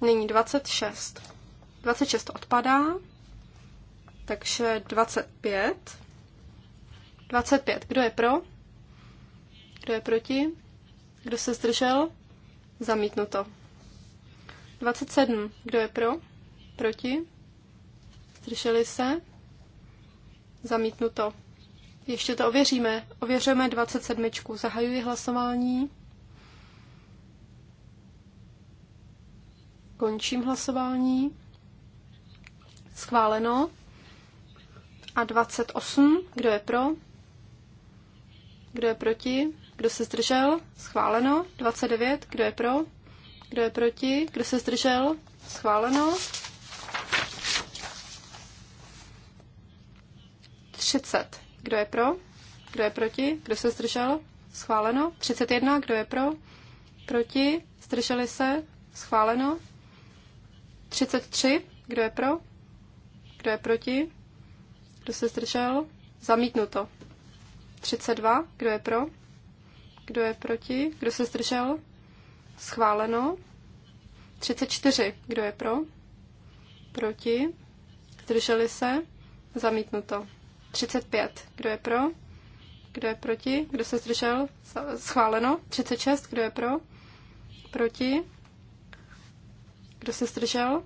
Nyní 26. 26 odpadá, takže 25. 25. Kdo je pro? Kdo je proti? Kdo se zdržel? Zamítnuto. 27. Kdo je pro? Proti? Zdrželi se? Zamítnuto. Ještě to ověříme. Ověřujeme 27. Zahajuji hlasování. Končím hlasování. Schváleno. A 28. Kdo je pro? Kdo je proti? Kdo se zdržel? Schváleno. 29. Kdo je pro? Kdo je proti? Kdo se zdržel? Schváleno. 30. Kdo je pro? Kdo je proti? Kdo se zdržel? Schváleno. 31. Kdo je pro? Proti? Zdrželi se? Schváleno. 33. Kdo je pro? Kdo je proti? Kdo se zdržel? Zamítnuto. 32. Kdo je pro? Kdo je proti? Kdo se zdržel? Schváleno. 34. Kdo je pro? Proti? Zdrželi se? Zamítnuto. 35. Kdo je pro? Kdo je proti? Kdo se zdržel? Schváleno. 36. Kdo je pro? Proti? Kdo se zdržel?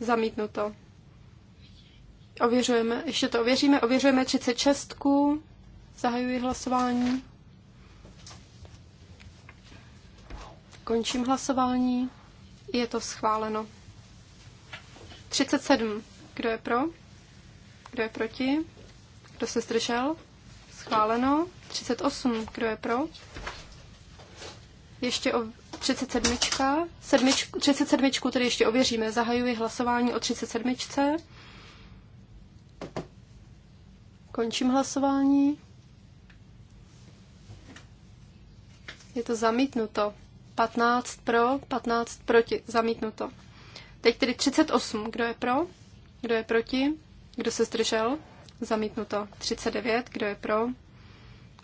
Zamítnuto. Ověřujeme, ještě to ověříme. Ověřujeme 36. Zahajuji hlasování. Končím hlasování. Je to schváleno. 37. Kdo je pro? Kdo je proti? Kdo se zdržel? Schváleno. 38. Kdo je pro? Ještě 37. Sedmičku, 37. tedy ještě ověříme. Zahajuji hlasování o 37. Končím hlasování. Je to zamítnuto. 15 pro, 15 proti. Zamítnuto. Teď tedy 38. Kdo je pro? Kdo je proti? Kdo se zdržel? Zamítnuto. 39. Kdo je pro?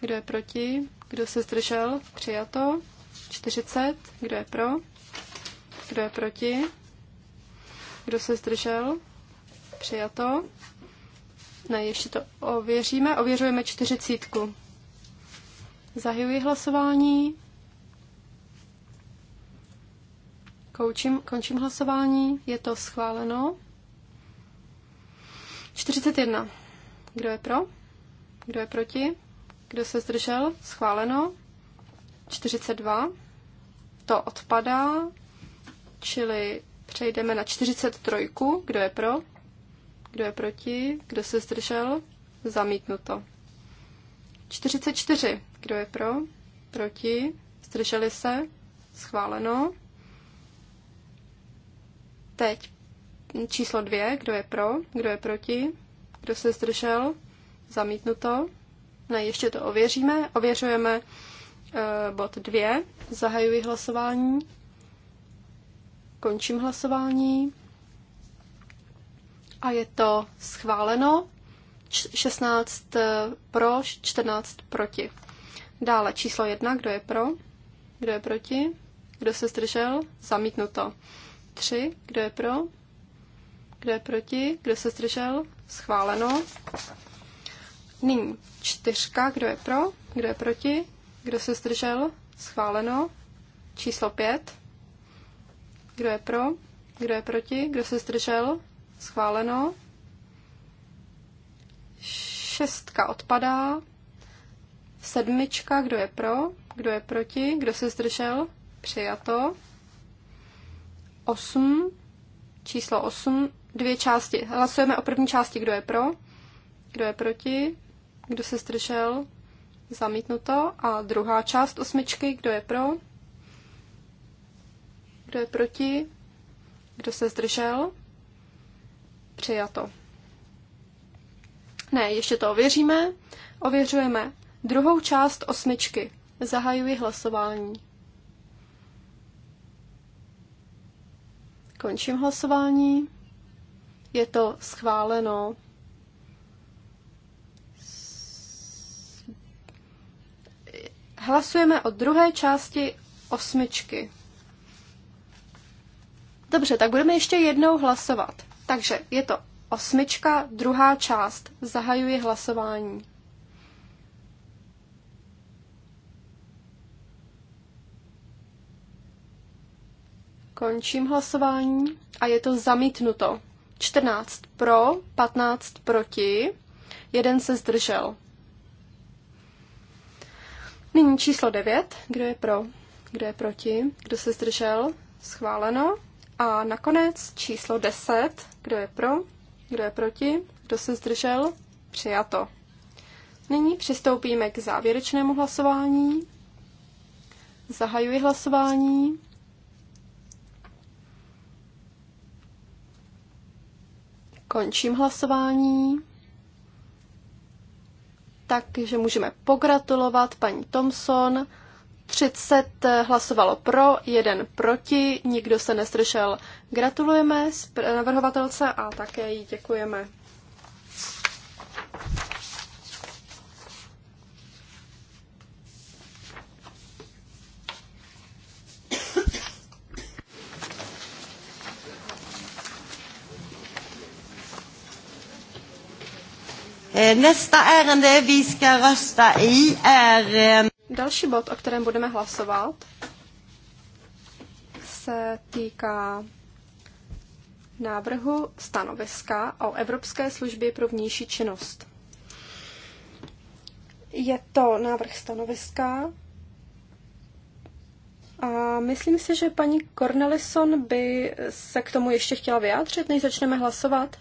Kdo je proti? Kdo se zdržel? Přijato. 40. Kdo je pro? Kdo je proti? Kdo se zdržel? Přijato. Ne, ještě to ověříme. Ověřujeme čtyřicítku. Zahajuji hlasování. Koučím, končím hlasování. Je to schváleno. 41. Kdo je pro? Kdo je proti? Kdo se zdržel? Schváleno. 42. To odpadá, čili přejdeme na 43. Kdo je pro? Kdo je proti? Kdo se zdržel? Zamítnuto. 44. Kdo je pro? Proti? Zdrželi se? Schváleno. Teď číslo 2. Kdo je pro? Kdo je proti? Kdo se zdržel? Zamítnuto. Ne, ještě to ověříme. Ověřujeme Eh, bod 2. Zahajuji hlasování. Končím hlasování. A je to schváleno. 16 eh, pro, 14 proti. Dále číslo 1. Kdo je pro? Kdo je proti? Kdo se zdržel? Zamítnuto. 3. Kdo je pro? Kdo je proti? Kdo se zdržel? Schváleno. Nyní čtyřka. Kdo je pro? Kdo je proti? Kdo se zdržel? Schváleno. Číslo 5. Kdo je pro? Kdo je proti? Kdo se zdržel? Schváleno. Šestka odpadá. Sedmička, kdo je pro? Kdo je proti? Kdo se zdržel? Přijato. Osm. Číslo osm. Dvě části. Hlasujeme o první části, kdo je pro? Kdo je proti? Kdo se zdržel? Zamítnuto. A druhá část osmičky, kdo je pro? Kdo je proti? Kdo se zdržel? Přijato. Ne, ještě to ověříme. Ověřujeme druhou část osmičky. Zahajuji hlasování. Končím hlasování. Je to schváleno. Hlasujeme o druhé části osmičky. Dobře, tak budeme ještě jednou hlasovat. Takže je to osmička, druhá část. Zahajuji hlasování. Končím hlasování a je to zamítnuto. 14 pro, 15 proti, jeden se zdržel. Nyní číslo 9. Kdo je pro? Kdo je proti? Kdo se zdržel? Schváleno. A nakonec číslo 10. Kdo je pro? Kdo je proti? Kdo se zdržel? Přijato. Nyní přistoupíme k závěrečnému hlasování. Zahajuji hlasování. Končím hlasování takže můžeme pogratulovat paní Thompson. 30 hlasovalo pro, jeden proti, nikdo se nestršel. Gratulujeme navrhovatelce a také jí děkujeme. Eh, nästa ärende vi ska rösta i är... Eh, Další bod, o kterém budeme hlasovat, se týká návrhu stanoviska o Evropské službě pro vnější činnost. Je to návrh stanoviska a myslím si, že paní Cornelison by se k tomu ještě chtěla vyjádřit, než začneme hlasovat.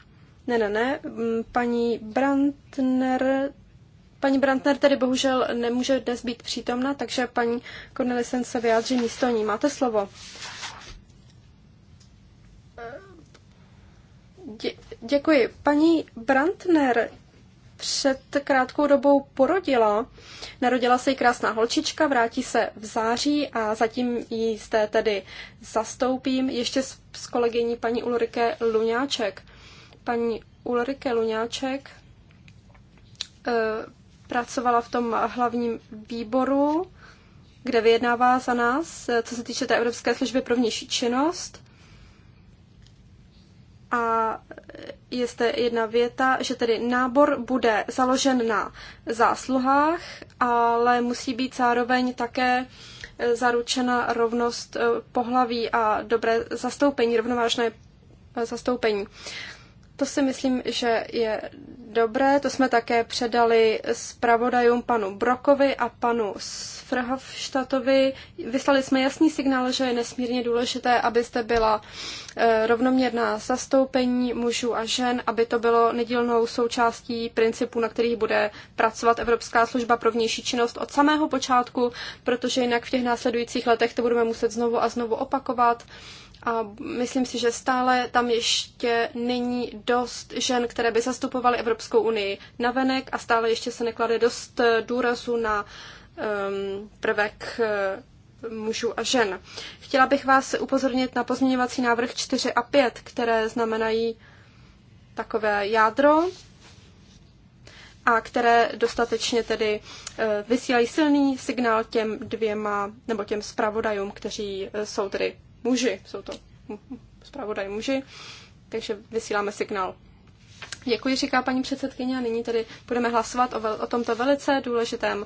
Ne, ne, ne. Mm, paní Brantner, paní Brantner tedy bohužel nemůže dnes být přítomna, takže paní Cornelisen se vyjádří místo ní. Máte slovo. Dě- děkuji. Paní Brantner před krátkou dobou porodila. Narodila se jí krásná holčička, vrátí se v září a zatím ji zde tedy zastoupím ještě s, s kolegyní paní Ulrike Luňáček. Paní Ulrike Luňáček eh, pracovala v tom hlavním výboru, kde vyjednává za nás, eh, co se týče té Evropské služby pro vnější činnost. A eh, je zde jedna věta, že tedy nábor bude založen na zásluhách, ale musí být zároveň také zaručena rovnost pohlaví a dobré zastoupení, rovnovážné zastoupení. To si myslím, že je dobré. To jsme také předali zpravodajům panu Brokovi a panu Svrhavštatovi. Vyslali jsme jasný signál, že je nesmírně důležité, abyste byla eh, rovnoměrná zastoupení mužů a žen, aby to bylo nedílnou součástí principů, na kterých bude pracovat Evropská služba pro vnější činnost od samého počátku, protože jinak v těch následujících letech to budeme muset znovu a znovu opakovat a myslím si, že stále tam ještě není dost žen, které by zastupovaly Evropskou unii na venek, a stále ještě se neklade dost důrazu na um, prvek eh, mužů a žen. Chtěla bych vás upozornit na pozměňovací návrh 4 a 5, které znamenají takové jádro a které dostatečně tedy eh, vysílají silný signál těm dvěma nebo těm zpravodajům, kteří eh, jsou tedy muži, jsou to zpravodaj muži, takže vysíláme signál. Děkuji, říká paní předsedkyně, a nyní tedy budeme hlasovat o, o tomto velice důležitém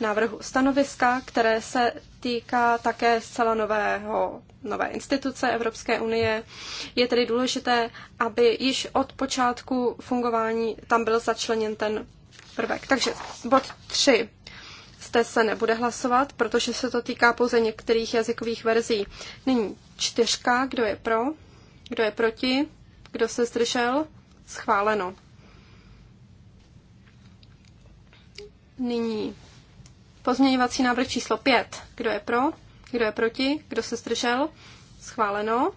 návrhu stanoviska, které se týká také zcela nového, nové instituce Evropské unie. Je tedy důležité, aby již od počátku fungování tam byl začleněn ten prvek. Takže bod 3 té se nebude hlasovat, protože se to týká pouze některých jazykových verzí. Nyní čtyřka, kdo je pro, kdo je proti, kdo se zdržel, schváleno. Nyní pozměňovací návrh číslo 5. Kdo je pro, kdo je proti, kdo se zdržel, schváleno.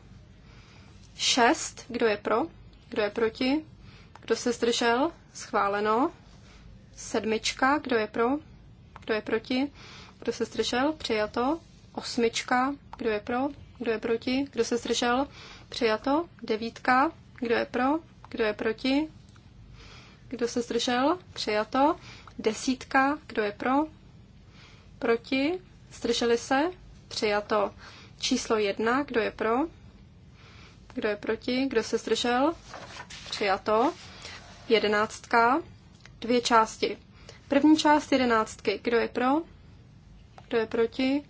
6. Kdo je pro, kdo je proti, kdo se zdržel, schváleno. Sedmička, kdo je pro, kdo je proti? Kdo se zdržel? Přijato. Osmička. Kdo je pro? Kdo je proti? Kdo se zdržel? Přijato. Devítka. Kdo je pro? Kdo je proti? Kdo se zdržel? Přijato. Desítka. Kdo je pro? Proti? Zdrželi se? Přijato. Číslo jedna. Kdo je pro? Kdo je proti? Kdo se zdržel? Přijato. Jedenáctka. Dvě části. První část jedenáctky. Kdo je pro? Kdo je proti?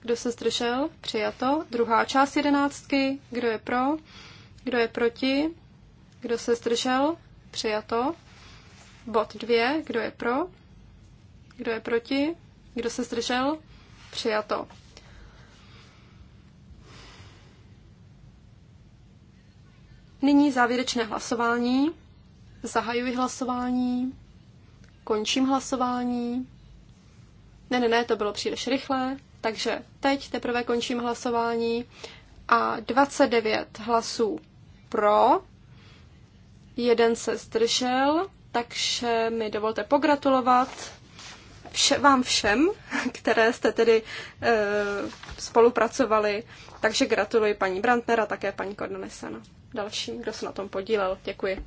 Kdo se zdržel? Přijato. Druhá část jedenáctky. Kdo je pro? Kdo je proti? Kdo se zdržel? Přijato. Bod dvě. Kdo je pro? Kdo je proti? Kdo se zdržel? Přijato. Nyní závěrečné hlasování. Zahajuji hlasování. Končím hlasování. Ne, ne, ne, to bylo příliš rychlé. Takže teď teprve končím hlasování. A 29 hlasů pro, jeden se zdržel, takže mi dovolte pogratulovat vše, vám všem, které jste tedy e, spolupracovali. Takže gratuluji paní Brantner a také paní Kornonesena. Dalším, kdo se na tom podílel. Děkuji.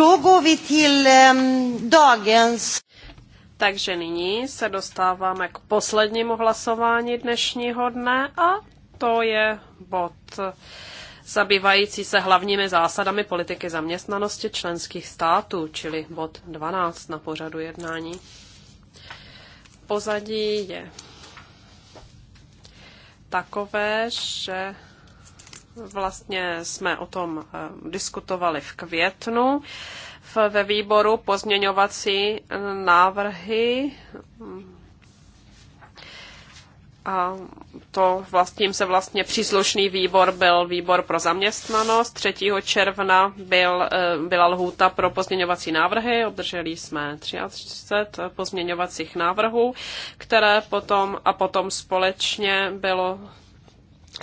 Då går vi till um, dagens... Takže nyní se dostáváme k poslednímu hlasování dnešního dne a to je bod zabývající se hlavními zásadami politiky zaměstnanosti členských států, čili bod 12 na pořadu jednání. Pozadí je takové, že Vlastně jsme o tom eh, diskutovali v květnu ve výboru pozměňovací eh, návrhy a to vlastně se vlastně příslušný výbor byl výbor pro zaměstnanost. 3. června byl, eh, byla lhůta pro pozměňovací návrhy. Obdrželi jsme 33 pozměňovacích návrhů, které potom a potom společně bylo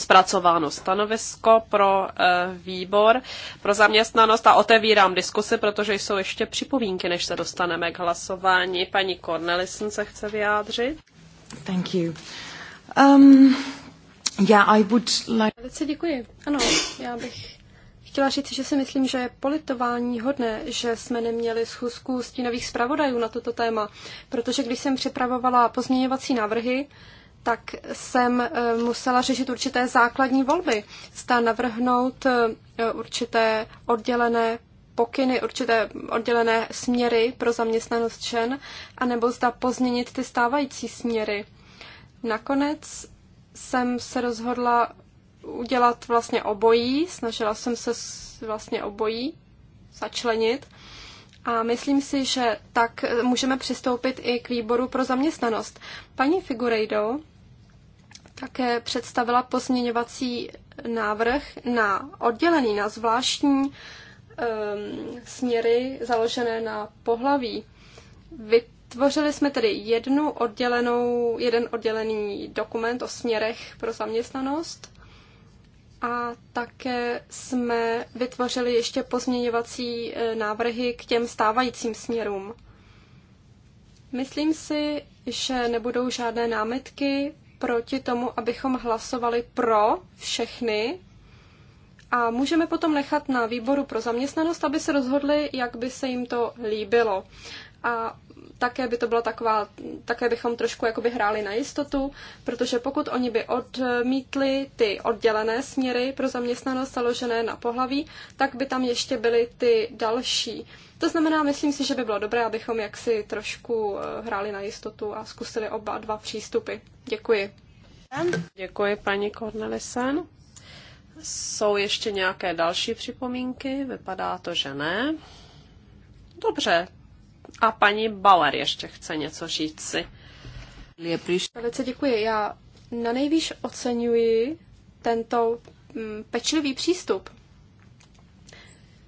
zpracováno stanovisko pro eh, výbor pro zaměstnanost a otevírám diskusi, protože jsou ještě připomínky, než se dostaneme k hlasování. Paní Cornelison se chce vyjádřit. Thank you. Um, yeah, I would like... Velice děkuji. Ano, já bych chtěla říct, že si myslím, že je politování hodné, že jsme neměli schůzku stínových zpravodajů na toto téma, protože když jsem připravovala pozměňovací návrhy, tak jsem eh, musela řešit určité základní volby. Zda navrhnout eh, určité oddělené pokyny, určité oddělené směry pro zaměstnanost žen, anebo zda pozměnit ty stávající směry. Nakonec jsem se rozhodla udělat vlastně obojí, snažila jsem se vlastně obojí začlenit. A myslím si, že tak můžeme přistoupit i k výboru pro zaměstnanost. Paní Figurejdo také představila pozměňovací návrh na oddělený, na zvláštní um, směry založené na pohlaví. Vytvořili jsme tedy jednu oddělenou, jeden oddělený dokument o směrech pro zaměstnanost a také jsme vytvořili ještě pozměňovací e, návrhy k těm stávajícím směrům. Myslím si, že nebudou žádné námitky proti tomu, abychom hlasovali pro všechny a můžeme potom nechat na výboru pro zaměstnanost, aby se rozhodli, jak by se jim to líbilo. A také by to byla taková, také bychom trošku jakoby hráli na jistotu, protože pokud oni by odmítli ty oddělené směry pro zaměstnanost založené na pohlaví, tak by tam ještě byly ty další. To znamená, myslím si, že by bylo dobré, abychom jaksi trošku eh, hráli na jistotu a zkusili oba dva přístupy. Děkuji. Děkuji, paní Kornelisen. Jsou ještě nějaké další připomínky? Vypadá to, že ne. Dobře, a paní Bauer ještě chce něco říct si. Velice děkuji. Já na nejvýš oceňuji tento mm, pečlivý přístup.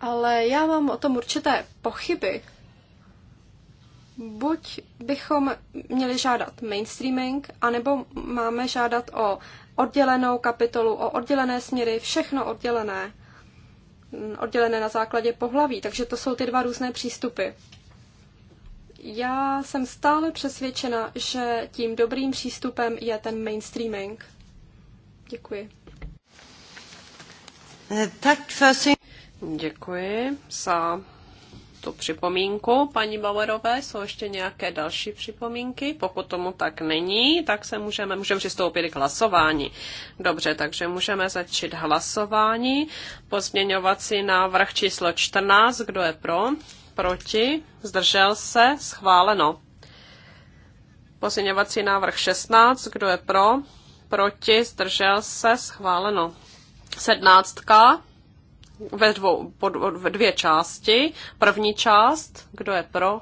Ale já mám o tom určité pochyby. Buď bychom měli žádat mainstreaming, anebo máme žádat o oddělenou kapitolu, o oddělené směry, všechno oddělené, mm, oddělené na základě pohlaví. Takže to jsou ty dva různé přístupy. Já jsem stále přesvědčena, že tím dobrým přístupem je ten mainstreaming. Děkuji. Tak Děkuji za tu připomínku paní Bauerové. Jsou ještě nějaké další připomínky? Pokud tomu tak není, tak se můžeme, můžeme přistoupit k hlasování. Dobře, takže můžeme začít hlasování. Pozměňovací návrh číslo 14. Kdo je pro? proti, zdržel se, schváleno. Pozměňovací návrh 16, kdo je pro, proti, zdržel se, schváleno. Sednáctka ve dvou, pod, dvě části. První část, kdo je pro,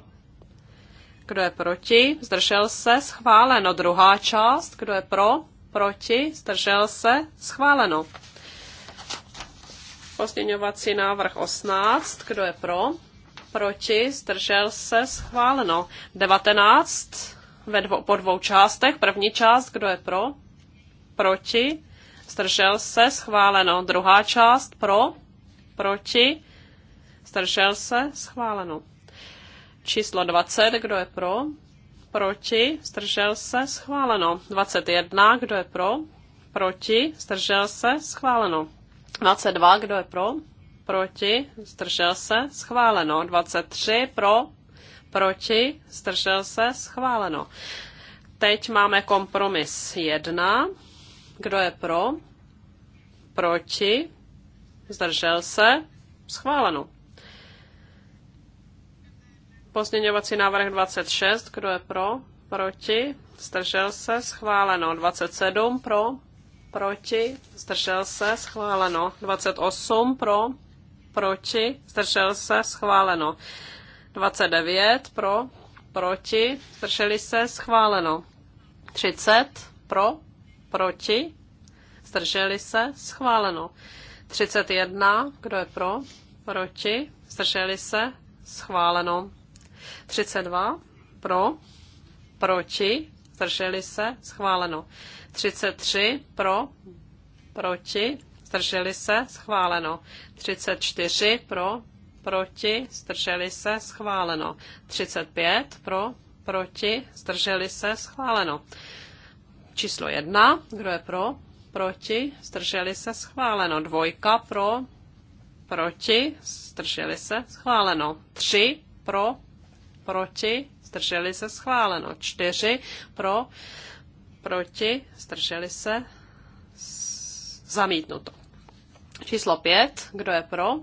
kdo je proti, zdržel se, schváleno. Druhá část, kdo je pro, proti, zdržel se, schváleno. Pozměňovací návrh 18, kdo je pro, proti, zdržel se, schváleno. 19 ve dvo, po dvou částech. První část, kdo je pro, proti, zdržel se, schváleno. Druhá část, pro, proti, zdržel se, schváleno. Číslo 20, kdo je pro, proti, zdržel se, schváleno. 21, kdo je pro, proti, zdržel se, schváleno. 22, kdo je pro, proti, zdržel se, schváleno. 23 pro, proti, zdržel se, schváleno. Teď máme kompromis 1. Kdo je pro? Proti, zdržel se, schváleno. Pozměňovací návrh 26, kdo je pro? Proti, zdržel se, schváleno. 27 pro, proti, zdržel se, schváleno. 28 pro, proti, zdržel se, schváleno. 29 pro, proti, zdrželi se, schváleno. 30 pro, proti, zdrželi se, schváleno. 31, kdo je pro, proti, zdrželi se, schváleno. 32 pro, proti, zdrželi se, schváleno. 33 pro, proti, zdrželi se, schváleno. 34 pro, proti, zdrželi se, schváleno. 35 pro, proti, zdrželi se, schváleno. Číslo 1, kdo je pro, proti, zdrželi se, schváleno. Dvojka pro, proti, zdrželi se, schváleno. 3 pro, proti, zdrželi se, schváleno. 4 pro, proti, zdrželi se, Zamítnuto. Číslo 5. Kdo je pro?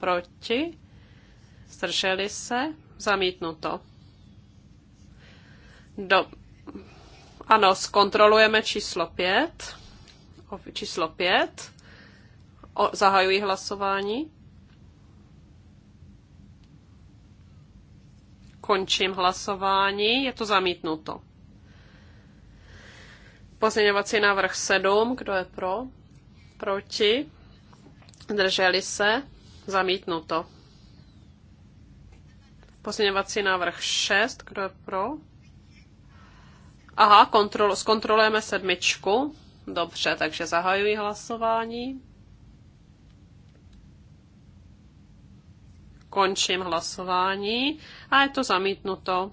Proti? Zdrželi se? Zamítnuto. Do... Ano, zkontrolujeme číslo 5. O, číslo 5. O, zahajuji hlasování. Končím hlasování. Je to zamítnuto. Pozměňovací návrh 7, kdo je pro? Proti? Drželi se? Zamítnuto. Pozměňovací návrh 6, kdo je pro? Aha, kontrol, zkontrolujeme sedmičku. Dobře, takže zahajuji hlasování. Končím hlasování a je to zamítnuto.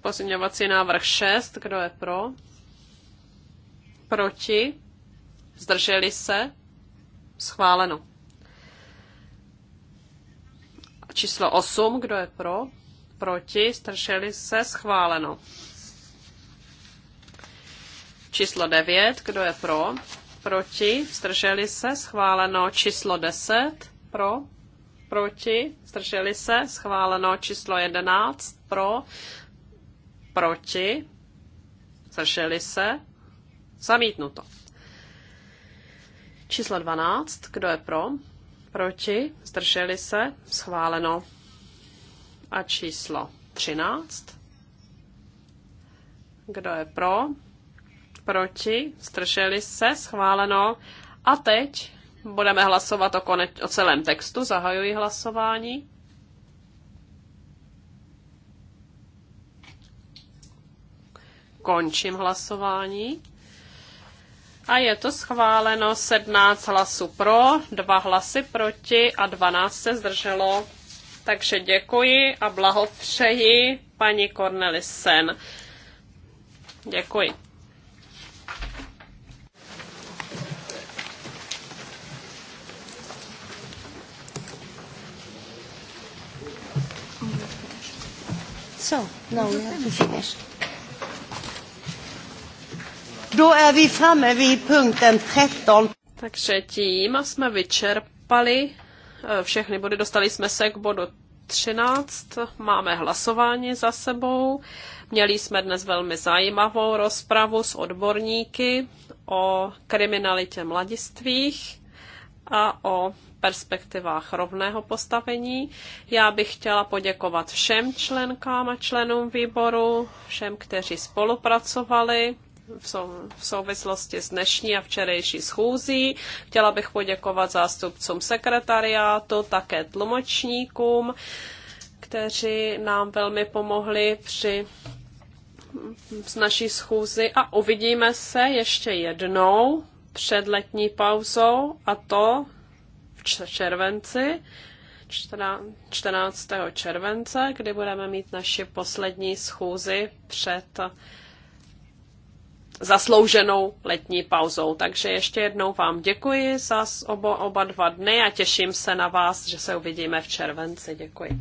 Pozměňovací návrh 6, kdo je pro? proti, zdrželi se, schváleno. Číslo 8, kdo je pro, proti, zdrželi se, schváleno. Číslo 9, kdo je pro, proti, zdrželi se, schváleno. Číslo 10, pro, proti, zdrželi se, schváleno. Číslo 11, pro, proti, zdrželi se, Zamítnuto. Číslo 12. Kdo je pro? Proti? Zdrželi se? Schváleno. A číslo 13. Kdo je pro? Proti? Zdrželi se? Schváleno. A teď budeme hlasovat o, koneč- o celém textu. Zahajuji hlasování. Končím hlasování. A je to schváleno 17 hlasů pro, 2 hlasy proti a 12 se zdrželo. Takže děkuji a blahopřeji paní Sen. Děkuji. So, No. we have to finish. Då är vi framme vid punkten 13. Takže tím jsme vyčerpali eh, všechny body. Dostali jsme se k bodu 13. Máme hlasování za sebou. Měli jsme dnes velmi zajímavou rozpravu s odborníky o kriminalitě mladistvých a o perspektivách rovného postavení. Já bych chtěla poděkovat všem členkám a členům výboru, všem, kteří spolupracovali v souvislosti s dnešní a včerejší schůzí. Chtěla bych poděkovat zástupcům sekretariátu, také tlumočníkům, kteří nám velmi pomohli při z naší schůzi a uvidíme se ještě jednou před letní pauzou a to v červenci, 14. července, kdy budeme mít naši poslední schůzi před zaslouženou letní pauzou. Takže ještě jednou vám děkuji za oba, oba dva dny a těším se na vás, že se uvidíme v červenci. Děkuji.